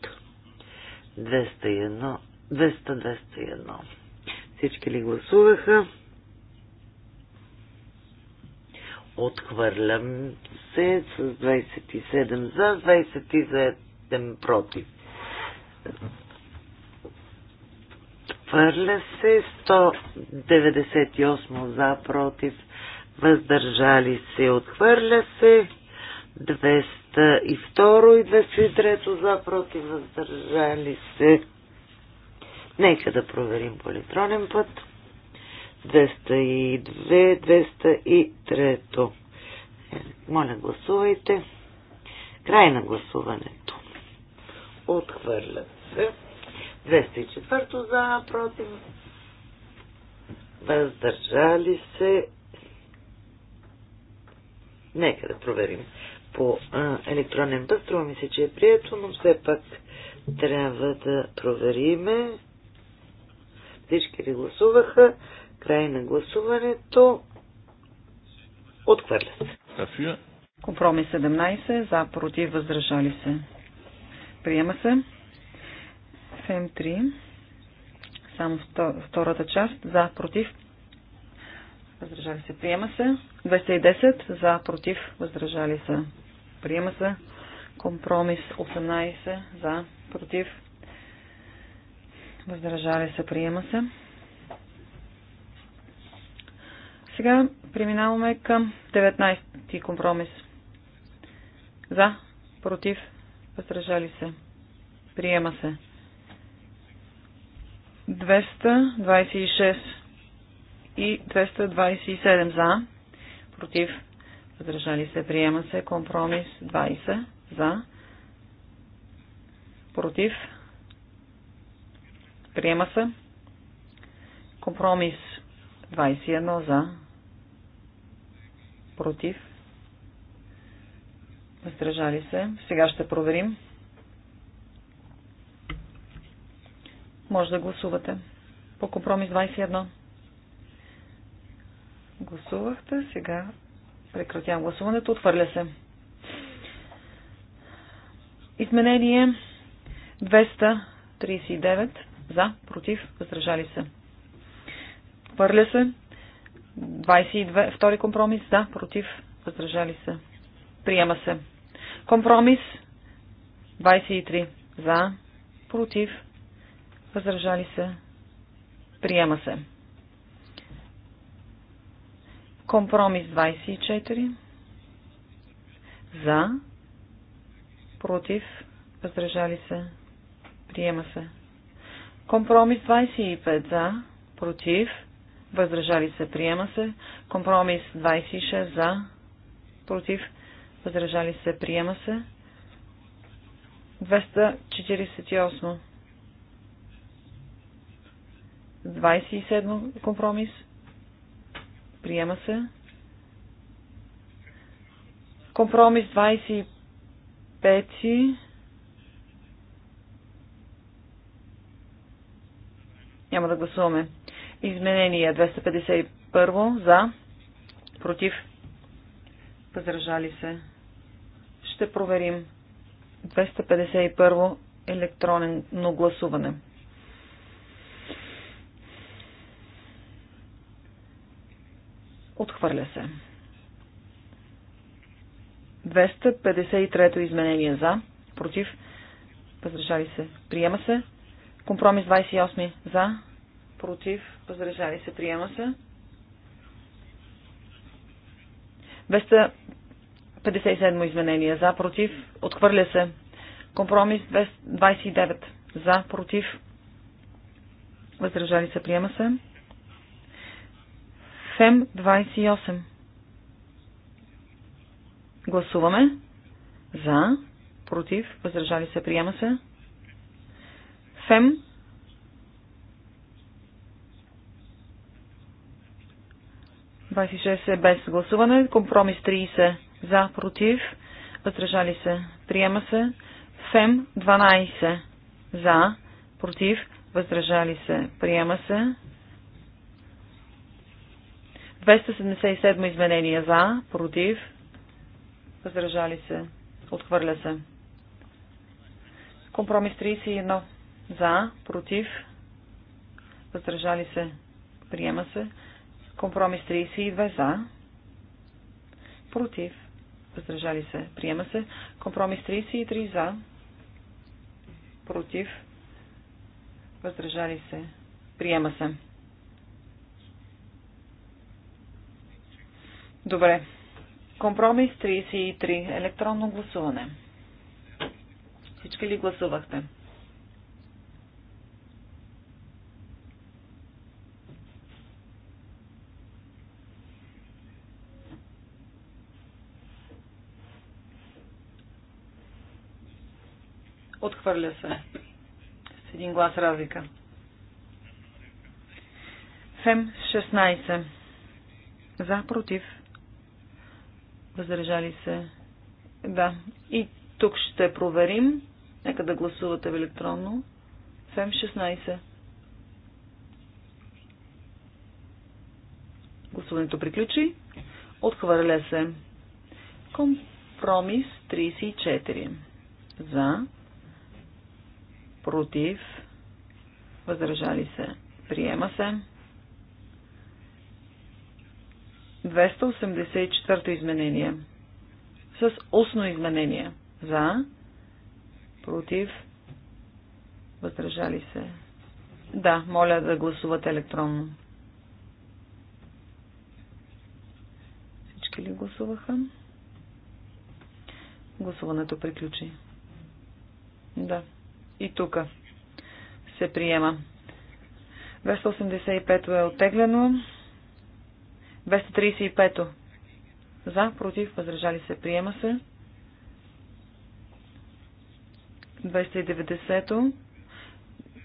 S5: 201, 200-201. Всички ли гласуваха? Отхвърлям се с 27 за, 27 против. Хвърля се 198 за, против. Въздържали се, отхвърля се. 202 и 203 за, против. Въздържали се, Нека да проверим по електронен път. 202-203. Е, моля, гласувайте. Край на гласуването. Отхвърлят се. 204 за, против. Въздържали се. Нека да проверим по а, електронен път. Струва ми се, че е прието, но все пак трябва да провериме. Всички ли гласуваха? Край на гласуването. Отхвърля се.
S2: Компромис 17. За, против, въздържали се. Приема се. ФМ 3. Само втората част. За, против. Въздържали се. Приема се. 210. За, против. Въздържали се. Приема се. Компромис 18. За, против. Въздържали се, приема се. Сега преминаваме към 19-ти компромис. За, против, въздържали се. Приема се. 226 и 227 за, против, въздържали се, приема се. Компромис 20 за, против, Приема се. Компромис 21 за. Против. Въздържали се. Сега ще проверим. Може да гласувате. По компромис 21. Гласувахте. Сега прекратявам гласуването. Отвърля се. Изменение 239. За, против, въздържали се. Хвърля се. 22. Втори компромис. За, против, въздържали се. Приема се. Компромис 23. За, против, въздържали се. Приема се. Компромис 24. За, против, въздържали се. Приема се. Компромис 25 за, против, въздържали се, приема се. Компромис 26 за, против, въздържали се, приема се. 248. 27 компромис. Приема се. Компромис 25 Няма да гласуваме. Изменение 251 за, против, въздържали се. Ще проверим 251 електронно гласуване. Отхвърля се. 253 изменение за, против, въздържали се. Приема се. Компромис 28 за, против, въздържали се, приема се. 257 изменения за, против, отхвърля се. Компромис 29 за, против, въздържали се, приема се. ФЕМ 28. Гласуваме. За, против, въздържали се, приема се. ФЕМ. е без гласуване. Компромис 30 е за, против, въздържали се, приема се. ФЕМ 12 е за, против, въздържали се, приема се. 277 изменения за, против, въздържали се, отхвърля се. Компромис 31 за, против, въздържали се, приема се. Компромис 32 за, против, въздържали се, приема се. Компромис 33 за, против, въздържали се, приема се. Добре. Компромис 33. Електронно гласуване. Всички ли гласувахте? Отхвърля се. С един глас разлика. Фем 16. За, против. Въздържали се. Да. И тук ще проверим. Нека да гласувате в електронно. Фем 16. Гласуването приключи. Отхвърля се. Компромис 34. За против, въздържали се, приема се. 284 изменение с устно изменение за, против, въздържали се. Да, моля да гласувате електронно. Всички ли гласуваха? Гласуването приключи. Да. И тук се приема. 285 е оттеглено. 235 за, против, възражали се, приема се. 290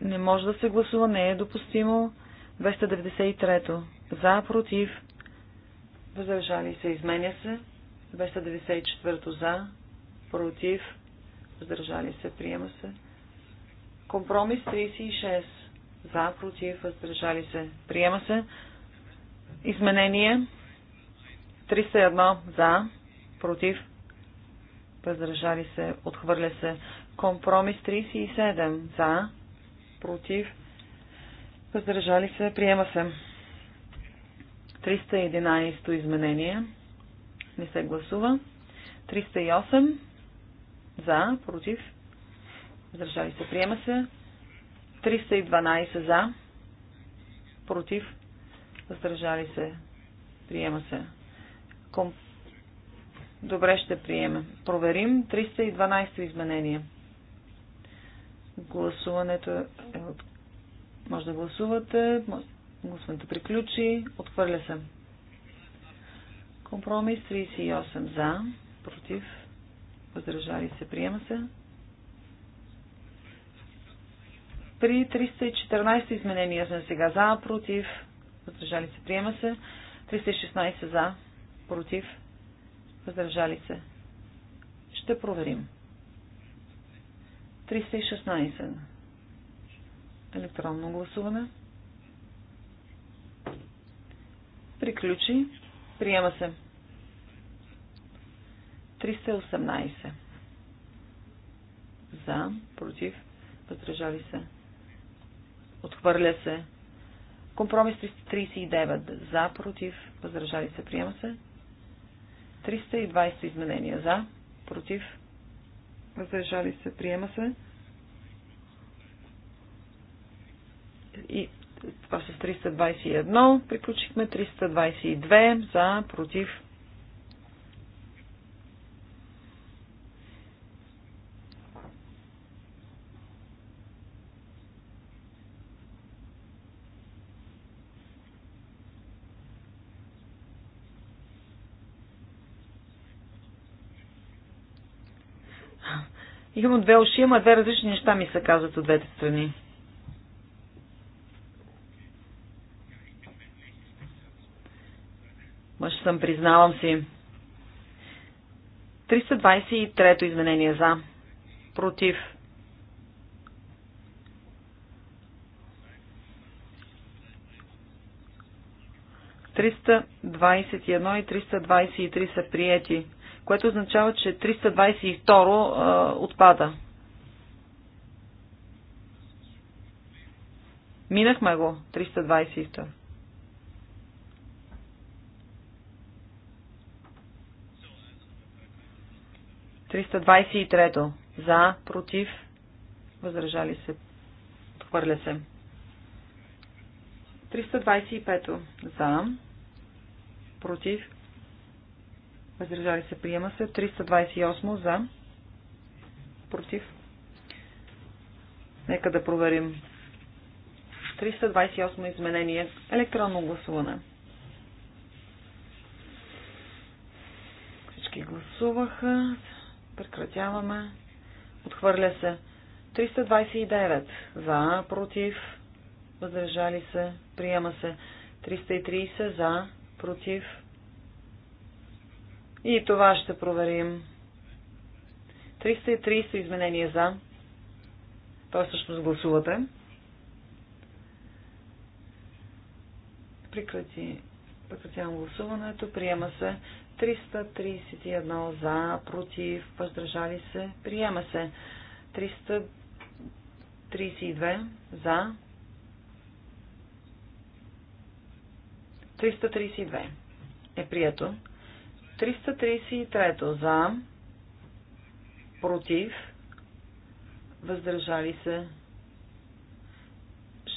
S2: не може да се гласува, не е допустимо. 293 за, против, въздържали се, изменя се. 294 за, против, въздържали се, приема се. Компромис 36. За, против, въздържали се. Приема се. Изменение 301. За, против, въздържали се. Отхвърля се. Компромис 37. За, против, въздържали се. Приема се. 311 изменение. Не се гласува. 308. За, против, Въздържали се. Приема се. 312 за. Против. Въздържали се. Приема се. Ком... Добре ще приемем. Проверим 312 изменение. Гласуването е от... Може да гласувате. Гласуването приключи. Отхвърля се. Компромис 38 за. Против. Въздържали се. Приема се. При 314 изменения сме сега за, против, въздържали се, приема се. 316 за, против, въздържали се. Ще проверим. 316. Електронно гласуване. Приключи. Приема се. 318. За, против, въздържали се. Отхвърля се. Компромис 339. За, против, въздържали се, приема се. 320 изменения. За, против, въздържали се, приема се. И това с 321. Приключихме 322. За, против, Имам две уши, ама две различни неща ми се казват от двете страни. Мъж съм, признавам си. 323-то изменение за. Против. Триста двадесет и едно и триста двадесет и три са приети което означава, че 322 отпада. Минахме го, 322. Триста За, против, възражали се, хвърля се. 325 За, против, Въздържали се. Приема се. 328 за. Против. Нека да проверим. 328 изменение. Електронно гласуване. Всички гласуваха. Прекратяваме. Отхвърля се. 329 за, против, въздържали се, приема се. 330 за, против, и това ще проверим. 330 изменения за. Той всъщност гласувате. Прекрати. Прекратявам гласуването. Приема се 331 за, против, въздържали се. Приема се 332 за. 332 е прието. 333 за, против, въздържали се.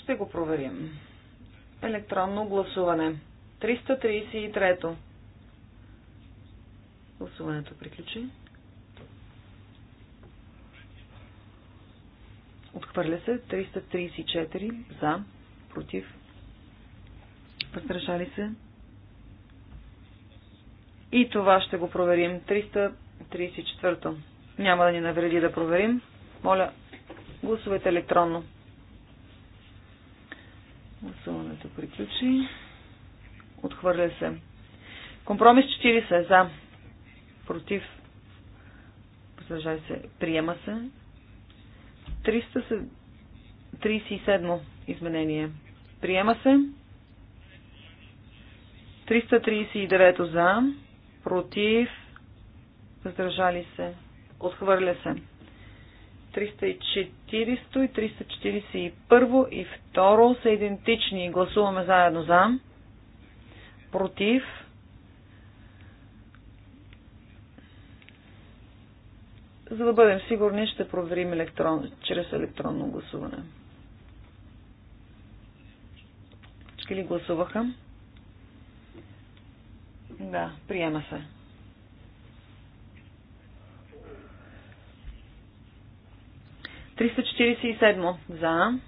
S2: Ще го проверим. Електронно гласуване. 333. Гласуването приключи. Отхвърля се 334 за, против, въздържали се. И това ще го проверим. 334. Няма да ни навреди да проверим. Моля, гласувайте електронно. Гласуването приключи. Отхвърля се. Компромис 40. За. Против. Въздържали се. Приема се. 337 изменение. Приема се. 339 за против, въздържали се, отхвърля се. 340 и 341 и второ са идентични. Гласуваме заедно за. Против. За да бъдем сигурни, ще проверим електрон, чрез електронно гласуване. Всички ли гласуваха? Да, приема се. Триста за.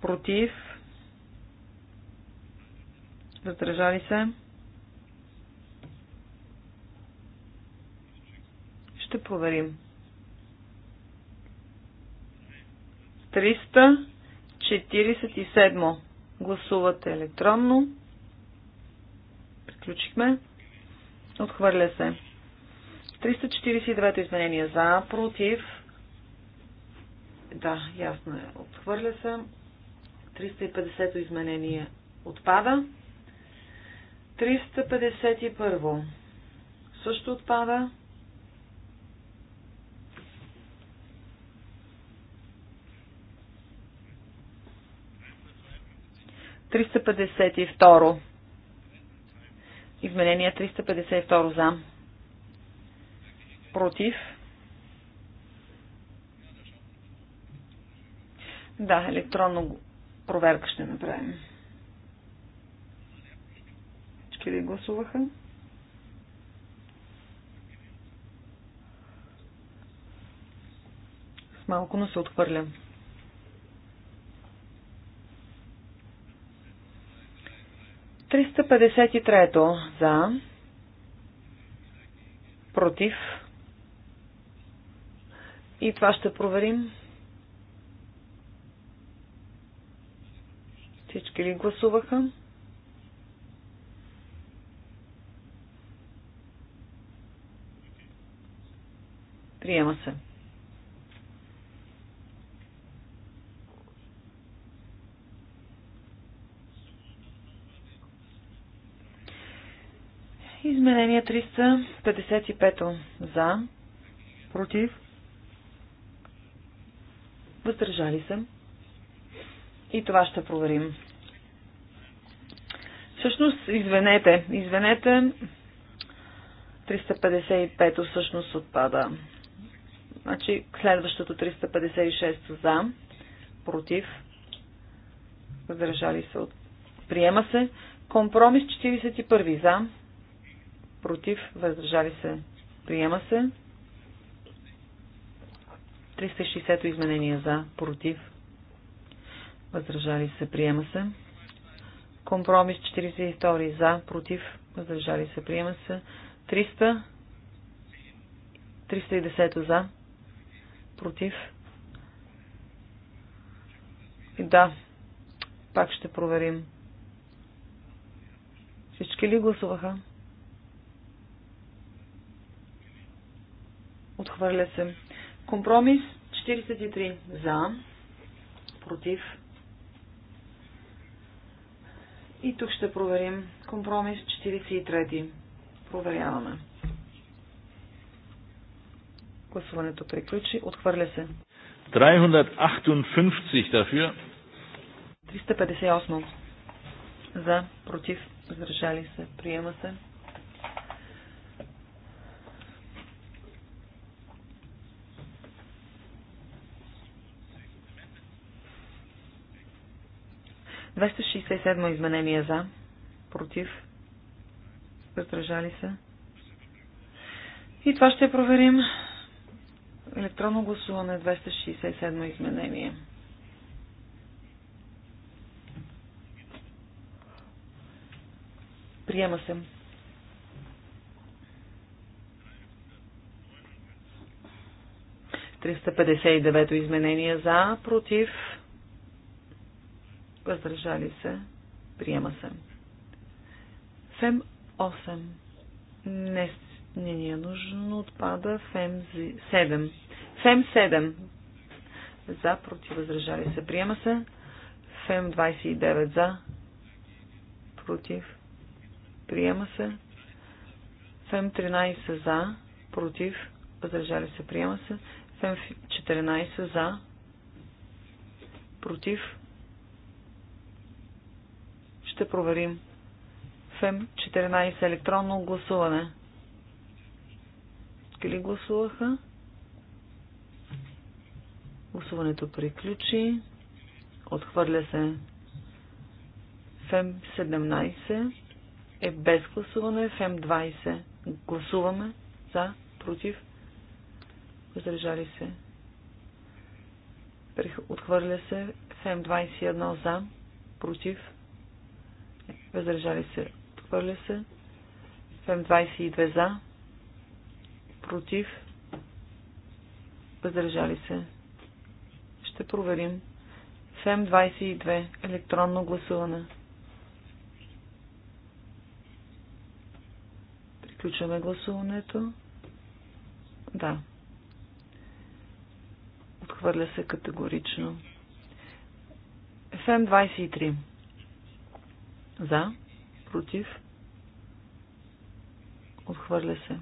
S2: Против. Задържали се. Ще проверим. 347. Гласувате електронно. Включихме. Отхвърля се. 349 изменение за, против. Да, ясно е. Отхвърля се. 350 изменение отпада. 351 също отпада. Триста петдесет и второ. Изменение 352 за. Против. Да, електронно проверка ще направим. Всички ли гласуваха? С малко, но се отхвърлям. 353 за, против. И това ще проверим. Всички ли гласуваха? Приема се. Изменение 355 за, против, въздържали се. И това ще проверим. Всъщност, извинете, извинете, 355 всъщност отпада. Значи, следващото 356 за, против, въздържали се от... Приема се. Компромис 41 за, против, въздържали се, приема се. 360 изменение за, против, въздържали се, приема се. Компромис 42 за, против, въздържали се, приема се. 300, 310 за, против. И да, пак ще проверим. Всички ли гласуваха? Отхвърля се. Компромис 43. За. Против. И тук ще проверим. Компромис 43. Проверяваме. Гласуването приключи. Отхвърля се.
S1: 358 дафюр.
S2: 358. За. Против. Задържали се. Приема се. 267 изменение за, против, въздържали се. И това ще проверим. Електронно гласуване 267 изменение. Приема се. Триста изменение за, против, въздържали се, приема се. Фем 8. Не, не ни е нужно, отпада Фем 7. Фем 7. За, против, въздържали се, приема се. Фем 29 за, против, приема се. Фем 13 за, против, въздържали се, приема се. Фем 14 за, против, ще проверим. ФЕМ 14 електронно гласуване. Ли гласуваха? Гласуването приключи. Отхвърля се. ФЕМ 17 е без гласуване. ФЕМ 20. Гласуваме за, против, въздържали се. Отхвърля се. ФЕМ 21 за, против, въздържали се, отхвърля се. Фем 22 за, против, въздържали се. Ще проверим. Фем 22 електронно гласуване. Приключваме гласуването. Да. Отхвърля се категорично. ФМ 23. За. Против. Отхвърля се.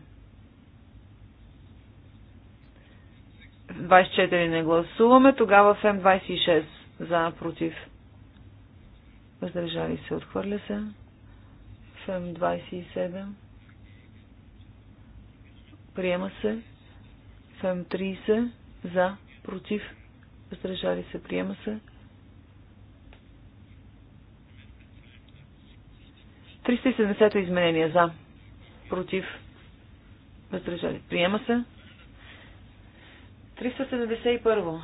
S2: 24 не гласуваме, тогава в М26 за, против. Въздържали се, отхвърля се. В М27 приема се. В М30 за, против. Въздържали се, приема се. 370 изменение за. Против. Въздържали. Приема се. 371.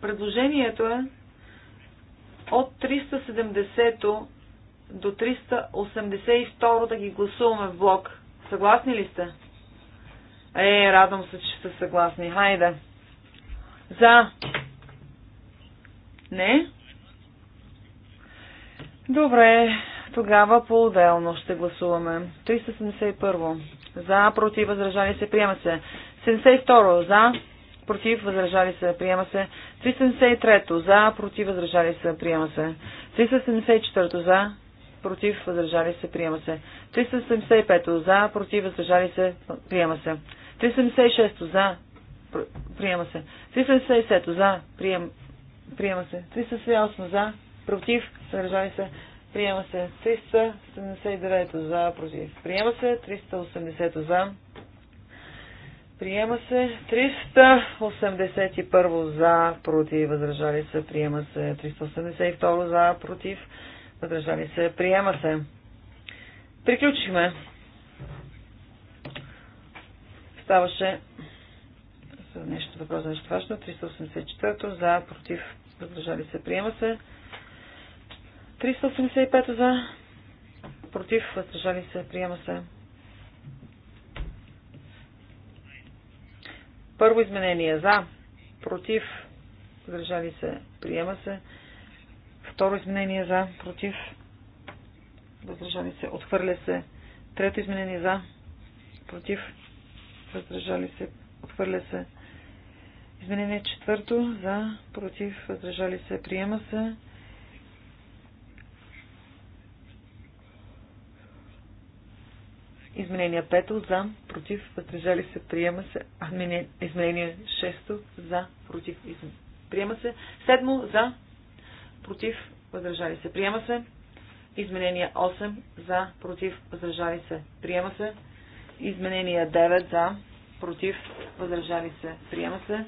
S2: Предложението е от 370 до 382 да ги гласуваме в блок. Съгласни ли сте? Е, радвам се, че сте съгласни. Хайде. За. Не. Добре, тогава по-отделно ще гласуваме. 371. За, против, възражали се, приема се. 72. За, против, възражали се, приема се. 373. За, против, възражали се, приема се. 374. За, против, възражали се, приема се. 375 за, против, възражали се, приема се. 376 за, приема се. 377 за, прием, приема се. 378 за, против, съдържани се, приема се 379 за, против, приема се 380 за, приема се 381 за, против, въздържали се, приема се 382 за, против, въздържали се, приема се. Приключихме. Ставаше за нещо въпрос, нещо значи е важно. 384 за, против, въздържали се, приема се. 385 за. Против. Въздържали се. Приема се. Първо изменение. За. Против. Въздържали се. Приема се. Второ изменение. За. Против. Въздържали се. Отхвърля се. Трето изменение. За. Против. Въздържали се. Отхвърля се. Изменение четвърто. За. Против. Въздържали се. Приема се. Изменение 5 за, против, въздържали се, приема се. Изменение 6 за, против, приема се. 7 за, против, въздържали се, приема се. Изменение 8 за, против, въздържали се, приема се. Изменение 9 за, против, въздържали се, приема се.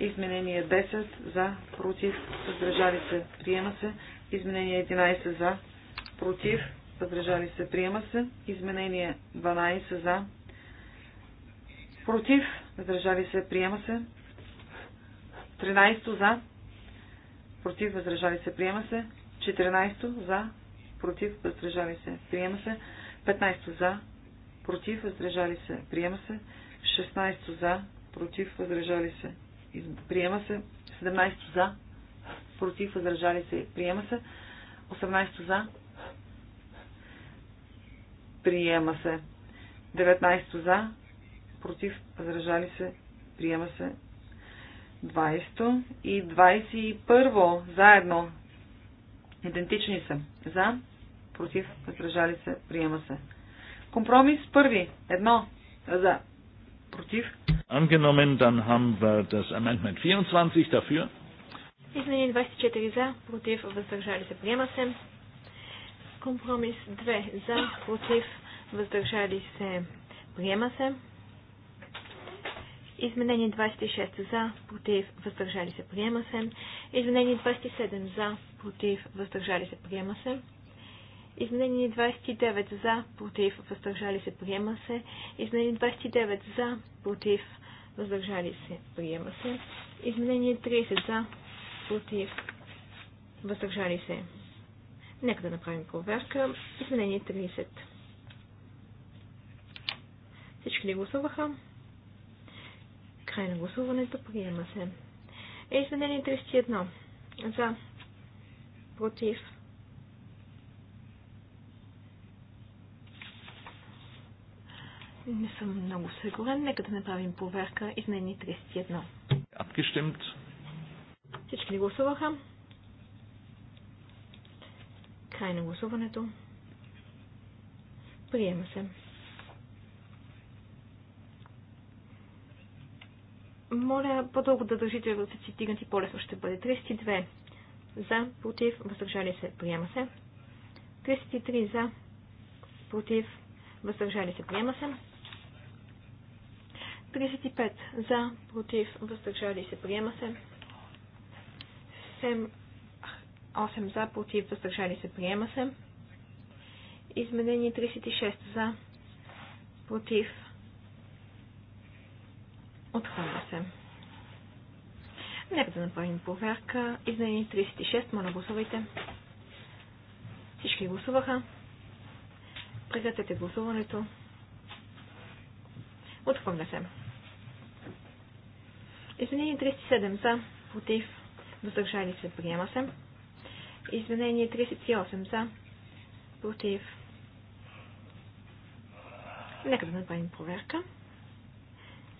S2: Изменение 10 за, против, въздържали се, приема се. Изменение 11 за, против, въздържали се, приема се. Изменение 12 за, против, въздържали се, приема се. 13 за, против, въздържали се, приема се. 14 за, против, въздържали се, приема се. 15 за, против, въздържали се, приема се. 16 за, против, въздържали се, приема се. 17 за, против, въздържали се, приема се. 18 за, Приема се. 19 за. Против. възражали се. Приема се. 20 и 21 заедно. Идентични са. За. Против. възражали се. Приема се. Компромис първи. Едно. За. Против.
S1: Angenommen, dann haben wir das Amendment 24 dafür.
S4: Изменение 24 за, против, възражали се, приема се. Компромис 2. За, против, въздържали се, приема се. Изменение 26 за, против, въздържали се, приема се. Изменение 27 за, против, въздържали се, приема се. Изменение 29 за, против, въздържали се, приема се. Изменение 29 за, против, въздържали се, приема се. Изменение 30 за, против, въздържали се, Нека да направим проверка. Изменение 30. Всички ли гласуваха? Край на гласуването. Приема се. Е изменение 31. За. Против. Не съм много сигурен. Нека да направим проверка. Изменение 31.
S1: Abgestimmt.
S4: Всички ли гласуваха? Край на гласуването. Приема се. Моля по-дълго да държите ръцете стигнати по-лесно ще бъде. 32 за, против, въздържали се, приема се. 33 за, против, въздържали се, приема се. 35 за, против, въздържали се, приема се. 7 8 за, против, въздържали се, приема се. Изменение 36 за, против, отхвърля се. Нека да направим проверка. Изменение 36, моля гласувайте. Всички гласуваха. Прекратете гласуването. Отхвърля се. Изменение 37 за, против, въздържали се, приема се. Извинение 38 за. Против. Нека да направим проверка.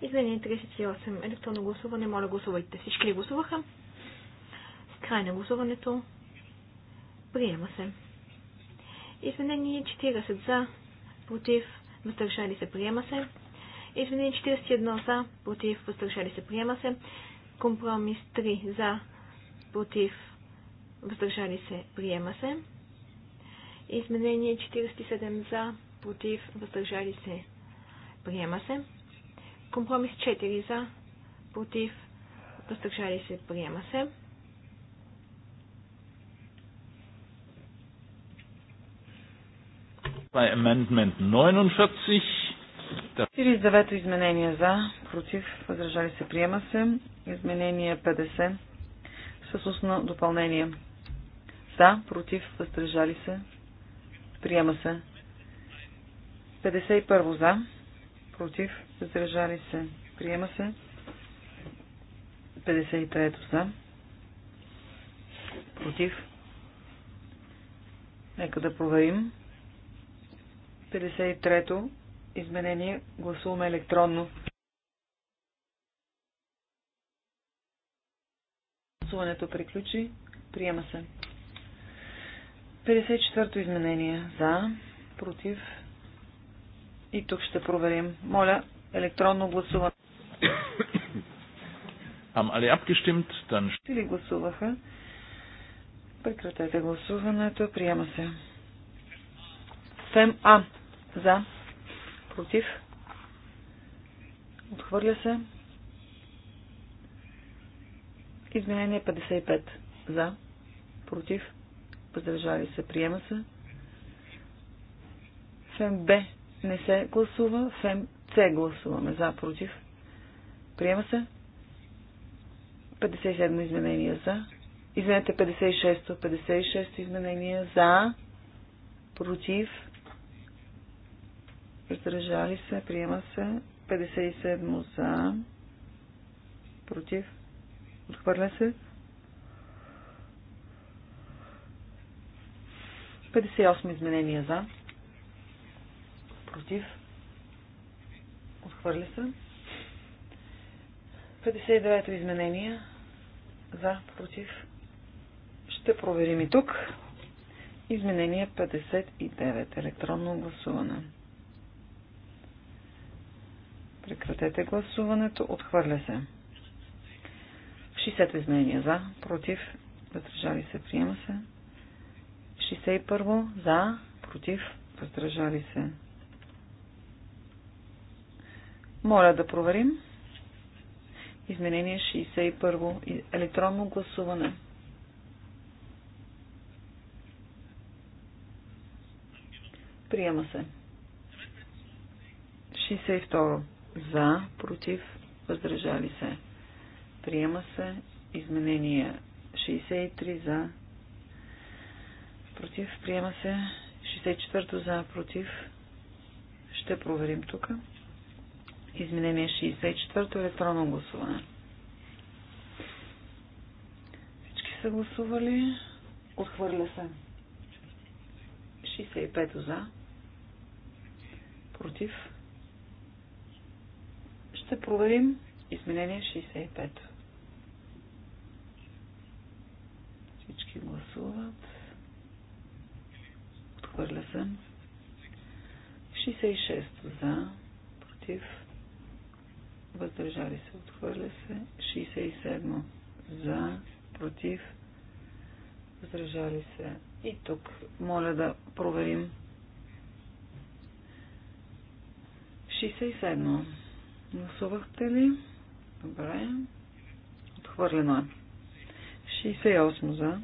S4: Извинение 38. Електронно гласуване. Моля, гласувайте. Всички ли гласуваха? С край на гласуването. Приема се. Извинение 40 за. Против. Въздържали се. Приема се. Извинение 41 за. Против. Въздържали се. Приема се. Компромис 3 за. Против въздържали се, приема се. Изменение 47 за, против, въздържали се, приема се. Компромис 4 за, против, въздържали се, приема се.
S1: By amendment 49.
S2: 49-то изменение за, против, въздържали се, приема се. Изменение 50 с устно допълнение. За, против, въздържали се. Приема се. 51 за, против, въздържали се. Приема се. 53 за, против. Нека да проверим. 53-то изменение гласуваме електронно. Гласуването приключи. Приема се. 54-то изменение. За, против. И тук ще проверим. Моля, електронно гласуване.
S1: Haben alle abgestimmt, dann...
S2: Или гласуваха. Прекратете гласуването. Приема се. Сем А. За. Против. Отхвърля се. Изменение 55. За. Против въздържали се, приема се. Фем Б не се гласува, фем С гласуваме за, против, приема се. 57 изменения за. Извинете, 56-то, 56 изменения за, против, въздържали се, приема се. 57 за, против, отхвърля се. 58 изменения за. Против. Отхвърля се. 59 изменения. За. Против. Ще проверим и тук. Изменение 59. Електронно гласуване. Прекратете гласуването. Отхвърля се. 60 изменения за, против, въздържали се, приема се. 61 за, против, въздържали се. Моля да проверим. Изменение 61. Електронно гласуване. Приема се. 62. За, против, въздържали се. Приема се. Изменение 63 за, против, приема се. 64-то за, против. Ще проверим тук. Изменение 64-то електронно гласуване. Всички са гласували. Отхвърля се. 65-то за. Против. Ще проверим изменение 65-то. Отхвърля се. 66 за. Против. Въздържали се. Отхвърля се. 67 за. Против. Въздържали се. И тук моля да проверим. 67. Гласувахте ли? Добре. Отхвърлено е. 68 за.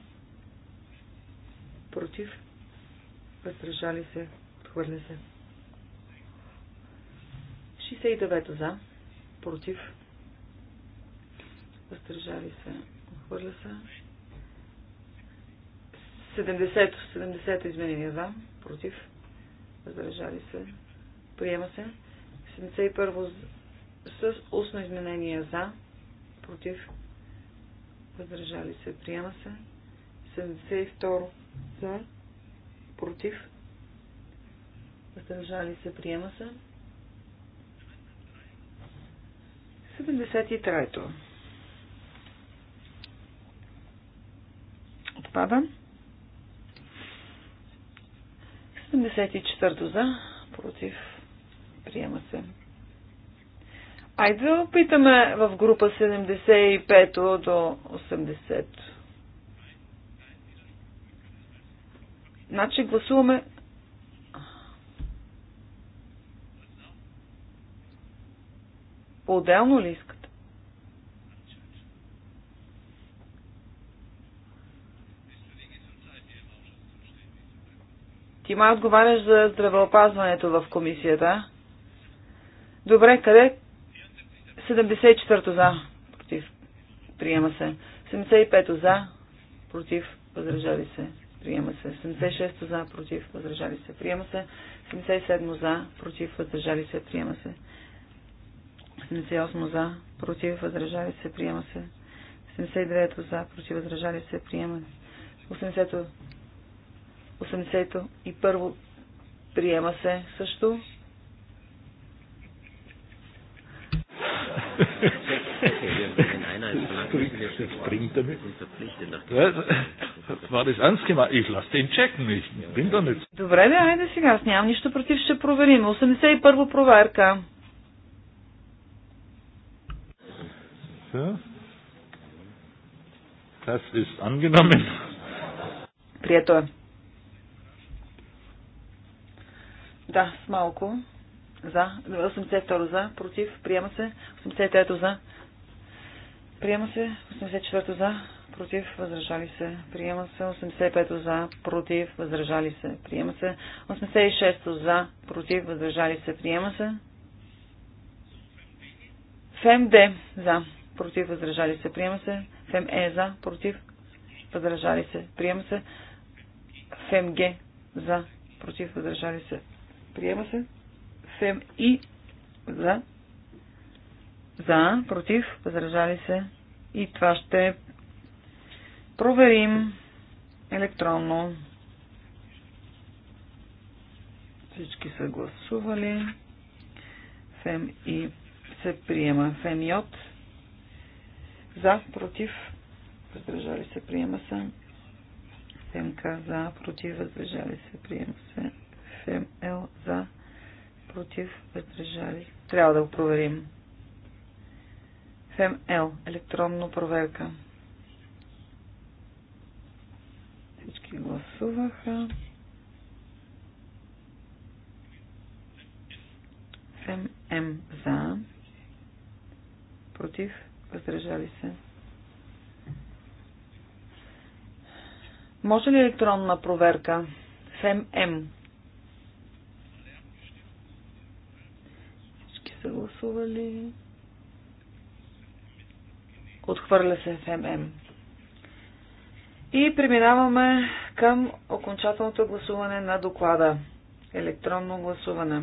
S2: Против въздържали се, отхвърля се. 69 за, против, въздържали се, отхвърля се. 70, 70 изменения за, против, въздържали се, приема се. 71 с устно изменение за, против, въздържали се, приема се. 72 за, против, въздържали се, приема се. 73-то. Отпада. 74-то за, против, приема се. Айде да опитаме в група 75 то до 80. Значи гласуваме. По-отделно ли искате? Ти май отговаряш за здравеопазването в комисията. Добре, къде? 74-то за. Против. Приема се. 75-то за. Против. Възражали се приема се. 76 за, против, въздържали се, приема се. 77 за, против, въздържали се, приема се. 78 за, против, въздържали се, приема се. 79 за, против, въздържали се, приема се. 80 и първо приема се също.
S3: nein, solange er ich jetzt bringt
S2: Добре, бе, айде сега. Аз нямам нищо против, ще проверим. 81 проверка.
S3: Das
S1: ist angenommen. Прието
S6: е.
S2: Да, с малко. За. 82 за. Против. Приема се. 83 за. Приема се 84 за, против, въздържали се. Приема се 85 за, против, въздържали се. Приема се 86 за, против, въздържали се. Приема се. ФМД за, против, въздържали се. Приема се. ФМЕ за, против, въздържали се. Приема се. ФМГ за, против, въздържали се. Приема се. ФМИ за, за, против, възражали се. И това ще проверим електронно. Всички са гласували. Фем и се приема. Фем и от. За, против, въздържали се, приема се. Фем К за, против, въздържали се, приема се. Фем Л за, против, въздържали. Трябва да го проверим fem Електронно проверка. Всички гласуваха. fem за. Против. Въздържали се. Може ли електронна проверка? FEM-M. Всички са гласували. Отхвърля се ФММ. И преминаваме към окончателното гласуване на доклада. Електронно гласуване.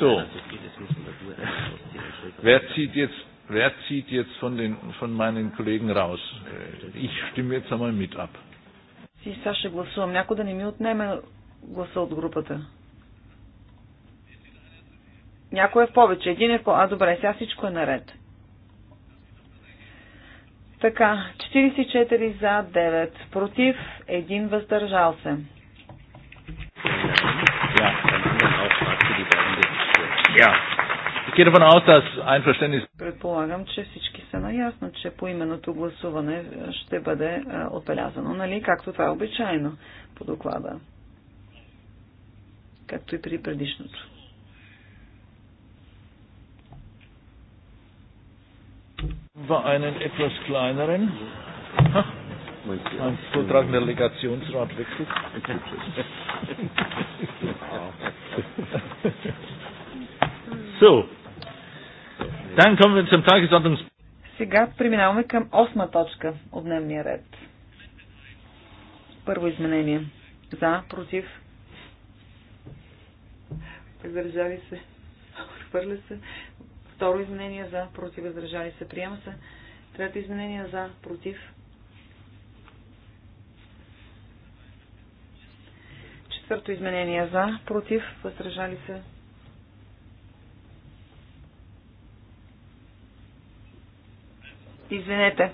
S1: So. Wer zieht jetzt Wer zieht jetzt von, den, von meinen Kollegen raus? Äh, ich stimme jetzt einmal mit ab.
S2: Някой е в повече, един е в повече. А, добре, сега всичко е наред. Така, 44 за 9, против 1 въздържал се. Ja, Предполагам, че всички са наясно, че по именото гласуване ще бъде отбелязано, нали, както това е обичайно по доклада. Както и при предишното.
S1: war einen etwas kleineren. Legationsrat wechselt. So, Dann kommen wir zum Tagesordnungs
S2: Сега преминаваме към осма точка от дневния ред. Първо изменение. За, против. Въздържали се. Отхвърля се. Второ изменение за, против, въздържали се. Приема се. Трето изменение за, против. Четвърто изменение за, против, въздържали се. Извинете.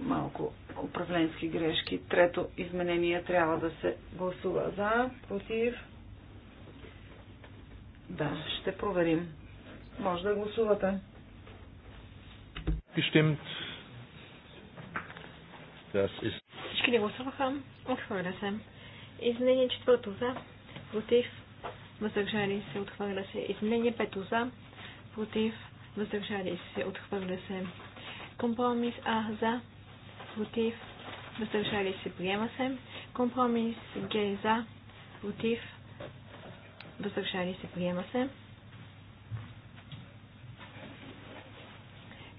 S2: Малко управленски грешки. Трето изменение трябва да се гласува за, против. Да, ще проверим. Може да гласувате.
S1: Gestimmt. Das ist...
S4: Всички ли гласуваха. Отхвърля се. Изменение четвърто за, против, въздържали се, отхвърля се. Изменение пето за, против, въздържали се, отхвърля се. Компромис А за, против, въздържали се, приема се. Компромис Г за, против, въздържали се, приема се.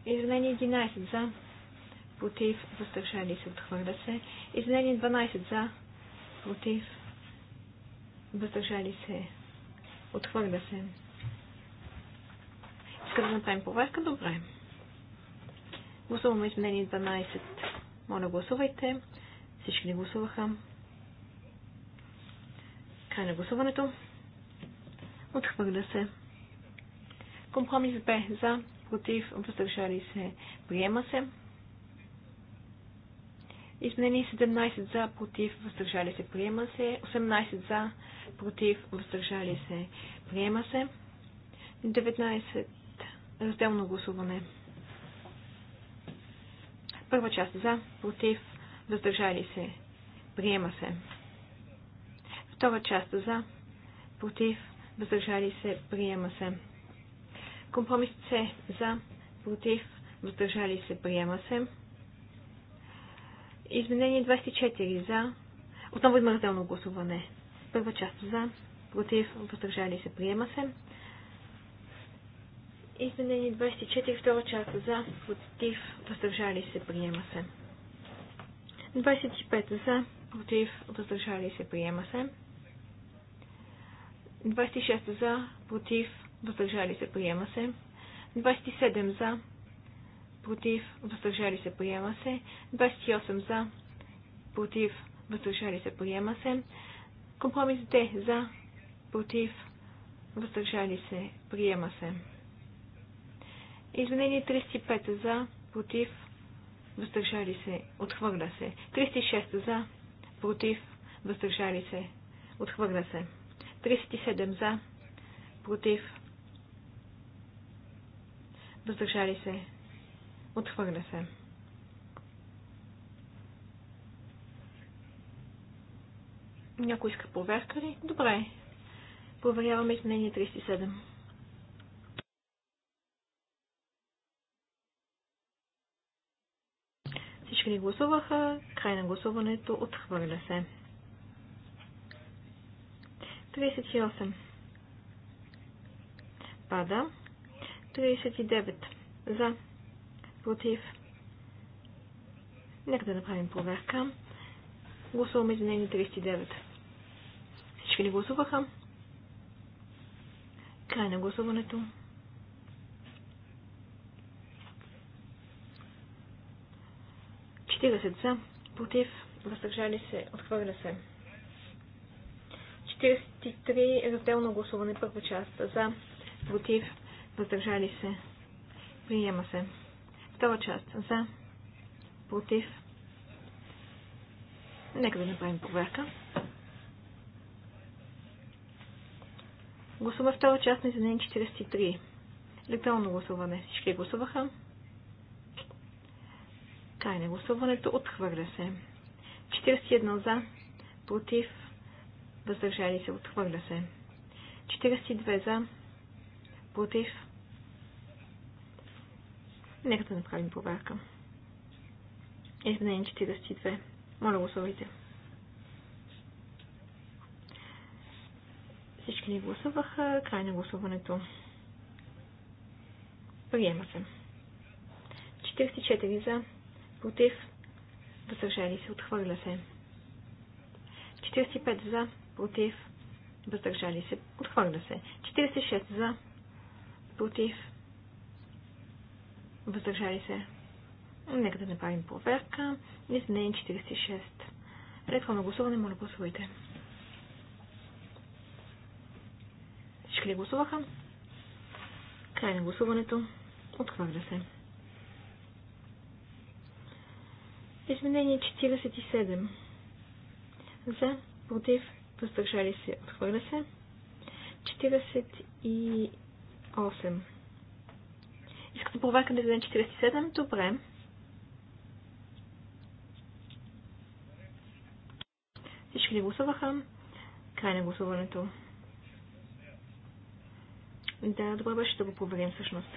S4: Изменение 11 за, против, въздържали се, отхвърля се. Изменение 12 за, против, въздържали се, отхвърля се. Иска да направим проверка? Добре. Гласуваме изменение 12. Моля, гласувайте. Всички не гласуваха. Край на гласуването. Отхвърля се. Компромис Б. За. Против. Въздържали се. Приема се. Изменени 17 за, против, въздържали се, приема се. 18 за, против, въздържали се, приема се. 19 разделно гласуване. Първа част за, против, въздържали се, приема се. Втора част за, против, въздържали се, приема се. Компромис С за, против, въздържали се, приема се. Изменение 24 за, отново измързелно гласуване. Първа част за, против, въздържали се, приема се. Изменени 24, втора част за, против, въздържали се, приема се. 25 за, против, въздържали се, приема се. 26 за, против, въздържали се, приема се. 27 за, против, въздържали се, приема се. 28 за, против, въздържали се, приема се. Компромис Д за, против, въздържали се, приема се. Изменение 35 за, против, въздържали се, отхвърля се. 36 за, против, въздържали се, отхвърля се. 37 за, против, въздържали се, отхвърля се. Някой иска проверка ли? Добре. Проверяваме изменение 37. Всички ни гласуваха? Край на гласуването. Отхвърля се. 38. Пада. 39. За. Против. Нека да направим проверка. Гласуваме изменение 39. Всички ли гласуваха? Край на гласуването. 40 за, против, въздържали се, отхвърля се. 43 разделно гласуване, първа част за, против, въздържали се, приема се. Втора част за, против. Нека да направим проверка. Гласува втора част на изменение 43. Електронно гласуване. Всички гласуваха. Край гласуването. Отхвърля се. 41 за. Против. Въздържали се. Отхвърля се. 42 за. Против. Нека да направим проверка. Изменение 42. Моля гласувайте. Всички ни гласуваха. Край на гласуването. Приема се. 44 за против, въздържали се, отхвърля се. 45 за, против, въздържали се, отхвърля се. 46 за, против, въздържали се. Нека да направим проверка. Изменение 46. Предходно гласуване, моля гласувайте. Всички ли гласуваха? Край на гласуването. Отхвърля се. Изменение 47. За, против, въздържали се, отхвърля се. 48. Искате проверка на изменение 47? Добре. Всички ли гласуваха? Край на гласуването. Да, добре беше да го проверим всъщност.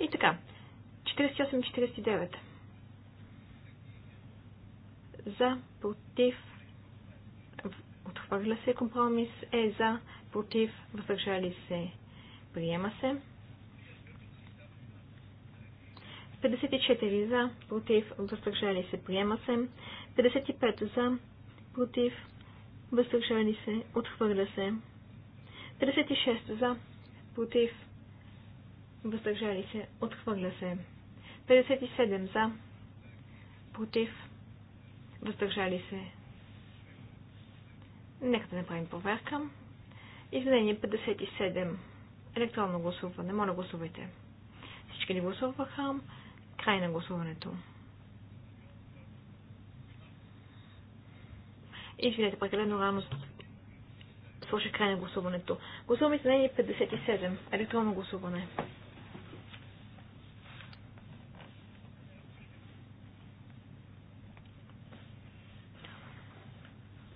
S4: И така, 48 49. За, против, отхвърля се компромис, е за, против, въздържали се, приема се. 54 за, против, въздържали се, приема се. 55 за, против, въздържали се, отхвърля се. 56 за, против, въздържали се, отхвърля се. 57 за, против, въздържали се. Нека да направим проверка. Изменение 57. Електронно гласуване. Моля, гласувайте. Всички ли гласуваха? Край на гласуването. Извинете, прекалено рано слушах край на гласуването. Гласуваме изменение 57. Електронно гласуване.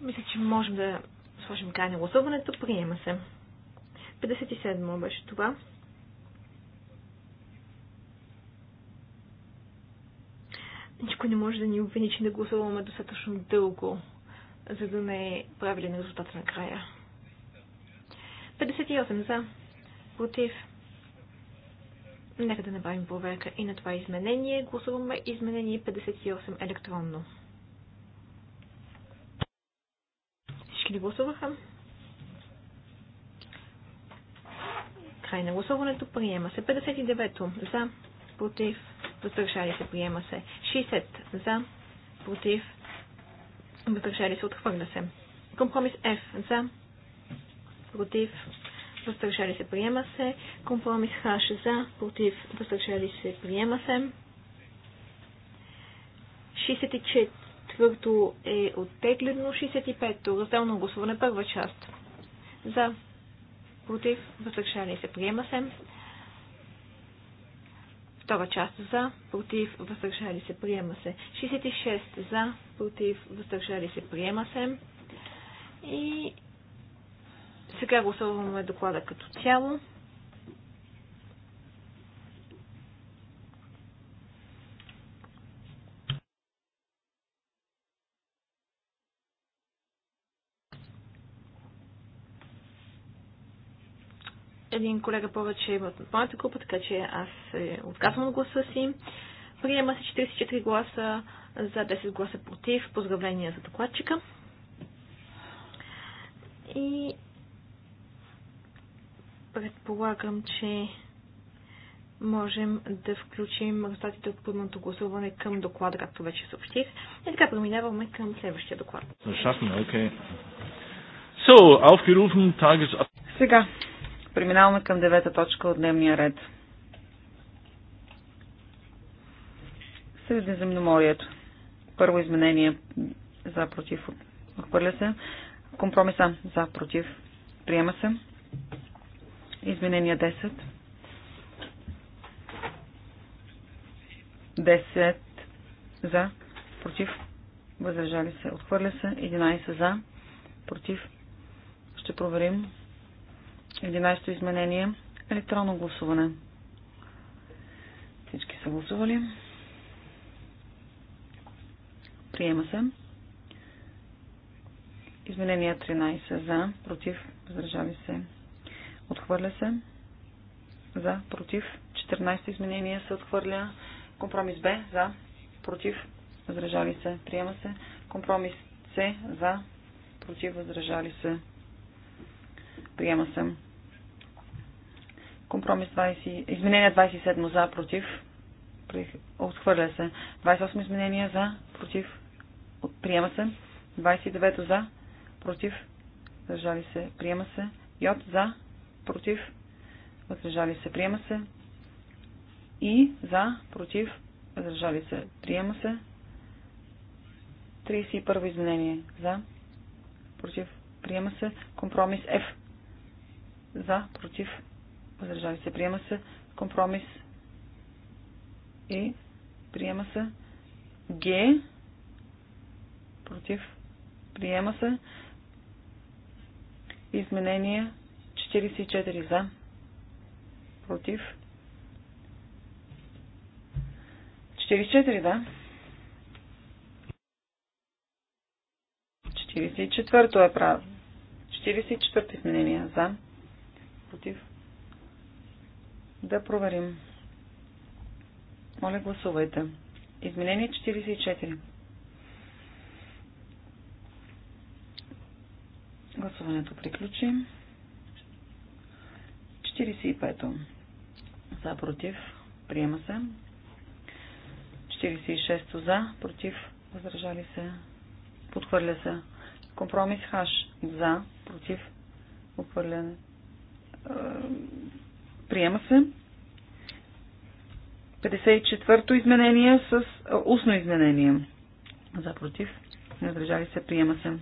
S4: Мисля, че можем да сложим край на гласуването. Приема се. 57 беше това. Никой не може да ни обвини, че не гласуваме достатъчно дълго, за да не е правилен резултат на края. 58 за. Против. Нека да направим проверка и на това изменение. Гласуваме изменение 58 електронно. ли гласуваха? Край на гласуването. Приема се. 59-то. За. Против. Въздържали се. Приема се. 60. За. Против. Въздържали се. Отхвърля се. Компромис F. За. Против. Въздържали се. Приема се. Компромис H. За. Против. Въздържали се. Приема се. 64. Четвърто е оттеглено. 65-то. Разделно гласуване. Първа част. За. Против. Въздържали се. Приема се. Втора част за, против, въздържали се, приема се. 66 за, против, въздържали се, приема се. И сега гласуваме доклада като цяло. един колега повече в моята група, така че аз се отказвам от гласа си. Приема се 44 гласа за 10 гласа против. Поздравления за докладчика. И предполагам, че можем да включим резултатите от пълното гласуване към доклада, както вече съобщих. И така преминаваме към следващия доклад. Сега
S2: Преминаваме към девета точка от дневния ред. Средиземноморието. Първо изменение за против. Отхвърля се. Компромиса за против. Приема се. Изменение 10. 10 за против. Въздържали се. Отхвърля се. 11 за против. Ще проверим. 11-то изменение. Електронно гласуване. Всички са гласували. Приема се. Изменение 13 за, против, въздържали се. Отхвърля се. За, против. 14 изменение се отхвърля. Компромис Б за, против, въздържали се. Приема се. Компромис С за, против, въздържали се. Приема се. Компромис 20... Изменение 27 за, против. Отхвърля се. 28 изменение за, против. Приема се. 29 за, против. Държали се. Приема се. Йод за, против. Въздържали се. Приема се. И за, против. Въздържали се. Приема се. 31 изменение за, против. Приема се. Компромис F за, против, въздържали се, приема се, компромис и приема се, Г, против, приема се, изменение 44 за, против, 44 да, 44 е право. 44-то изменение за против. Да проверим. Моля, гласувайте. Изменение 44. Гласуването приключи. 45. За, против. Приема се. 46 за, против, Възражали се, подхвърля се. Компромис хаш за, против, отхвърляне. Приема се. 54-то изменение с устно изменение. За против. Въздържали се. Приема се.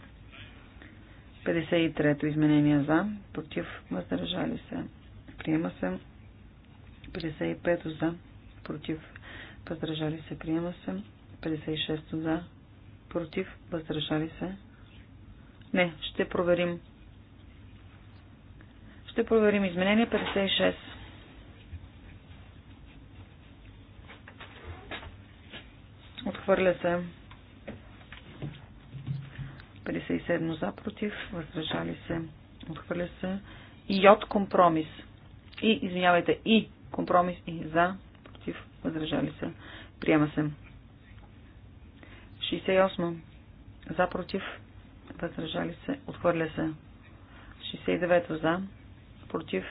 S2: 53-то изменение за. Против. Въздържали се. Приема се. 55-то за. Против. Въздържали се. Приема се. 56-то за. Против. Въздържали се. Не, ще проверим. Ще проверим изменение 56. Отхвърля се. 57 за против, въздържали се. Отхвърля се. И от компромис. И, извинявайте, и компромис и за против, въздържали се. Приема се. 68. За против, въздържали се. Отхвърля се. 69 за против,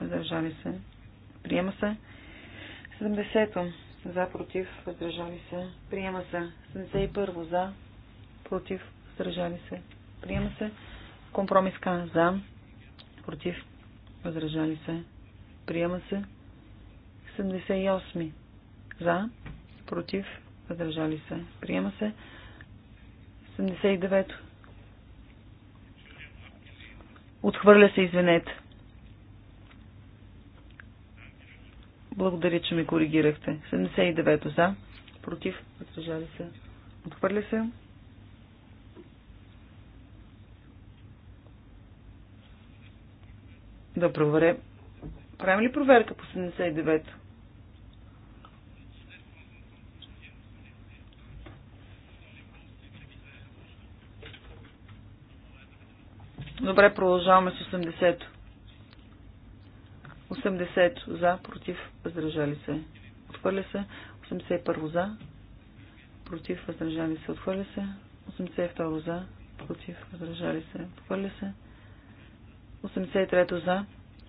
S2: въздържали се, приема се. 70-то за, против, въздържали се, приема се. 71-во за, против, въздържали се, приема се. Компромис за, против, въздържали се, приема се. 78 за, против, въздържали се, приема се. 79 Отхвърля се, извинете. Благодаря, че ме коригирахте. 79-то за. Против. отражали се. Отхвърля се. Да проверя. Правим ли проверка по 79-то? Добре, продължаваме с 80-то. 80 за, против, въздържали се. Отхвърля се. 81 за, против, въздържали се. Отхвърля се. 82 за, против, въздържали се. Отхвърля се. 83 за,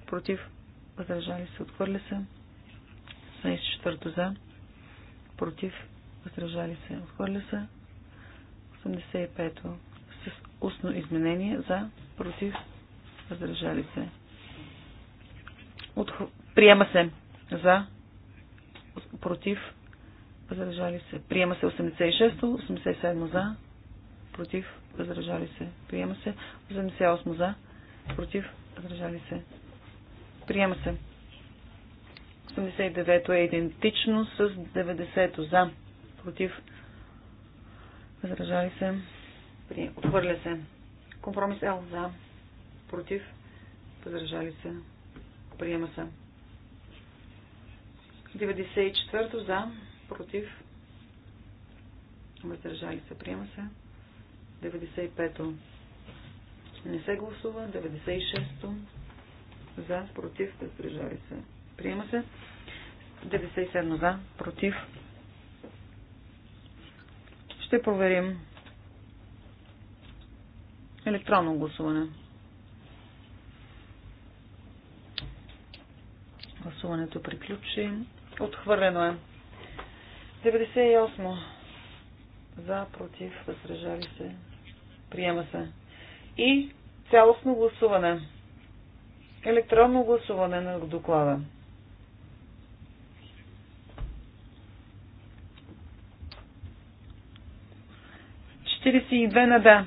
S2: против, въздържали се. Отхвърля се. 84 за, против, въздържали се. Отхвърля се. 85 с устно изменение за, против, въздържали се. От... Приема се за. Против. възражали се. Приема се 86-то. 87 за. Против. възражали се. Приема се. 88 за. Против. възражали се. Приема се. 89-то е идентично с 90-то за. Против. възражали се. Отхвърля се. Компромис Л за. Против. възражали се. Приема се. 94-то за, против, въздържали се. Приема се. 95-то не се гласува. 96-то за, против, въздържали се. Приема се. 97 за, против. Ще проверим електронно гласуване. Гласуването приключи. Отхвърлено е. 98. За, против, възрежали се. Приема се. И цялостно гласуване. Електронно гласуване на доклада. на да.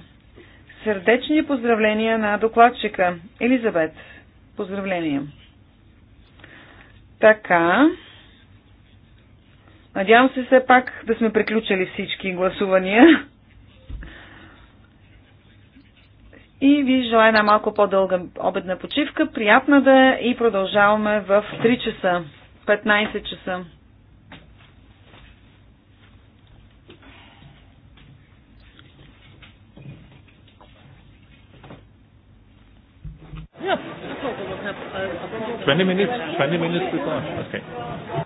S2: Сърдечни поздравления на докладчика. Елизабет. Поздравления. Така. Надявам се все пак да сме приключили всички гласувания. И ви желая една малко по-дълга обедна почивка. Приятна да е и продължаваме в 3 часа. 15 часа.
S3: Yeah. 20 minutes, 20 minutes before. Okay.